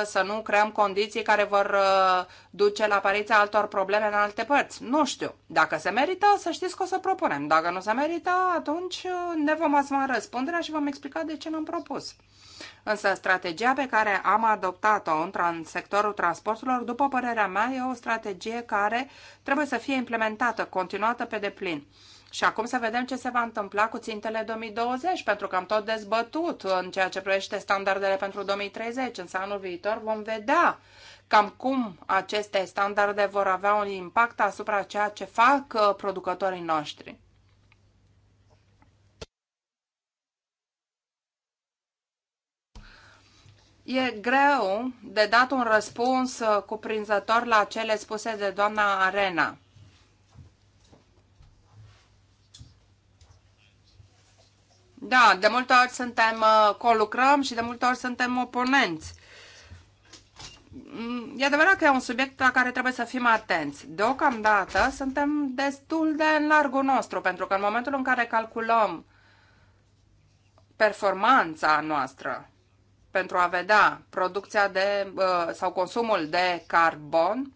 uh, să nu creăm condiții care vor uh, duce la apariția altor probleme în alte părți. Nu știu. Dacă se merită, să știți că o să propunem. Dacă nu se merită, atunci uh, ne vom asuma răspunderea și vom explica de ce n-am propus. Însă strategia pe care am adoptat-o în sectorul transporturilor, după părerea mea, e o strategie care trebuie să fie implementată, continuată pe deplin. Și acum să vedem ce se va întâmpla cu țintele 2020, pentru că am tot dezbătut în ceea ce privește standardele pentru 2030. Însă anul viitor vom vedea cam cum aceste standarde vor avea un impact asupra ceea ce fac uh, producătorii noștri. E greu de dat un răspuns uh, cuprinzător la cele spuse de doamna Arena Da, de multe ori suntem, uh, colucrăm și de multe ori suntem oponenți. Mm, e adevărat că e un subiect la care trebuie să fim atenți. Deocamdată suntem destul de în largul nostru, pentru că în momentul în care calculăm performanța noastră pentru a vedea producția de, uh, sau consumul de carbon,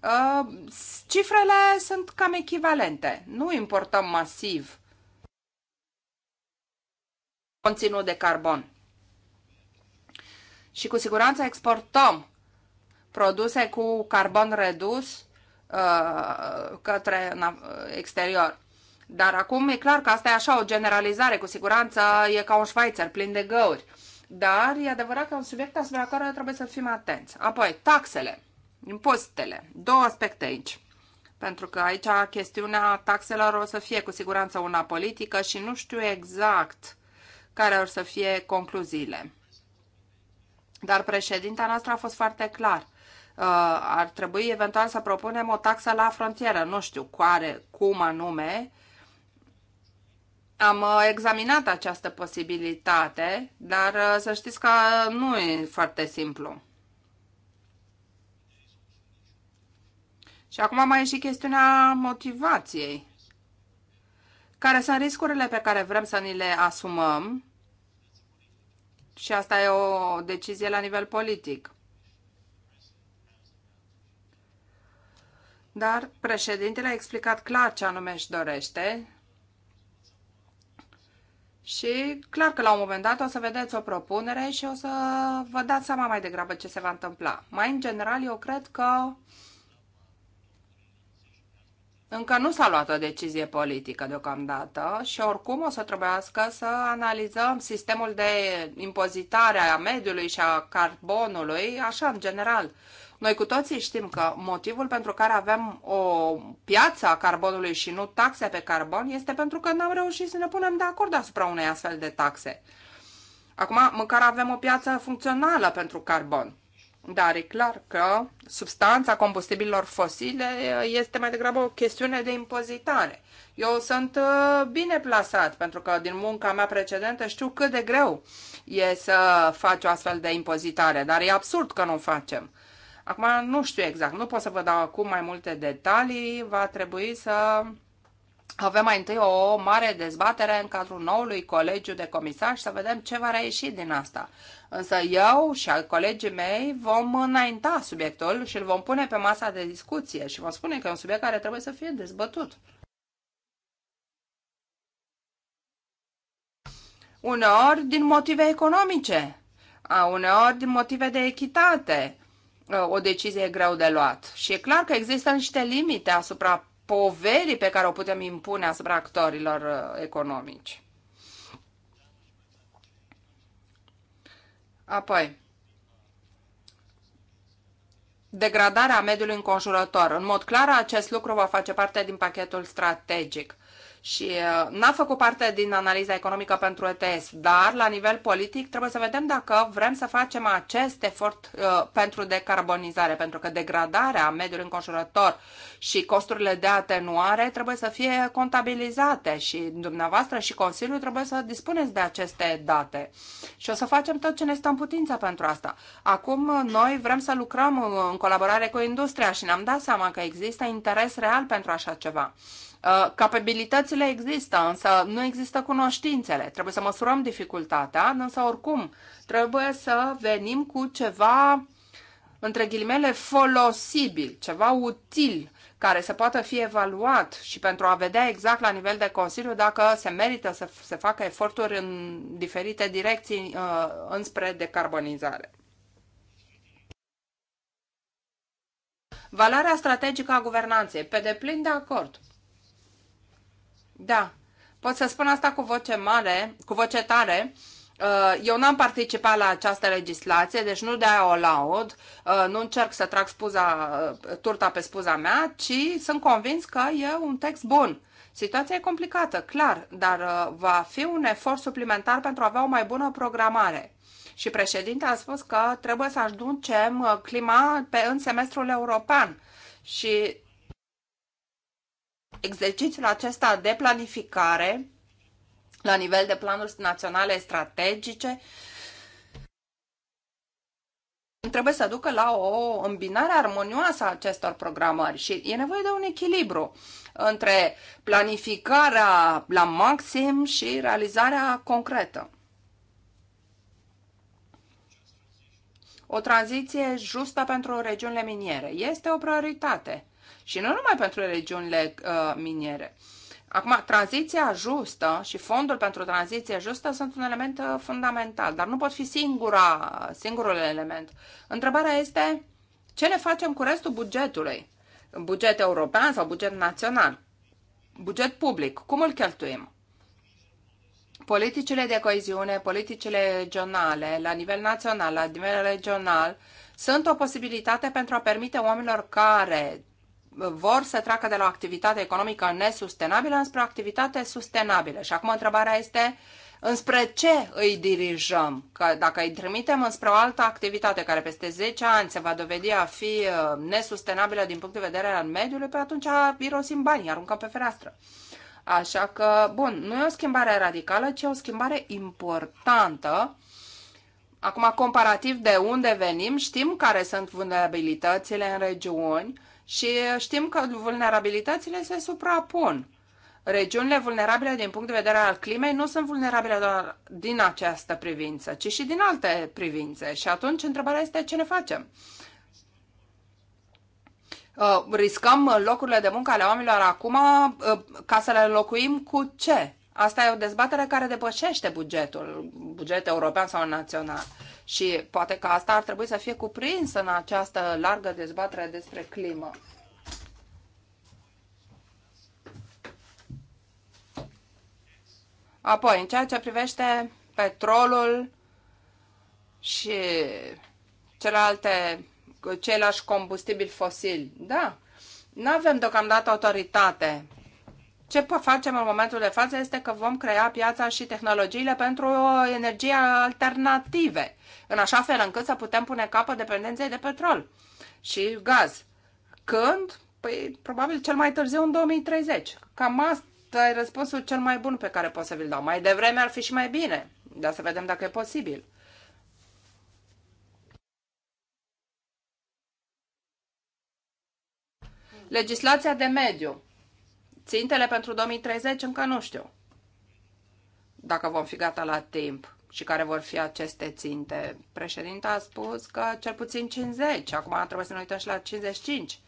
uh, cifrele sunt cam echivalente. Nu importăm masiv conținut de carbon. Și cu siguranță exportăm produse cu carbon redus uh, către exterior. Dar acum e clar că asta e așa o generalizare, cu siguranță e ca un șvaițăr plin de găuri. Dar e adevărat că e un subiect asupra care trebuie să fim atenți. Apoi, taxele, impozitele, două aspecte aici. Pentru că aici chestiunea taxelor o să fie cu siguranță una politică și nu știu exact care or să fie concluziile. Dar președinta noastră a fost foarte clar. Uh, ar trebui eventual să propunem o taxă la frontieră, nu știu care, cum anume. Am uh, examinat această posibilitate, dar uh, să știți că nu e foarte simplu. Și acum mai e și chestiunea motivației care sunt riscurile pe care vrem să ni le asumăm și asta e o decizie la nivel politic. Dar președintele a explicat clar ce anume își dorește și clar că la un moment dat o să vedeți o propunere și o să vă dați seama mai degrabă ce se va întâmpla. Mai în general, eu cred că uh, încă nu s-a luat o decizie politică deocamdată și oricum o să trebuiască să analizăm sistemul de impozitare a mediului și a carbonului, așa în general. Noi cu toții știm că motivul pentru care avem o piață a carbonului și nu taxe pe carbon este pentru că n-am reușit să ne punem de acord asupra unei astfel de taxe. Acum, măcar avem o piață funcțională pentru carbon. Dar e clar că substanța combustibilor fosile este mai degrabă o chestiune de impozitare. Eu sunt uh, bine plasat, pentru că din munca mea precedentă știu cât de greu e să faci o astfel de impozitare, dar e absurd că nu o facem. Acum nu știu exact, nu pot să vă dau acum mai multe detalii, va trebui să avem mai întâi o mare dezbatere în cadrul noului colegiu de comisari și să vedem ce va reieși din asta. Însă eu și colegii mei vom înainta subiectul și îl vom pune pe masa de discuție și vom spune că e un subiect care trebuie să fie dezbătut. Uneori din motive economice, uneori din motive de echitate, ă, o decizie e greu de luat. Și e clar că există niște limite asupra poverii pe care o putem impune asupra actorilor uh, economici. Apoi, degradarea mediului înconjurător. În mod clar, acest lucru va face parte din pachetul strategic și uh, n-a făcut parte din analiza economică pentru ETS, dar la nivel politic trebuie să vedem dacă vrem să facem acest efort uh, pentru decarbonizare, pentru că degradarea mediului înconjurător și costurile de atenuare trebuie să fie contabilizate și dumneavoastră și Consiliul trebuie să dispuneți de aceste date. Și o să facem tot ce ne stă în putință pentru asta. Acum uh, noi vrem să lucrăm uh, în colaborare cu industria și ne-am dat seama că există interes real pentru așa ceva. Uh, capabilitățile există, însă nu există cunoștințele. Trebuie să măsurăm dificultatea, însă oricum trebuie să venim cu ceva, între ghilimele, folosibil, ceva util, care să poată fi evaluat și pentru a vedea exact la nivel de Consiliu dacă se merită să se facă eforturi în diferite direcții uh, înspre decarbonizare. Valoarea strategică a guvernanței, pe deplin de acord. Da, pot să spun asta cu voce mare, cu voce tare. Uh, eu n-am participat la această legislație, deci nu de-aia o laud, uh, nu încerc să trag spuza, uh, turta pe spuza mea, ci sunt convins că e un text bun. Situația e complicată, clar, dar va fi un efort suplimentar pentru a avea o mai bună programare. Și președintele a spus că trebuie să ajungem clima pe, în semestrul european și exercițiul acesta de planificare la nivel de planuri naționale strategice trebuie să ducă la o îmbinare armonioasă a acestor programări și e nevoie de un echilibru între planificarea la maxim și realizarea concretă. O tranziție justă pentru regiunile miniere este o prioritate și nu numai pentru regiunile uh, miniere. Acum, tranziția justă și fondul pentru tranziția justă sunt un element uh, fundamental, dar nu pot fi singura, singurul element. Întrebarea este ce ne facem cu restul bugetului? Buget european sau buget național? Buget public, cum îl cheltuim? Politicile de coeziune, politicile regionale, la nivel național, la nivel regional, sunt o posibilitate pentru a permite oamenilor care vor să treacă de la o activitate economică nesustenabilă înspre o activitate sustenabilă. Și acum întrebarea este înspre ce îi dirijăm? Că dacă îi trimitem înspre o altă activitate care peste 10 ani se va dovedi a fi uh, nesustenabilă din punct de vedere al mediului, pe atunci irosim banii, aruncăm pe fereastră. Așa că, bun, nu e o schimbare radicală, ci o schimbare importantă. Acum, comparativ de unde venim, știm care sunt vulnerabilitățile în regiuni, și știm că vulnerabilitățile se suprapun. Regiunile vulnerabile din punct de vedere al climei nu sunt vulnerabile doar din această privință, ci și din alte privințe. Și atunci întrebarea este ce ne facem. Uh, riscăm locurile de muncă ale oamenilor acum uh, ca să le locuim cu ce? Asta e o dezbatere care depășește bugetul, buget european sau național. Uh, și poate că asta ar trebui să fie cuprinsă în această largă dezbatere despre climă. Apoi, în ceea ce privește petrolul și celelalte, ceilalți combustibili fosili, da, nu avem deocamdată autoritate ce facem în momentul de față este că vom crea piața și tehnologiile pentru energie alternative, în așa fel încât să putem pune capăt dependenței de petrol și gaz. Când? Păi probabil cel mai târziu în 2030. Cam asta e răspunsul cel mai bun pe care pot să vi-l dau. Mai devreme ar fi și mai bine, dar să vedem dacă e posibil. Legislația de mediu. Țintele pentru 2030 încă nu știu dacă vom fi gata la timp și care vor fi aceste ținte. Președinte a spus că cel puțin 50, acum trebuie să ne uităm și la 55.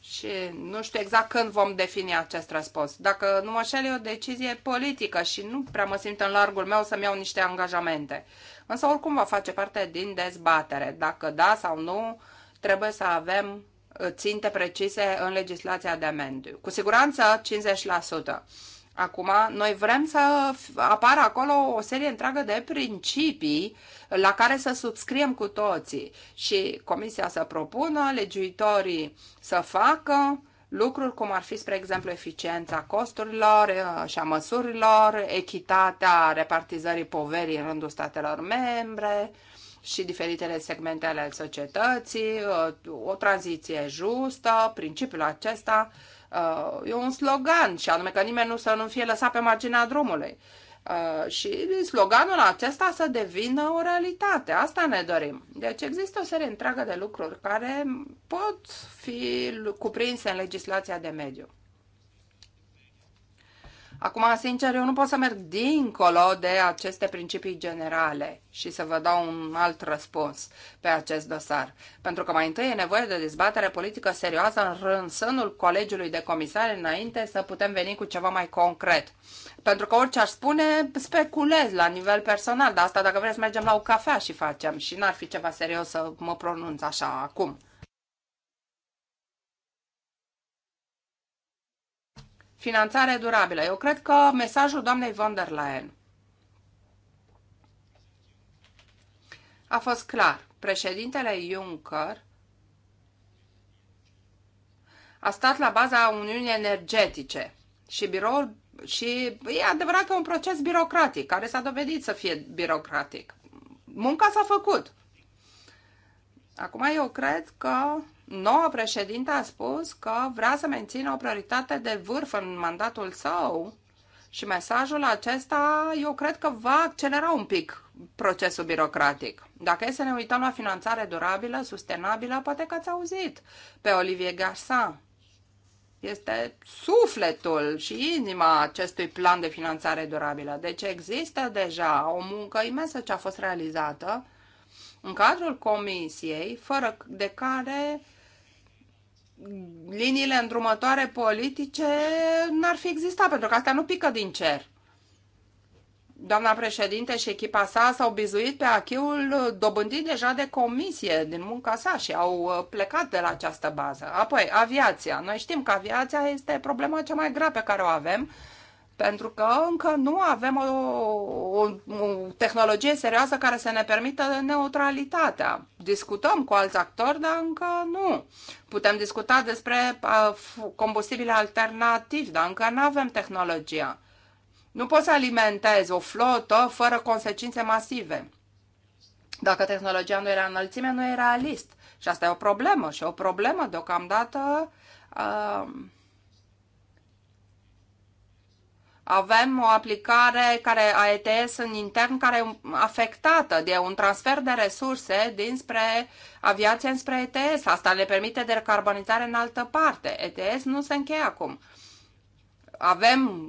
și nu știu exact când vom defini acest răspuns. Dacă nu mă șel, e o decizie politică și nu prea mă simt în largul meu să-mi iau niște angajamente. Însă oricum va face parte din dezbatere. Dacă da sau nu, trebuie să avem ținte precise în legislația de mediu. Cu siguranță 50%. Acum, noi vrem să apară acolo o serie întreagă de principii la care să subscriem cu toții și comisia să propună, legiuitorii să facă lucruri cum ar fi, spre exemplu, eficiența costurilor eh, și a măsurilor, echitatea repartizării poverii în rândul statelor membre, și diferitele segmente ale societății, o tranziție justă, principiul acesta uh, e un slogan și anume că nimeni nu să nu fie lăsat pe marginea drumului. Uh, și sloganul acesta să devină o realitate, asta ne dorim. Deci există o serie întreagă de lucruri care pot fi cuprinse în legislația de mediu. Acum, sincer, eu nu pot să merg dincolo de aceste principii generale și să vă dau un alt răspuns pe acest dosar. Pentru că mai întâi e nevoie de dezbatere politică serioasă în rânsânul Colegiului de Comisari înainte să putem veni cu ceva mai concret. Pentru că orice aș spune, speculez la nivel personal, dar asta dacă vreți mergem la o cafea și facem și n-ar fi ceva serios să mă pronunț așa acum. Finanțare durabilă. Eu cred că mesajul doamnei von der Leyen a fost clar. Președintele Juncker a stat la baza Uniunii Energetice și biroul și e adevărat că un proces birocratic, care s-a dovedit să fie birocratic. Munca s-a făcut. Acum eu cred că Noua președintă a spus că vrea să mențină o prioritate de vârf în mandatul său și mesajul acesta eu cred că va accelera un pic procesul birocratic. Dacă e să ne uităm la finanțare durabilă, sustenabilă, poate că ați auzit pe Olivier Garsan. Este sufletul și inima acestui plan de finanțare durabilă. Deci există deja o muncă imensă ce a fost realizată în cadrul comisiei, fără de care liniile îndrumătoare politice n-ar fi existat, pentru că astea nu pică din cer. Doamna președinte și echipa sa s-au bizuit pe achiul dobândit deja de comisie din munca sa și au uh, plecat de la această bază. Apoi, aviația. Noi știm că aviația este problema cea mai grea pe care o avem pentru că încă nu avem o, o, o tehnologie serioasă care să ne permită neutralitatea. Discutăm cu alți actori, dar încă nu. Putem discuta despre combustibile alternativi, dar încă nu avem tehnologia. Nu poți să alimentezi o flotă fără consecințe masive. Dacă tehnologia nu era înălțime, nu e realist. Și asta e o problemă. Și o problemă deocamdată. Uh, Avem o aplicare care a ETS în intern care e afectată de un transfer de resurse dinspre aviație înspre ETS. Asta le permite de recarbonizare în altă parte. ETS nu se încheie acum. Avem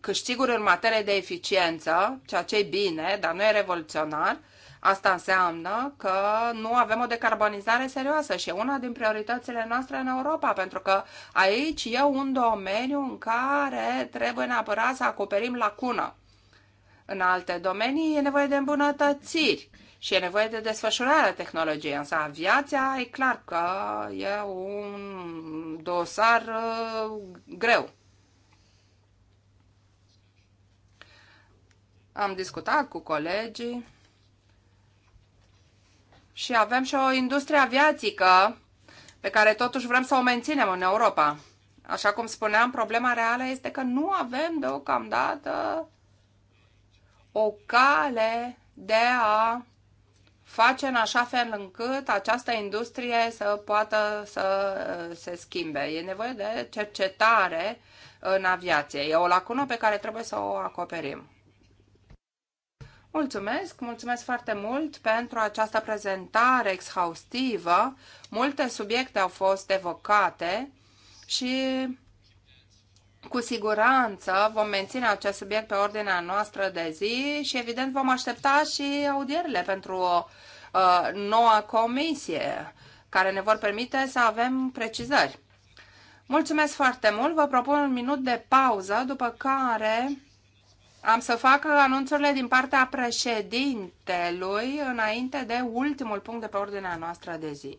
câștiguri în materie de eficiență, ceea ce e bine, dar nu e revoluționar, Asta înseamnă că nu avem o decarbonizare serioasă și e una din prioritățile noastre în Europa, pentru că aici e un domeniu în care trebuie neapărat să acoperim lacună. În alte domenii e nevoie de îmbunătățiri și e nevoie de desfășurarea tehnologiei, însă aviația e clar că e un dosar uh, greu. Am discutat cu colegii și avem și o industrie aviatică pe care totuși vrem să o menținem în Europa. Așa cum spuneam, problema reală este că nu avem deocamdată o cale de a face în așa fel încât această industrie să poată să uh, se schimbe. E nevoie de cercetare în aviație. E o lacună pe care trebuie să o acoperim. Mulțumesc, mulțumesc foarte mult pentru această prezentare exhaustivă. Multe subiecte au fost evocate și cu siguranță vom menține acest subiect pe ordinea noastră de zi și evident vom aștepta și audierile pentru uh, noua comisie care ne vor permite să avem precizări. Mulțumesc foarte mult, vă propun un minut de pauză, după care am să fac anunțurile din partea președintelui înainte de ultimul punct de pe ordinea noastră de zi.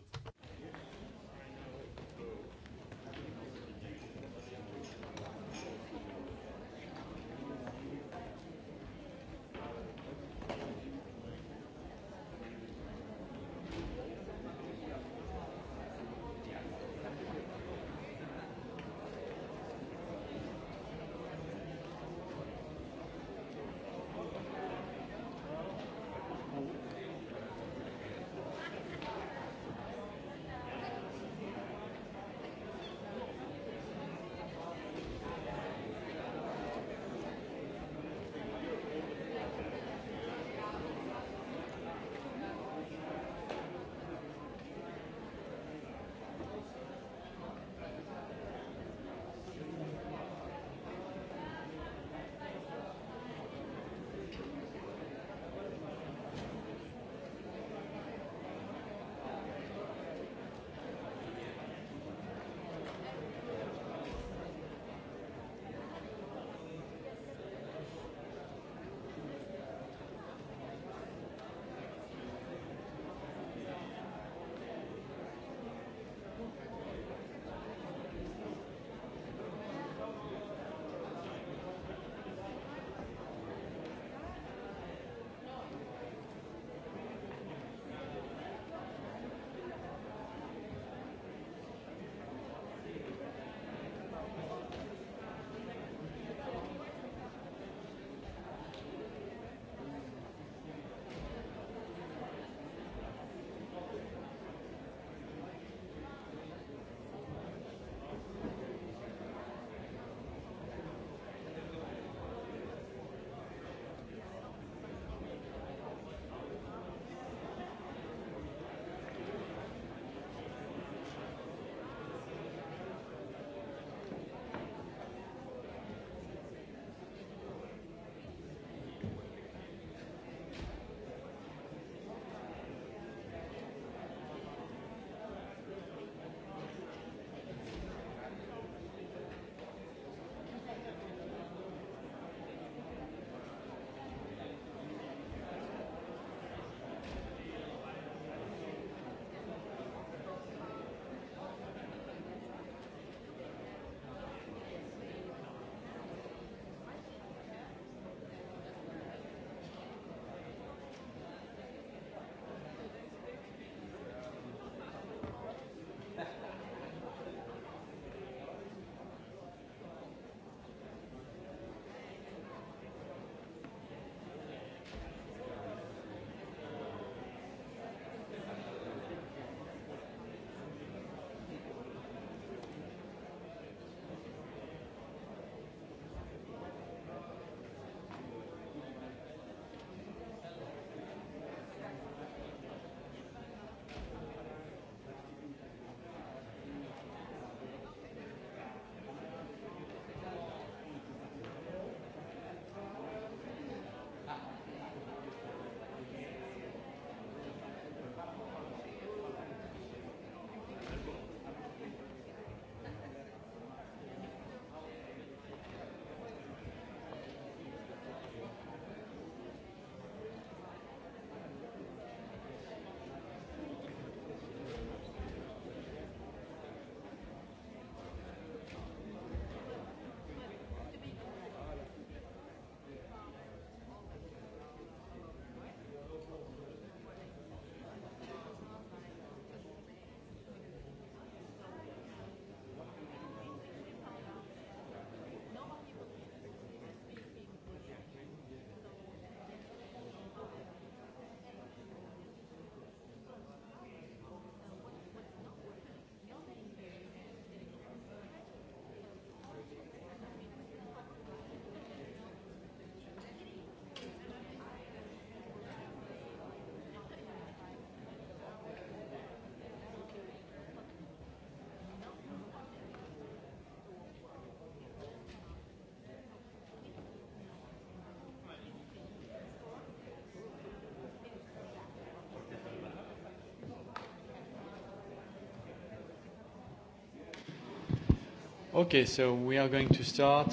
Okay, so we are going to start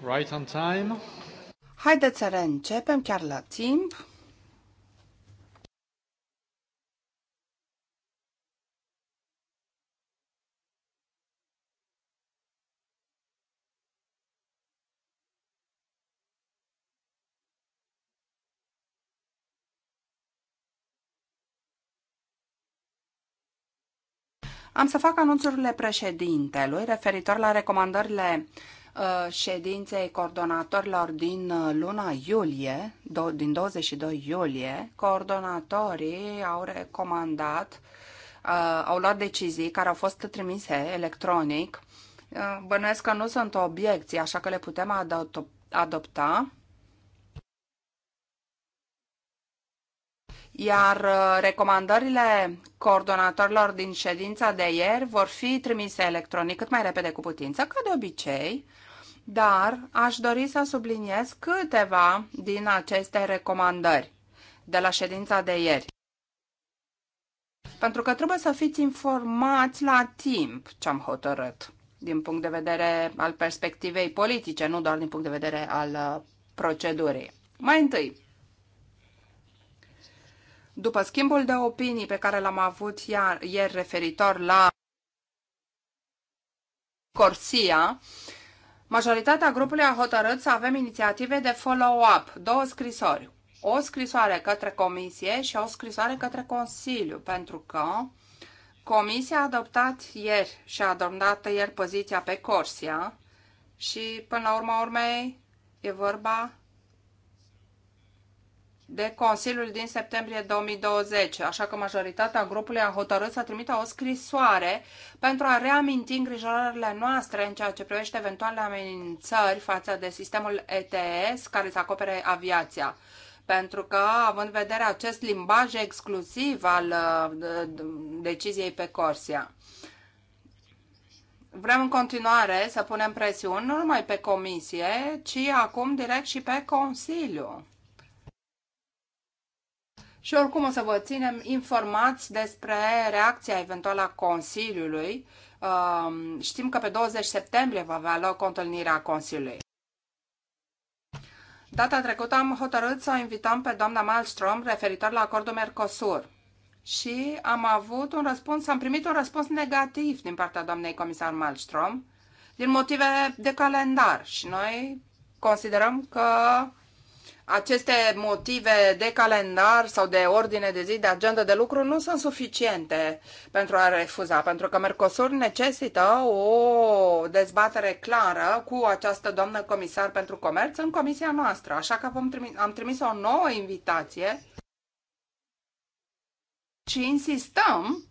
right on time. Haideți să reîncepem chiar la timp. Am să fac anunțurile președintelui referitor la recomandările uh, ședinței coordonatorilor din uh, luna iulie, din 22 iulie, coordonatorii au recomandat, uh, au luat decizii care au fost trimise electronic. Bănuiesc că nu sunt obiecții, așa că le putem adopta iar uh, recomandările coordonatorilor din ședința de ieri vor fi trimise electronic cât mai repede cu putință, ca de obicei, dar aș dori să subliniez câteva din aceste recomandări de la ședința de ieri. Pentru că trebuie să fiți informați la timp ce am hotărât, din punct de vedere al perspectivei politice, nu doar din punct de vedere al uh, procedurii. Mai întâi, după schimbul de opinii pe care l-am avut ieri referitor la Corsia, majoritatea grupului a hotărât să avem inițiative de follow-up, două scrisori, o scrisoare către Comisie și o scrisoare către Consiliu, pentru că Comisia a adoptat ieri și a adoptat ieri poziția pe Corsia și, până la urma urmei, e vorba de Consiliul din septembrie 2020, așa că majoritatea grupului a hotărât să trimită o scrisoare pentru a reaminti îngrijorările noastre în ceea ce privește eventuale amenințări față de sistemul ETS care să acopere aviația. Pentru că, având în vedere acest limbaj exclusiv al uh, deciziei pe Corsia, vrem în continuare să punem presiuni nu numai pe Comisie, ci acum direct și pe Consiliu și oricum o să vă ținem informați despre reacția eventuală a Consiliului. Um, știm că pe 20 septembrie va avea loc întâlnirea Consiliului. Data trecută am hotărât să o invităm pe doamna Malmström referitor la acordul Mercosur și am avut un răspuns, am primit un răspuns negativ din partea doamnei comisar Malmström din motive de calendar și noi considerăm că aceste motive de calendar sau de ordine de zi, de agenda de lucru, nu sunt suficiente pentru a refuza, pentru că Mercosur necesită o dezbatere clară cu această doamnă comisar pentru comerț în comisia noastră. Așa că vom trimis, am trimis o nouă invitație și insistăm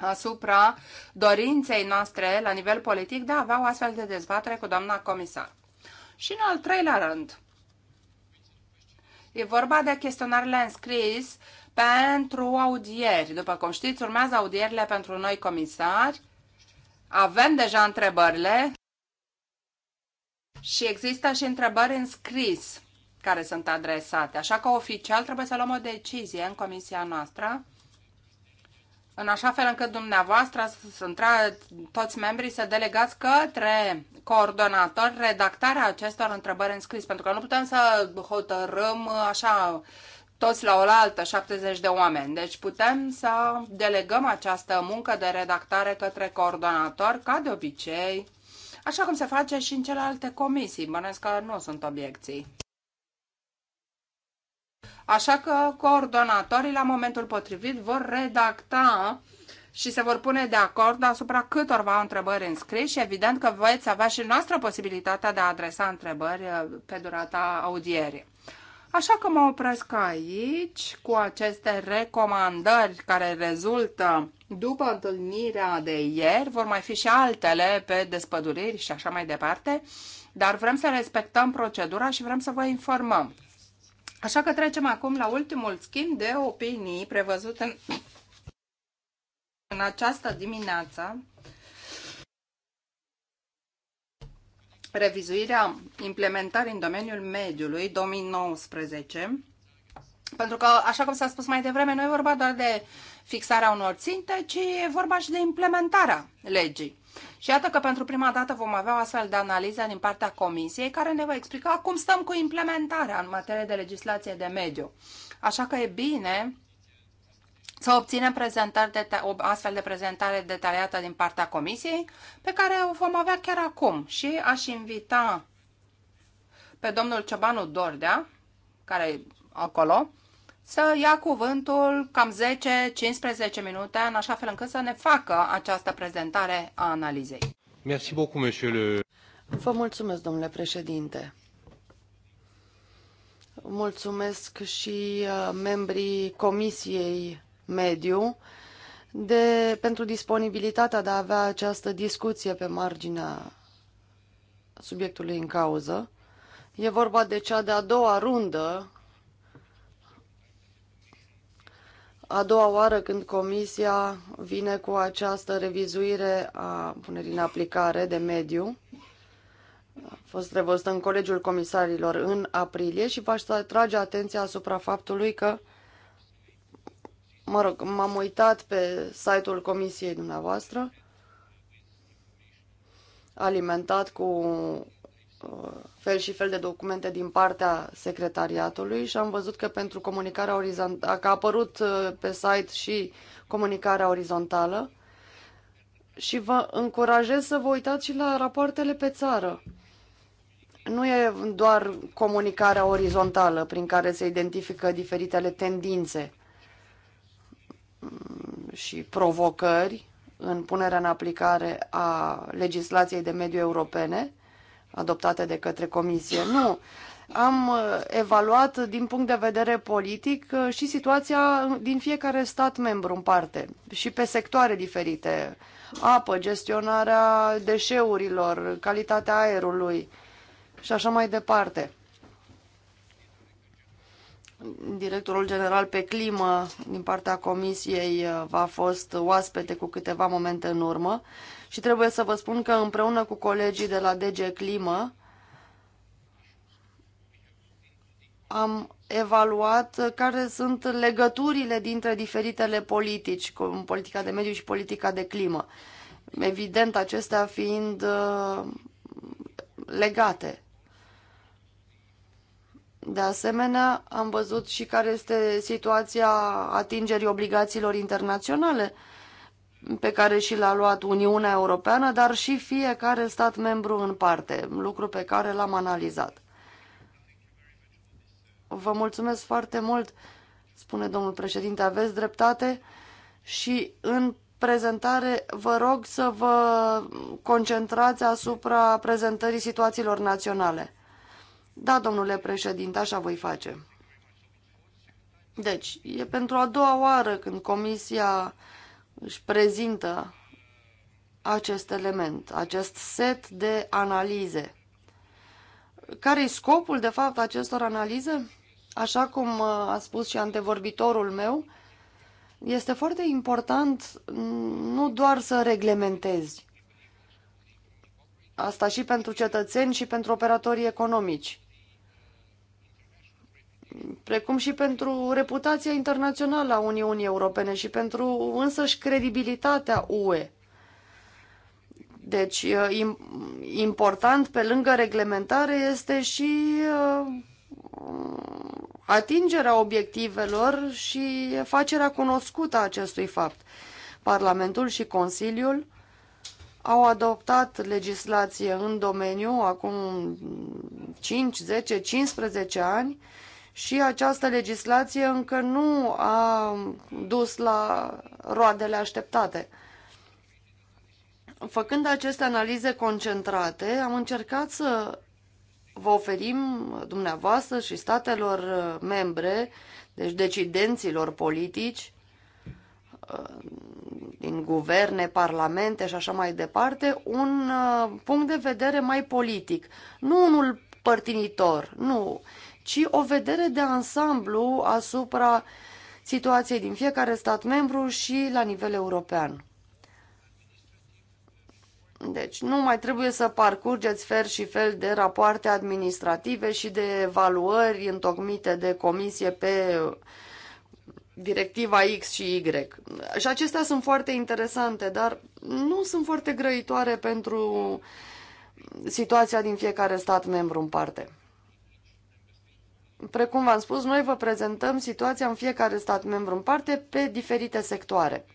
asupra dorinței noastre la nivel politic de a avea o astfel de dezbatere cu doamna comisar. Și în al treilea rând, E vorba de chestionarele înscris pentru audieri. După cum știți, urmează audierile pentru noi comisari. Avem deja întrebările și există și întrebări înscris care sunt adresate. Așa că oficial trebuie să luăm o decizie în comisia noastră în așa fel încât dumneavoastră, toți membrii, să delegați către coordonator redactarea acestor întrebări în scris, pentru că nu putem să hotărâm așa toți la oaltă, 70 de oameni. Deci putem să delegăm această muncă de redactare către coordonator, ca de obicei, așa cum se face și în celelalte comisii. Bănesc că nu sunt obiecții. Așa că coordonatorii la momentul potrivit vor redacta și se vor pune de acord asupra câtorva întrebări înscris și evident că veți avea și noastră posibilitatea de a adresa întrebări uh, pe durata audierii. Așa că mă opresc aici cu aceste recomandări care rezultă după întâlnirea de ieri. Vor mai fi și altele pe despăduriri și așa mai departe, dar vrem să respectăm procedura și vrem să vă informăm. Așa că trecem acum la ultimul schimb de opinii prevăzut în, în această dimineață. Revizuirea implementării în domeniul mediului 2019. Pentru că, așa cum s-a spus mai devreme, nu e vorba doar de fixarea unor ținte, ci e vorba și de implementarea legii. Și iată că pentru prima dată vom avea o astfel de analiză din partea Comisiei care ne va explica cum stăm cu implementarea în materie de legislație de mediu. Așa că e bine să obținem prezentări de o astfel de prezentare detaliată din partea Comisiei, pe care o vom avea chiar acum. Și aș invita pe domnul Ciobanu Dordea, care e acolo, să ia cuvântul cam 10-15 minute, în așa fel încât să ne facă această prezentare a analizei. Merci beaucoup, monsieur le... Vă mulțumesc, domnule președinte. Mulțumesc și uh, membrii Comisiei Mediu de, pentru disponibilitatea de a avea această discuție pe marginea subiectului în cauză. E vorba de cea de-a doua rundă a doua oară când Comisia vine cu această revizuire a punerii în aplicare de mediu. A fost revăzută în Colegiul Comisarilor în aprilie și v-aș atrage atenția asupra faptului că mă rog, m-am uitat pe site-ul comisiei dumneavoastră, alimentat cu Uh, fel și fel de documente din partea secretariatului și am văzut că pentru comunicarea orizontală, că a apărut uh, pe site și comunicarea orizontală și vă încurajez să vă uitați și la rapoartele pe țară. Nu e doar comunicarea orizontală prin care se identifică diferitele tendințe mm, și provocări în punerea în aplicare a legislației de mediu europene, adoptate de către comisie. Nu. Am uh, evaluat din punct de vedere politic uh, și situația din fiecare stat membru în parte și pe sectoare diferite. Apă, gestionarea deșeurilor, calitatea aerului și așa mai departe directorul general pe climă din partea comisiei va uh, fost oaspete cu câteva momente în urmă și trebuie să vă spun că împreună cu colegii de la DG Climă am evaluat care sunt legăturile dintre diferitele politici, cum politica de mediu și politica de climă. Evident, acestea fiind uh, legate. De asemenea, am văzut și care este situația atingerii obligațiilor internaționale pe care și l-a luat Uniunea Europeană, dar și fiecare stat membru în parte, lucru pe care l-am analizat. Vă mulțumesc foarte mult, spune domnul președinte, aveți dreptate și în prezentare vă rog să vă concentrați asupra prezentării situațiilor naționale. Da, domnule președinte, așa voi face. Deci, e pentru a doua oară când Comisia își prezintă acest element, acest set de analize. care e scopul, de fapt, acestor analize? Așa cum uh, a spus și antevorbitorul meu, este foarte important nu doar să reglementezi, asta și pentru cetățeni și pentru operatorii economici, precum și pentru reputația internațională a Uniunii Europene și pentru însăși credibilitatea UE. Deci, uh, important pe lângă reglementare este și uh, atingerea obiectivelor și facerea cunoscută a acestui fapt. Parlamentul și Consiliul au adoptat legislație în domeniu acum 5, 10, 15 ani și această legislație încă nu a dus la roadele așteptate. Făcând aceste analize concentrate, am încercat să vă oferim dumneavoastră și statelor membre, deci decidenților politici, din guverne, parlamente și așa mai departe, un uh, punct de vedere mai politic. Nu unul părtinitor, nu ci o vedere de ansamblu asupra situației din fiecare stat membru și la nivel european. Deci nu mai trebuie să parcurgeți fel și fel de rapoarte administrative și de evaluări întocmite de comisie pe directiva X și Y. Și acestea sunt foarte interesante, dar nu sunt foarte grăitoare pentru situația din fiecare stat membru în parte. Precum v-am spus, noi vă prezentăm situația în fiecare stat membru în parte pe diferite sectoare.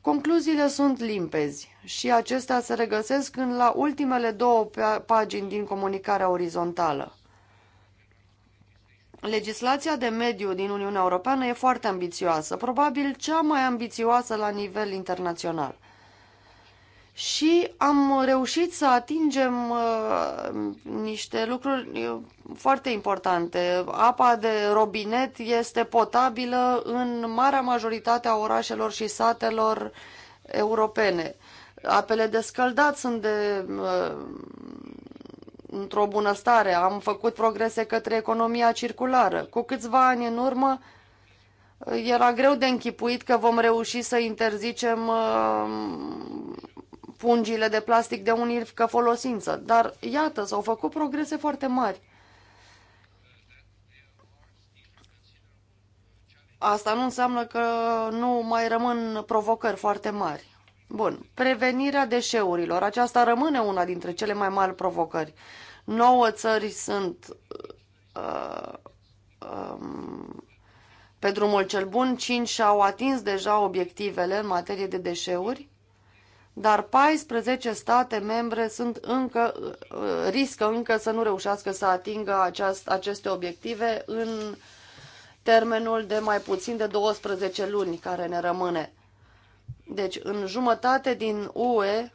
Concluziile sunt limpezi și acestea se regăsesc în la ultimele două pagini din comunicarea orizontală. Legislația de mediu din Uniunea Europeană e foarte ambițioasă, probabil cea mai ambițioasă la nivel internațional și am reușit să atingem uh, niște lucruri uh, foarte importante. Apa de robinet este potabilă în marea majoritate a orașelor și satelor europene. Apele de scăldat sunt de uh, într-o bună stare. Am făcut progrese către economia circulară. Cu câțiva ani în urmă uh, era greu de închipuit că vom reuși să interzicem uh, pungile de plastic de unică folosință, dar iată, s-au făcut progrese foarte mari. Asta nu înseamnă că nu mai rămân provocări foarte mari. Bun, prevenirea deșeurilor. Aceasta rămâne una dintre cele mai mari provocări. Nouă țări sunt uh, um, pe drumul cel bun, cinci și-au atins deja obiectivele în materie de deșeuri dar 14 state membre sunt încă, uh, riscă încă să nu reușească să atingă aceast, aceste obiective în termenul de mai puțin de 12 luni care ne rămâne. Deci, în jumătate din UE,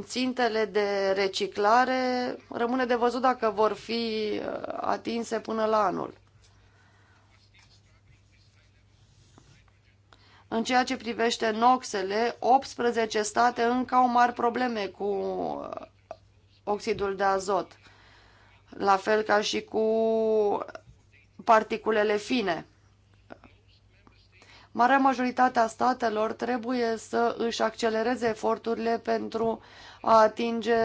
țintele de reciclare rămâne de văzut dacă vor fi uh, atinse până la anul. În ceea ce privește noxele, 18 state încă au mari probleme cu uh, oxidul de azot, la fel ca și cu particulele fine. Marea majoritatea statelor trebuie să își accelereze eforturile pentru a atinge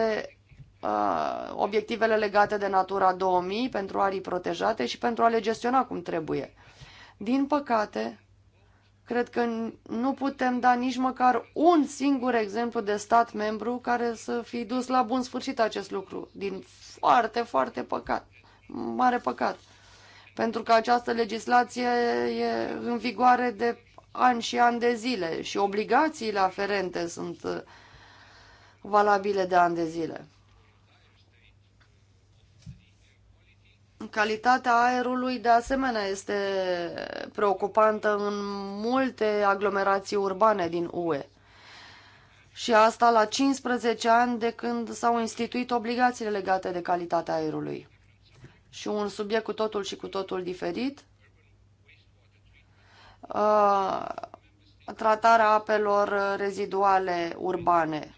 uh, obiectivele legate de Natura 2000 pentru arii protejate și pentru a le gestiona cum trebuie. Din păcate, Cred că nu putem da nici măcar un singur exemplu de stat membru care să fi dus la bun sfârșit acest lucru. Din foarte, foarte păcat. Mare păcat. Pentru că această legislație e în vigoare de ani și ani de zile și obligațiile aferente sunt uh, valabile de ani de zile. Calitatea aerului, de asemenea, este preocupantă în multe aglomerații urbane din UE. Și asta la 15 ani de când s-au instituit obligațiile legate de calitatea aerului. Și un subiect cu totul și cu totul diferit. Uh, tratarea apelor reziduale urbane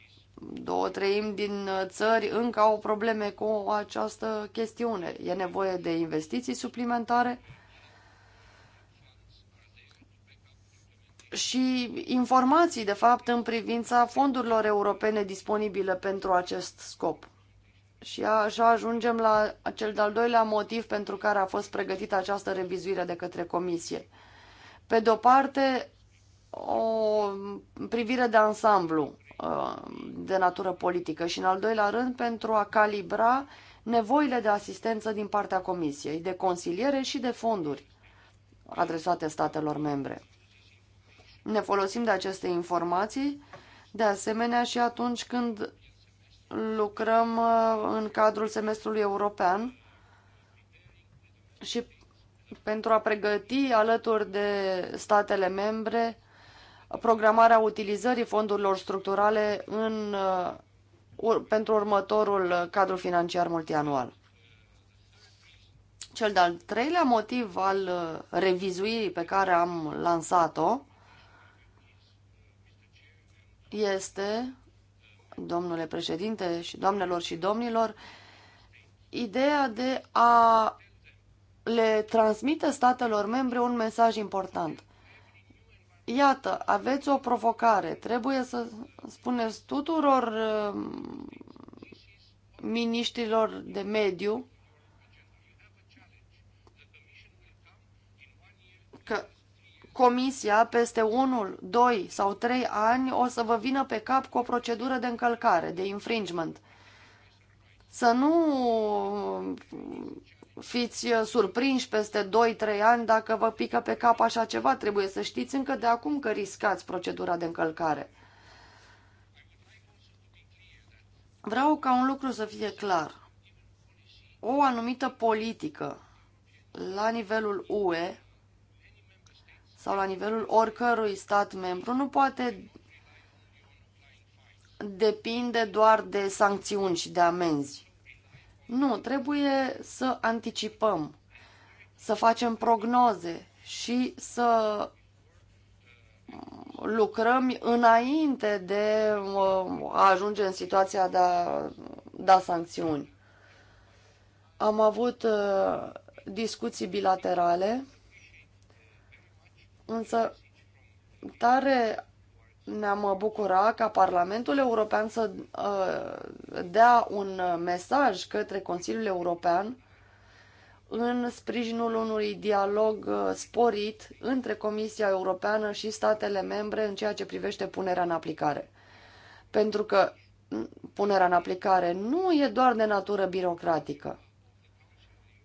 două treimi din uh, țări încă au probleme cu această chestiune. E nevoie de investiții suplimentare și informații, de fapt, în privința fondurilor europene disponibile pentru acest scop. Și așa ajungem la cel de-al doilea motiv pentru care a fost pregătită această revizuire de către Comisie. Pe de-o parte, o privire de ansamblu Uh, de natură politică și, în al doilea rând, pentru a calibra nevoile de asistență din partea Comisiei, de consiliere și de fonduri adresate statelor membre. Ne folosim de aceste informații, de asemenea și atunci când lucrăm uh, în cadrul semestrului european și pentru a pregăti alături de statele membre programarea utilizării fondurilor structurale în, uh, pentru următorul cadru financiar multianual. Cel de-al treilea motiv al uh, revizuirii pe care am lansat-o este, domnule președinte și doamnelor și domnilor, ideea de a le transmite statelor membre un mesaj important – Iată, aveți o provocare. Trebuie să spuneți tuturor uh, miniștilor de mediu că comisia peste unul, doi sau trei ani o să vă vină pe cap cu o procedură de încălcare, de infringement. Să nu fiți uh, surprinși peste 2-3 ani dacă vă pică pe cap așa ceva. Trebuie să știți încă de acum că riscați procedura de încălcare. Vreau ca un lucru să fie clar. O anumită politică la nivelul UE sau la nivelul oricărui stat membru nu poate depinde doar de sancțiuni și de amenzi. Nu, trebuie să anticipăm, să facem prognoze și să lucrăm înainte de uh, a ajunge în situația de a da sancțiuni. Am avut uh, discuții bilaterale, însă tare ne-am uh, bucura ca Parlamentul European să uh, dea un uh, mesaj către Consiliul European în sprijinul unui dialog sporit între Comisia Europeană și statele membre în ceea ce privește punerea în aplicare. Pentru că punerea în aplicare nu e doar de natură birocratică.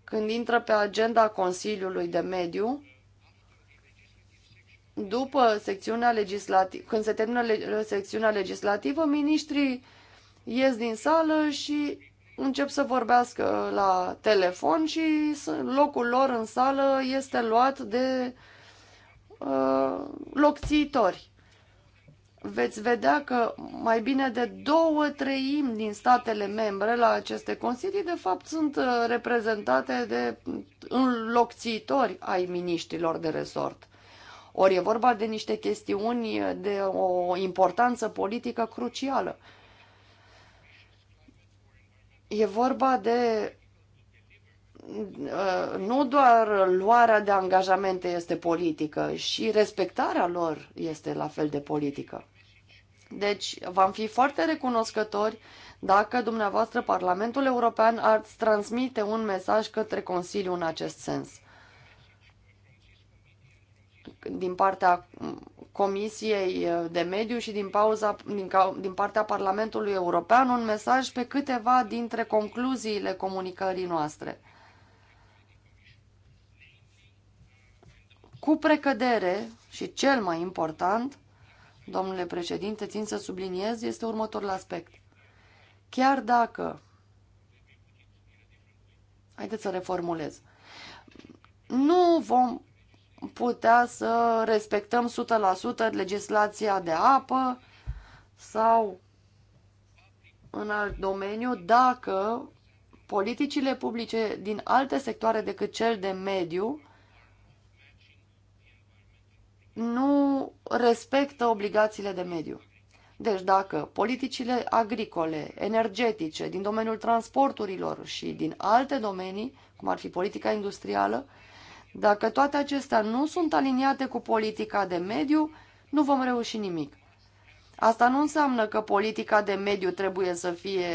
Când intră pe agenda Consiliului de Mediu, după secțiunea legislativă, când se termină le secțiunea legislativă, ministrii ies din sală și încep să vorbească la telefon și locul lor în sală este luat de uh, locțiitori. Veți vedea că mai bine de două treimi din statele membre la aceste consilii, de fapt, sunt uh, reprezentate de înlocțitori ai miniștilor de resort. Ori e vorba de niște chestiuni de o importanță politică crucială. E vorba de uh, nu doar luarea de angajamente este politică, și respectarea lor este la fel de politică. Deci, v-am fi foarte recunoscători dacă dumneavoastră Parlamentul European ar transmite un mesaj către Consiliu în acest sens din partea Comisiei de Mediu și din, pauza, din, din partea Parlamentului European un mesaj pe câteva dintre concluziile comunicării noastre. Cu precădere și cel mai important, domnule președinte, țin să subliniez, este următorul aspect. Chiar dacă... Haideți să reformulez. Nu vom putea să respectăm 100% legislația de apă sau în alt domeniu dacă politicile publice din alte sectoare decât cel de mediu nu respectă obligațiile de mediu. Deci dacă politicile agricole, energetice, din domeniul transporturilor și din alte domenii, cum ar fi politica industrială, dacă toate acestea nu sunt aliniate cu politica de mediu, nu vom reuși nimic. Asta nu înseamnă că politica de mediu trebuie să fie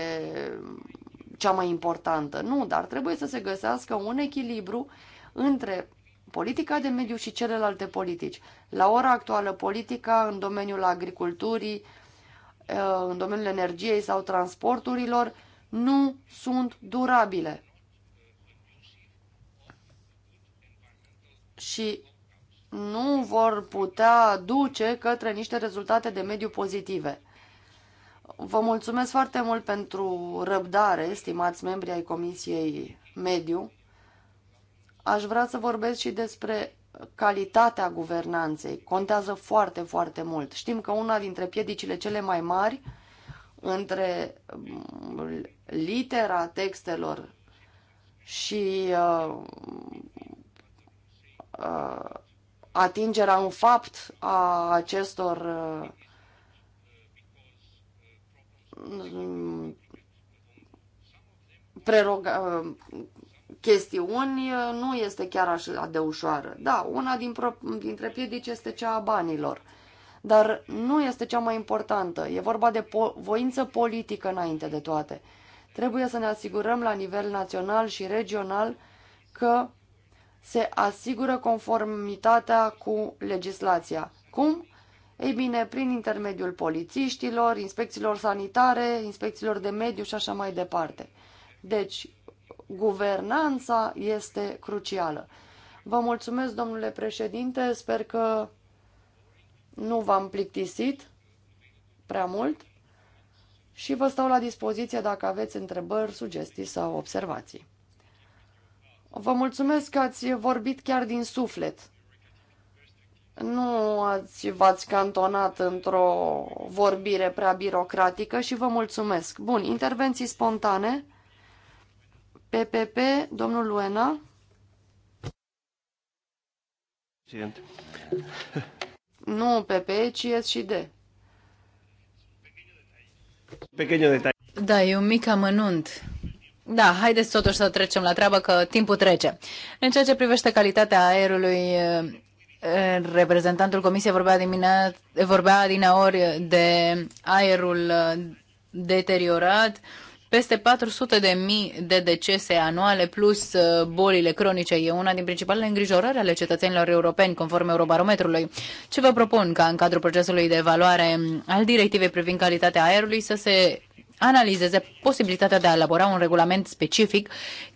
cea mai importantă. Nu, dar trebuie să se găsească un echilibru între politica de mediu și celelalte politici. La ora actuală, politica în domeniul agriculturii, eh, în domeniul energiei sau transporturilor nu sunt durabile. și nu vor putea duce către niște rezultate de mediu pozitive. Vă mulțumesc foarte mult pentru răbdare, stimați membri ai Comisiei Mediu. Aș vrea să vorbesc și despre calitatea guvernanței. Contează foarte, foarte mult. Știm că una dintre piedicile cele mai mari între mm, litera textelor și uh, Uh, atingerea în fapt a acestor uh, preroga, uh, chestiuni nu este chiar așa de ușoară. Da, una din pro, dintre piedici este cea a banilor, dar nu este cea mai importantă. E vorba de po- voință politică înainte de toate. Trebuie să ne asigurăm la nivel național și regional că se asigură conformitatea cu legislația. Cum? Ei bine, prin intermediul polițiștilor, inspecțiilor sanitare, inspecțiilor de mediu și așa mai departe. Deci, guvernanța este crucială. Vă mulțumesc, domnule președinte, sper că nu v-am plictisit prea mult și vă stau la dispoziție dacă aveți întrebări, sugestii sau observații. Vă mulțumesc că ați vorbit chiar din suflet. Nu ați, v-ați cantonat într-o vorbire prea birocratică și vă mulțumesc. Bun, intervenții spontane. PPP, domnul Luena. Președinte. Nu PP, ci S și D. Da, e un mic amănunt. Da, haideți totuși să trecem la treabă, că timpul trece. În ceea ce privește calitatea aerului, eh, reprezentantul Comisiei vorbea, dimine, vorbea dineori de aerul deteriorat, peste 400 de mii de decese anuale plus eh, bolile cronice e una din principalele îngrijorări ale cetățenilor europeni, conform Eurobarometrului. Ce vă propun ca în cadrul procesului de evaluare al directivei privind calitatea aerului să se analizeze posibilitatea de a elabora un regulament specific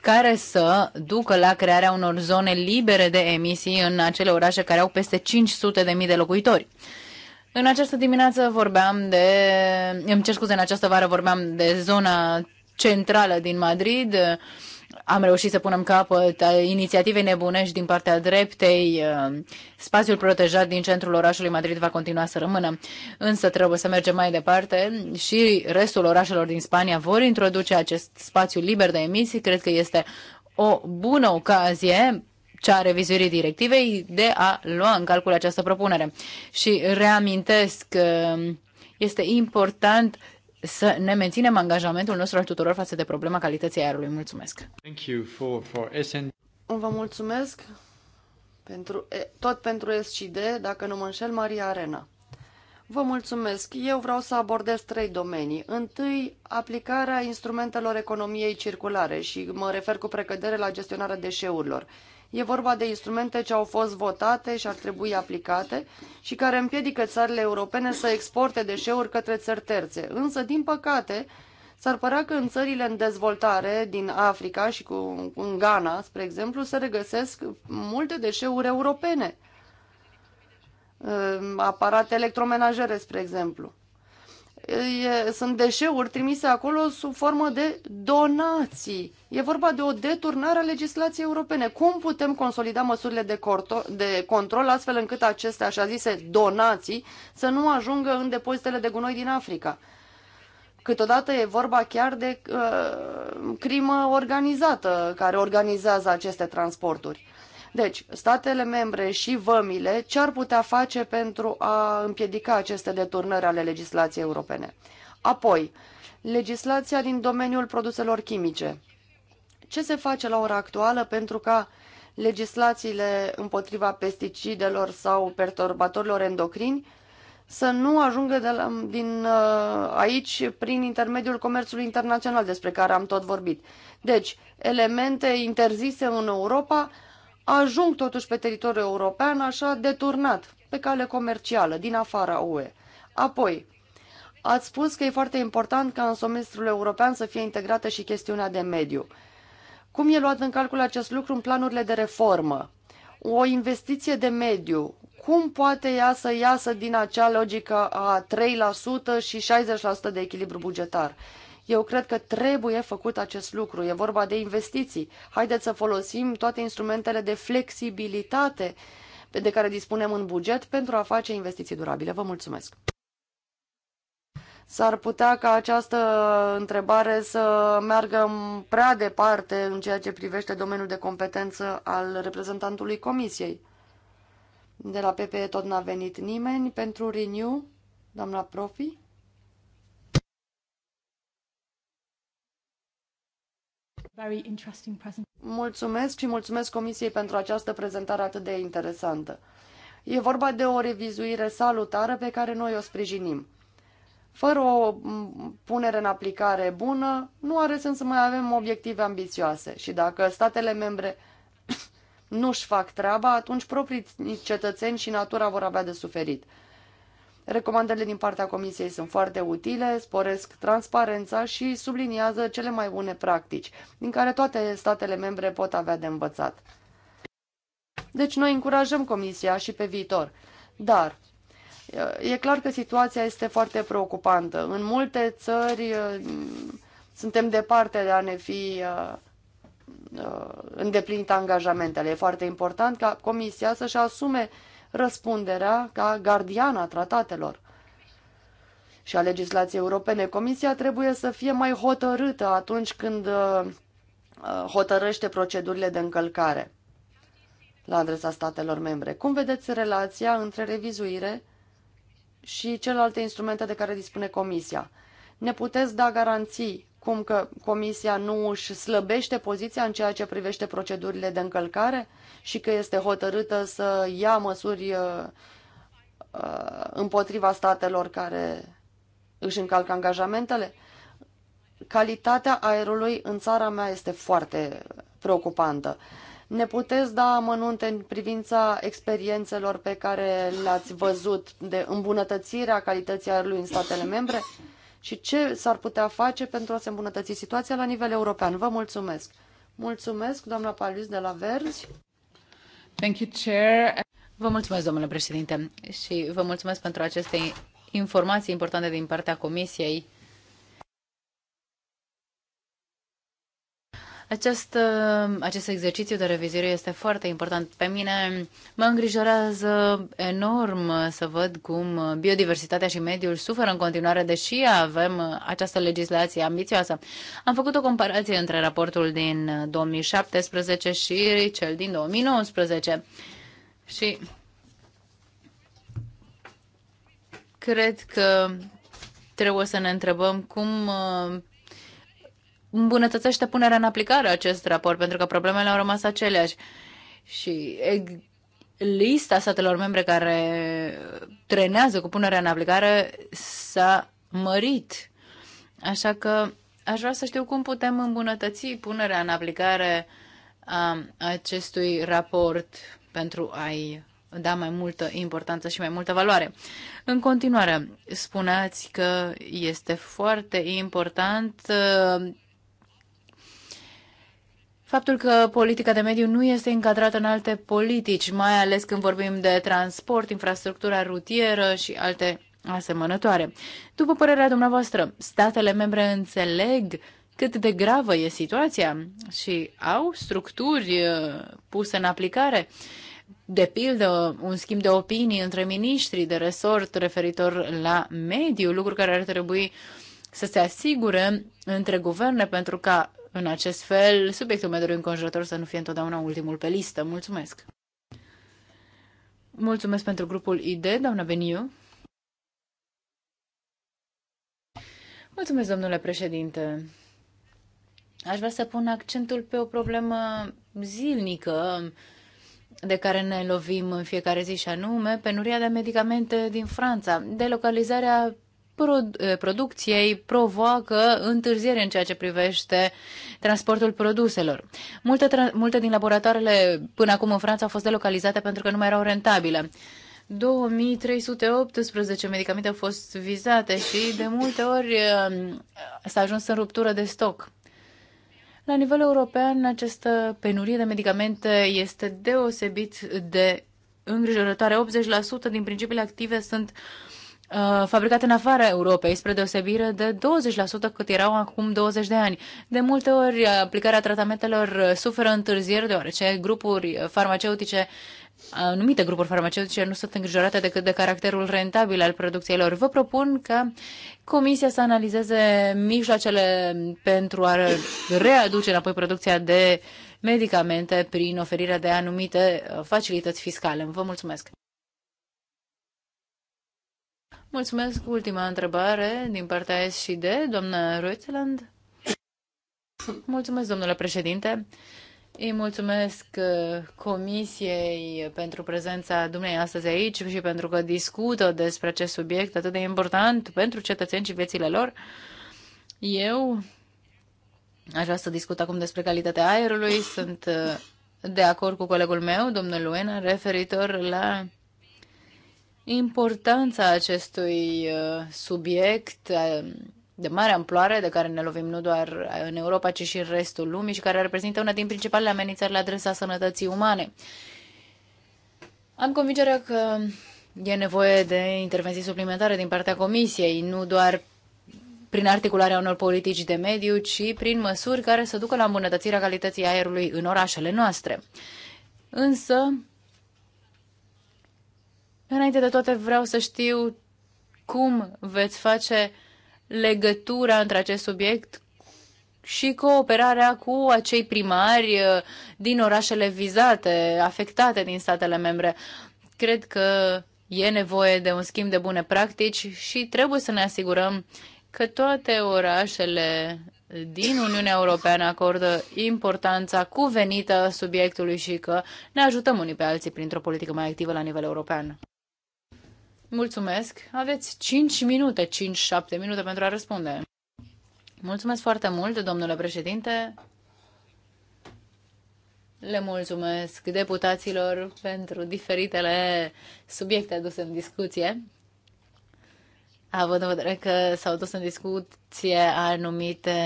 care să ducă la crearea unor zone libere de emisii în acele orașe care au peste 500 de mii de locuitori. În această dimineață vorbeam de, îmi cer scuze, în această vară vorbeam de zona centrală din Madrid, am reușit să punem capăt inițiativei nebunești din partea dreptei. Uh, spațiul protejat din centrul orașului Madrid va continua să rămână, însă trebuie să mergem mai departe și restul orașelor din Spania vor introduce acest spațiu liber de emisii. Cred că este o bună ocazie cea a revizuirii directivei de a lua în calcul această propunere. Și reamintesc, uh, este important să ne menținem angajamentul nostru al tuturor față de problema calității aerului. Mulțumesc! Thank you for, for Vă mulțumesc pentru, tot pentru SCD, dacă nu mă înșel, Maria Arena. Vă mulțumesc. Eu vreau să abordez trei domenii. Întâi, aplicarea instrumentelor economiei circulare și mă refer cu precădere la gestionarea deșeurilor. E vorba de instrumente ce au fost votate și ar trebui aplicate și care împiedică țările europene să exporte deșeuri către țări terțe. Însă, din păcate, s-ar părea că în țările în dezvoltare din Africa și cu, în Ghana, spre exemplu, se regăsesc multe deșeuri europene. Ă, aparate electromenajere, spre exemplu e, sunt deșeuri trimise acolo sub formă de donații. E vorba de o deturnare a legislației europene. Cum putem consolida măsurile de, corto- de control astfel încât aceste așa zise donații să nu ajungă în depozitele de gunoi din Africa? Câteodată e vorba chiar de uh, crimă organizată care organizează aceste transporturi. Deci, statele membre și vămile ce ar putea face pentru a împiedica aceste deturnări ale legislației europene? Apoi, legislația din domeniul produselor chimice. Ce se face la ora actuală pentru ca legislațiile împotriva pesticidelor sau perturbatorilor endocrini să nu ajungă de la, din uh, aici prin intermediul comerțului internațional despre care am tot vorbit. Deci, elemente interzise în Europa ajung totuși pe teritoriul european așa deturnat, pe cale comercială, din afara UE. Apoi, ați spus că e foarte important ca în semestrul european să fie integrată și chestiunea de mediu. Cum e luat în calcul acest lucru în planurile de reformă? O investiție de mediu, cum poate ea să iasă din acea logică a 3% și 60% de echilibru bugetar? Eu cred că trebuie făcut acest lucru. E vorba de investiții. Haideți să folosim toate instrumentele de flexibilitate de care dispunem în buget pentru a face investiții durabile. Vă mulțumesc! S-ar putea ca această întrebare să meargă prea departe în ceea ce privește domeniul de competență al reprezentantului Comisiei. De la PPE tot n-a venit nimeni pentru Renew, doamna Profi. mulțumesc și mulțumesc Comisiei pentru această prezentare atât de interesantă. E vorba de o revizuire salutară pe care noi o sprijinim. Fără o punere în aplicare bună, nu are sens să mai avem obiective ambițioase și dacă statele membre nu-și fac treaba, atunci proprii cetățeni și natura vor avea de suferit. Recomandările din partea Comisiei sunt foarte utile, sporesc transparența și subliniază cele mai bune practici, din care toate statele membre pot avea de învățat. Deci noi încurajăm Comisia și pe viitor. Dar e clar că situația este foarte preocupantă. În multe țări uh, suntem departe de a ne fi uh, uh, îndeplinit angajamentele. E foarte important ca Comisia să-și asume uh, răspunderea ca gardiana tratatelor și a legislației europene. Comisia trebuie să fie mai hotărâtă atunci când uh, uh, hotărăște procedurile de încălcare la adresa statelor membre. Cum vedeți relația între revizuire și celelalte instrumente de care dispune Comisia? Ne puteți da garanții cum că Comisia nu își slăbește poziția în ceea ce privește procedurile de încălcare și că este hotărâtă să ia măsuri uh, uh, împotriva statelor care își încalcă angajamentele. Calitatea aerului în țara mea este foarte preocupantă. Ne puteți da amănunte în privința experiențelor pe care le-ați văzut de îmbunătățirea calității aerului în statele membre? și ce s-ar putea face pentru a se îmbunătăți situația la nivel european. Vă mulțumesc! Mulțumesc, doamna Palius de la Verzi. Thank you, Chair. Vă mulțumesc, domnule președinte, și vă mulțumesc pentru aceste informații importante din partea Comisiei Acest, uh, acest exercițiu de revizuire este foarte important. Pe mine mă îngrijorează enorm să văd cum biodiversitatea și mediul suferă în continuare, deși avem această legislație ambițioasă. Am făcut o comparație între raportul din 2017 și cel din 2019. Și cred că trebuie să ne întrebăm cum uh, îmbunătățește punerea în aplicare a acest raport, pentru că problemele au rămas aceleași. Și lista statelor membre care trenează cu punerea în aplicare s-a mărit. Așa că aș vrea să știu cum putem îmbunătăți punerea în aplicare a acestui raport pentru a-i da mai multă importanță și mai multă valoare. În continuare, spuneați că este foarte important uh, faptul că politica de mediu nu este încadrată în alte politici, mai ales când vorbim de transport, infrastructura rutieră și alte asemănătoare. După părerea dumneavoastră, statele membre înțeleg cât de gravă e situația și au structuri uh, puse în aplicare. De pildă, un schimb de opinii între miniștrii de resort referitor la mediu, lucru care ar trebui să se asigure între guverne pentru ca în acest fel, subiectul mediului înconjurător să nu fie întotdeauna ultimul pe listă. Mulțumesc! Mulțumesc pentru grupul ID, doamna Beniu. Mulțumesc, domnule președinte. Aș vrea să pun accentul pe o problemă zilnică de care ne lovim în fiecare zi și anume penuria de medicamente din Franța, delocalizarea Eh, producției provoacă întârziere în ceea ce privește transportul produselor. Multe, multe din laboratoarele până acum în Franța au fost delocalizate pentru că nu mai erau rentabile. 2318 medicamente au fost vizate și de multe ori eh, s-a ajuns în ruptură de stoc. La nivel european, această penurie de medicamente este deosebit de îngrijorătoare. 80% din principiile active sunt uh, Uh, fabricate în afara Europei, spre deosebire de 20% cât erau acum 20 de ani. De multe ori, uh, aplicarea tratamentelor uh, suferă întârzieri, deoarece grupuri farmaceutice anumite grupuri farmaceutice nu sunt îngrijorate decât de caracterul rentabil al producției lor. Vă propun ca Comisia să analizeze mijloacele pentru a readuce înapoi producția de medicamente prin oferirea de anumite facilități fiscale. Vă mulțumesc! Mulțumesc. Ultima întrebare din partea S și D, doamna Reuteland. Mulțumesc, domnule președinte. Îi mulțumesc uh, Comisiei pentru prezența dumnei astăzi aici și pentru că discută despre acest subiect atât de important pentru cetățeni și viețile lor. Eu aș vrea să discut acum despre calitatea aerului. Sunt uh, de acord cu colegul meu, domnul Luena, referitor la importanța acestui uh, subiect uh, de mare amploare, de care ne lovim nu doar uh, în Europa, ci și în restul lumii și care reprezintă una din principalele amenințări la adresa sănătății umane. Am convingerea că e nevoie de intervenții suplimentare din partea Comisiei, nu doar prin articularea unor politici de mediu, ci prin măsuri care să ducă la îmbunătățirea calității aerului în orașele noastre. Însă, Înainte de toate vreau să știu cum veți face legătura între acest subiect și cooperarea cu acei primari uh, din orașele vizate, afectate din statele membre. Cred că e nevoie de un schimb de bune practici și trebuie să ne asigurăm că toate orașele din Uniunea Europeană acordă importanța cuvenită subiectului și că ne ajutăm unii pe alții printr-o politică mai activă la nivel european. Mulțumesc. Aveți 5 minute, 5-7 minute pentru a răspunde. Mulțumesc foarte mult, domnule președinte. Le mulțumesc deputaților pentru diferitele subiecte aduse în discuție având în vedere că s-au dus în discuție anumite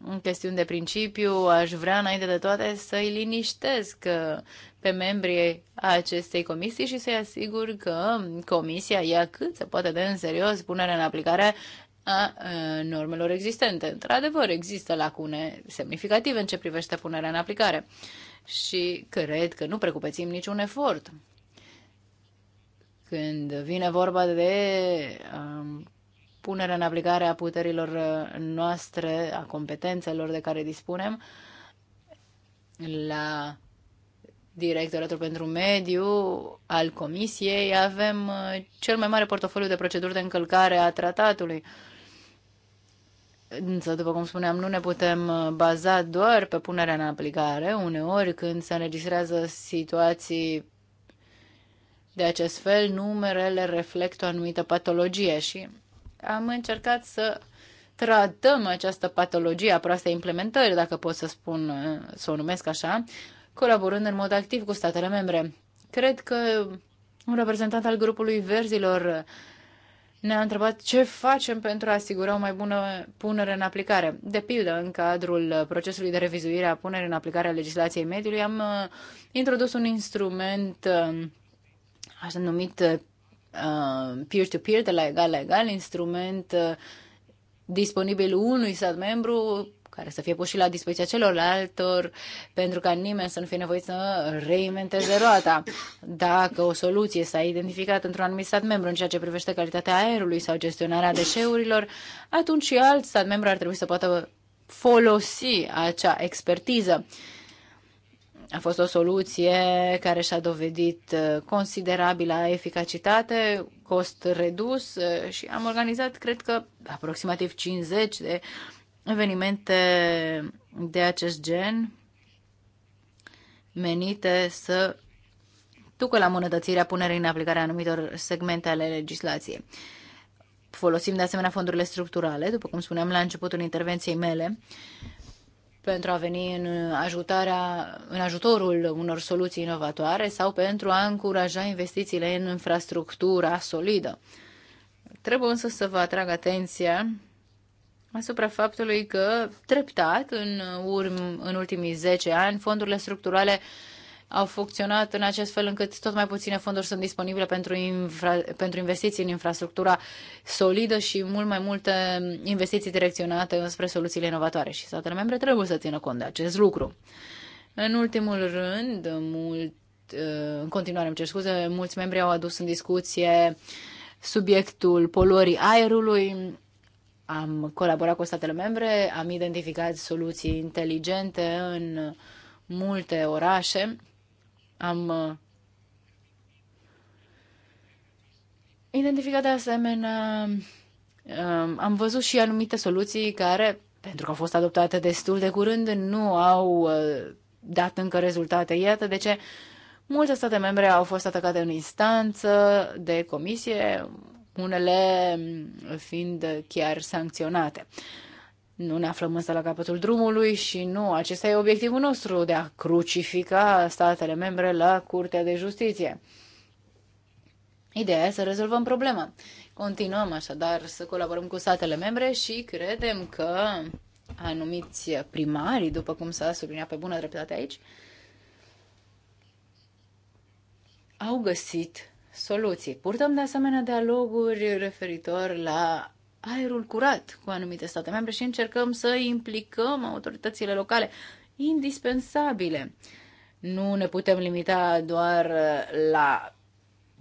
mm, chestiuni de principiu, aș vrea înainte de toate să-i liniștesc uh, pe membrii acestei comisii și să-i asigur că comisia ia cât se poate de în serios punerea în aplicare a uh, normelor existente. Într-adevăr, există lacune semnificative în ce privește punerea în aplicare și cred că nu precupețim niciun efort. Când vine vorba de um, punerea în aplicare a puterilor uh, noastre, a competențelor de care dispunem, la directoratul pentru mediu al comisiei avem uh, cel mai mare portofoliu de proceduri de încălcare a tratatului. Însă, după cum spuneam, nu ne putem uh, baza doar pe punerea în aplicare. Uneori, când se înregistrează situații de acest fel, numerele reflectă o anumită patologie și am încercat să tratăm această patologie a proastei implementări, dacă pot să spun, să o numesc așa, colaborând în mod activ cu statele membre. Cred că un reprezentant al grupului verzilor ne-a întrebat ce facem pentru a asigura o mai bună punere în aplicare. De pildă, în cadrul procesului de revizuire a punerii în aplicare a legislației mediului, am uh, introdus un instrument uh, așa numit uh, uh, peer-to-peer, de la egal la egal, instrument uh, disponibil unui stat membru care să fie pus și la dispoziția celorlaltor, pentru ca nimeni să nu fie nevoit să reinventeze roata. Dacă o soluție s-a identificat într-un anumit stat membru în ceea ce privește calitatea aerului sau gestionarea deșeurilor, atunci și alt stat membru ar trebui să poată folosi acea expertiză. A fost o soluție care și-a dovedit uh, considerabilă eficacitate, cost redus uh, și am organizat, cred că, aproximativ 50 de evenimente de acest gen menite să ducă la îmbunătățirea punerii în aplicare a anumitor segmente ale legislației. Folosim de asemenea fondurile structurale, după cum spuneam la începutul intervenției mele, pentru a veni în, ajutarea, în ajutorul unor soluții inovatoare sau pentru a încuraja investițiile în infrastructura solidă. Trebuie însă să vă atrag atenția asupra faptului că, treptat, în, urm, în ultimii 10 ani, fondurile structurale uh, au funcționat în acest fel încât tot mai puține fonduri sunt disponibile pentru, infra, pentru investiții în infrastructura solidă și mult mai multe investiții direcționate spre soluțiile inovatoare și statele membre trebuie să țină cont de acest lucru. În ultimul rând, mult, uh, în continuare îmi cer scuze, mulți membri au adus în discuție subiectul poluării aerului. Am colaborat cu statele membre, am identificat soluții inteligente în multe orașe am uh, identificat de asemenea, um, am văzut și anumite soluții care, pentru că au fost adoptate destul de curând, nu au uh, dat încă rezultate. Iată de ce multe state membre au fost atacate în instanță de comisie, unele um, fiind chiar sancționate. Nu ne aflăm însă la capătul drumului și nu, acesta e obiectivul nostru de a crucifica statele membre la Curtea de Justiție. Ideea e să rezolvăm problema. Continuăm așadar să colaborăm cu statele membre și credem că anumiți primari, după cum s-a subliniat pe bună dreptate aici, au găsit soluții. Purtăm de asemenea dialoguri referitor la aerul curat cu anumite state membre și încercăm să implicăm autoritățile locale indispensabile. Nu ne putem limita doar la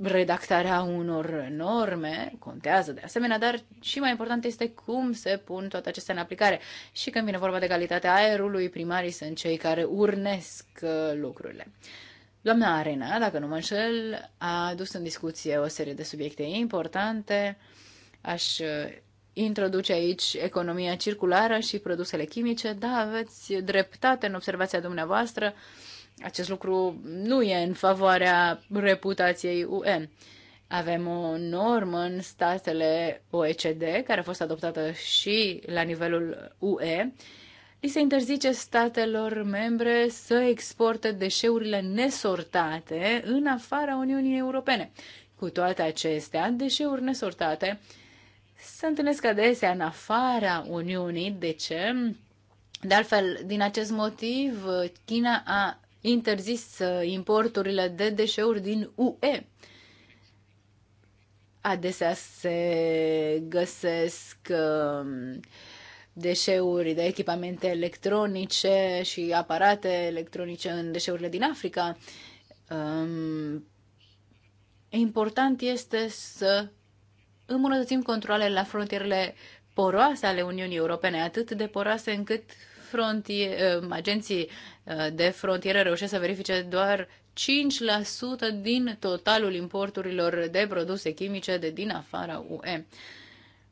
redactarea unor norme, contează de asemenea, dar și mai important este cum se pun toate acestea în aplicare. Și când vine vorba de calitatea aerului, primarii sunt cei care urnesc uh, lucrurile. Doamna Arena, dacă nu mă înșel, a adus în discuție o serie de subiecte importante. Aș uh, introduce aici economia circulară și produsele chimice. Da, aveți dreptate în observația dumneavoastră. Acest lucru nu e în favoarea reputației UE. Avem o normă în statele OECD, care a fost adoptată și la nivelul UE. Li se interzice statelor membre să exporte deșeurile nesortate în afara Uniunii Europene. Cu toate acestea, deșeuri nesortate uh, se întâlnesc adesea în afara Uniunii. De ce? De altfel, din acest motiv, China a interzis uh, importurile de deșeuri din UE. Adesea se găsesc um, deșeuri de echipamente electronice și aparate electronice în deșeurile din Africa. Um, important este să îmbunătățim controlele la frontierele poroase ale Uniunii Europene, atât de poroase încât frontier, uh, agenții uh, de frontieră reușesc să verifice doar 5% din totalul importurilor de produse chimice de din afara UE.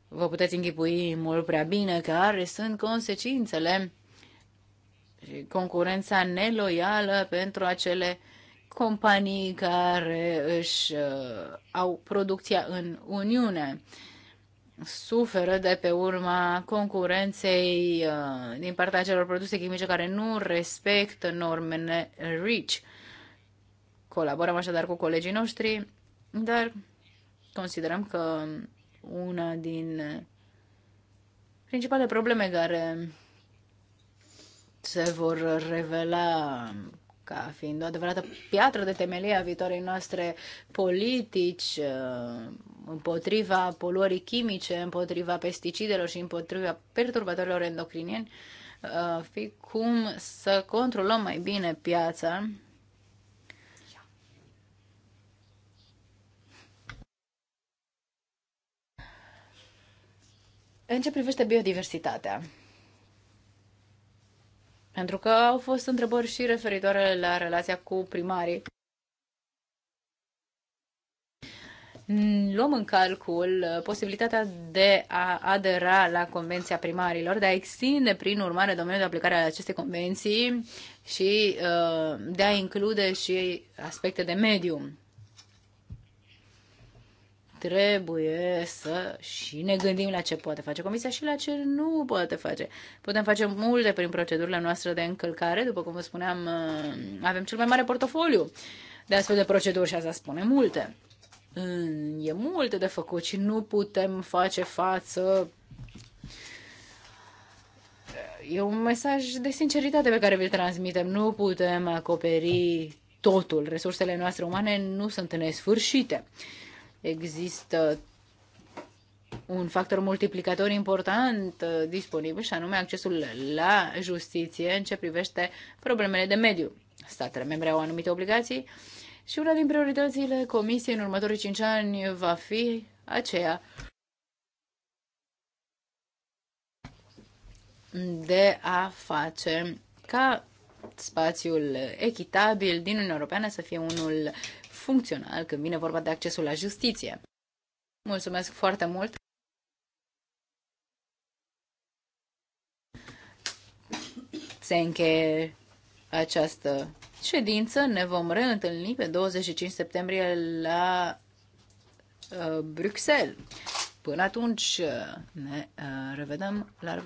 Vă puteți închipui mult prea bine care sunt consecințele și concurența neloială pentru acele companii care își uh, au producția în Uniune suferă de pe urma concurenței uh, din partea celor produse chimice care nu respectă normele REACH. Colaborăm așadar cu colegii noștri, dar considerăm că una din principalele probleme care se vor revela ca fiind o adevărată piatră de temelie a viitoarei noastre politici uh, împotriva poluării chimice, împotriva pesticidelor și împotriva perturbatorilor endocrinieni, uh, fi cum să controlăm mai bine piața În ce privește biodiversitatea, pentru că au fost întrebări și referitoare la relația cu primarii. Luăm în calcul posibilitatea de a adera la Convenția Primarilor, de a extinde, prin urmare, domeniul de aplicare al acestei convenții și uh, de a include și aspecte de mediu trebuie să și ne gândim la ce poate face Comisia și la ce nu poate face. Putem face multe prin procedurile noastre de încălcare, după cum vă spuneam, uh, avem cel mai mare portofoliu de astfel de proceduri și asta spune multe. E multe de făcut și nu putem face față E un mesaj de sinceritate pe care vi-l transmitem. Nu putem acoperi totul. Resursele noastre umane nu sunt nesfârșite există un factor multiplicator important uh, disponibil și anume accesul la justiție în ce privește problemele de mediu. Statele membre au anumite obligații și una din prioritățile Comisiei în următorii 5 ani va fi aceea de a face ca spațiul echitabil din Uniunea Europeană să fie unul funcțional când vine vorba de accesul la justiție. Mulțumesc foarte mult! Se încheie această ședință. Ne vom reîntâlni pe 25 septembrie la uh, Bruxelles. Până atunci uh, ne uh, revedem la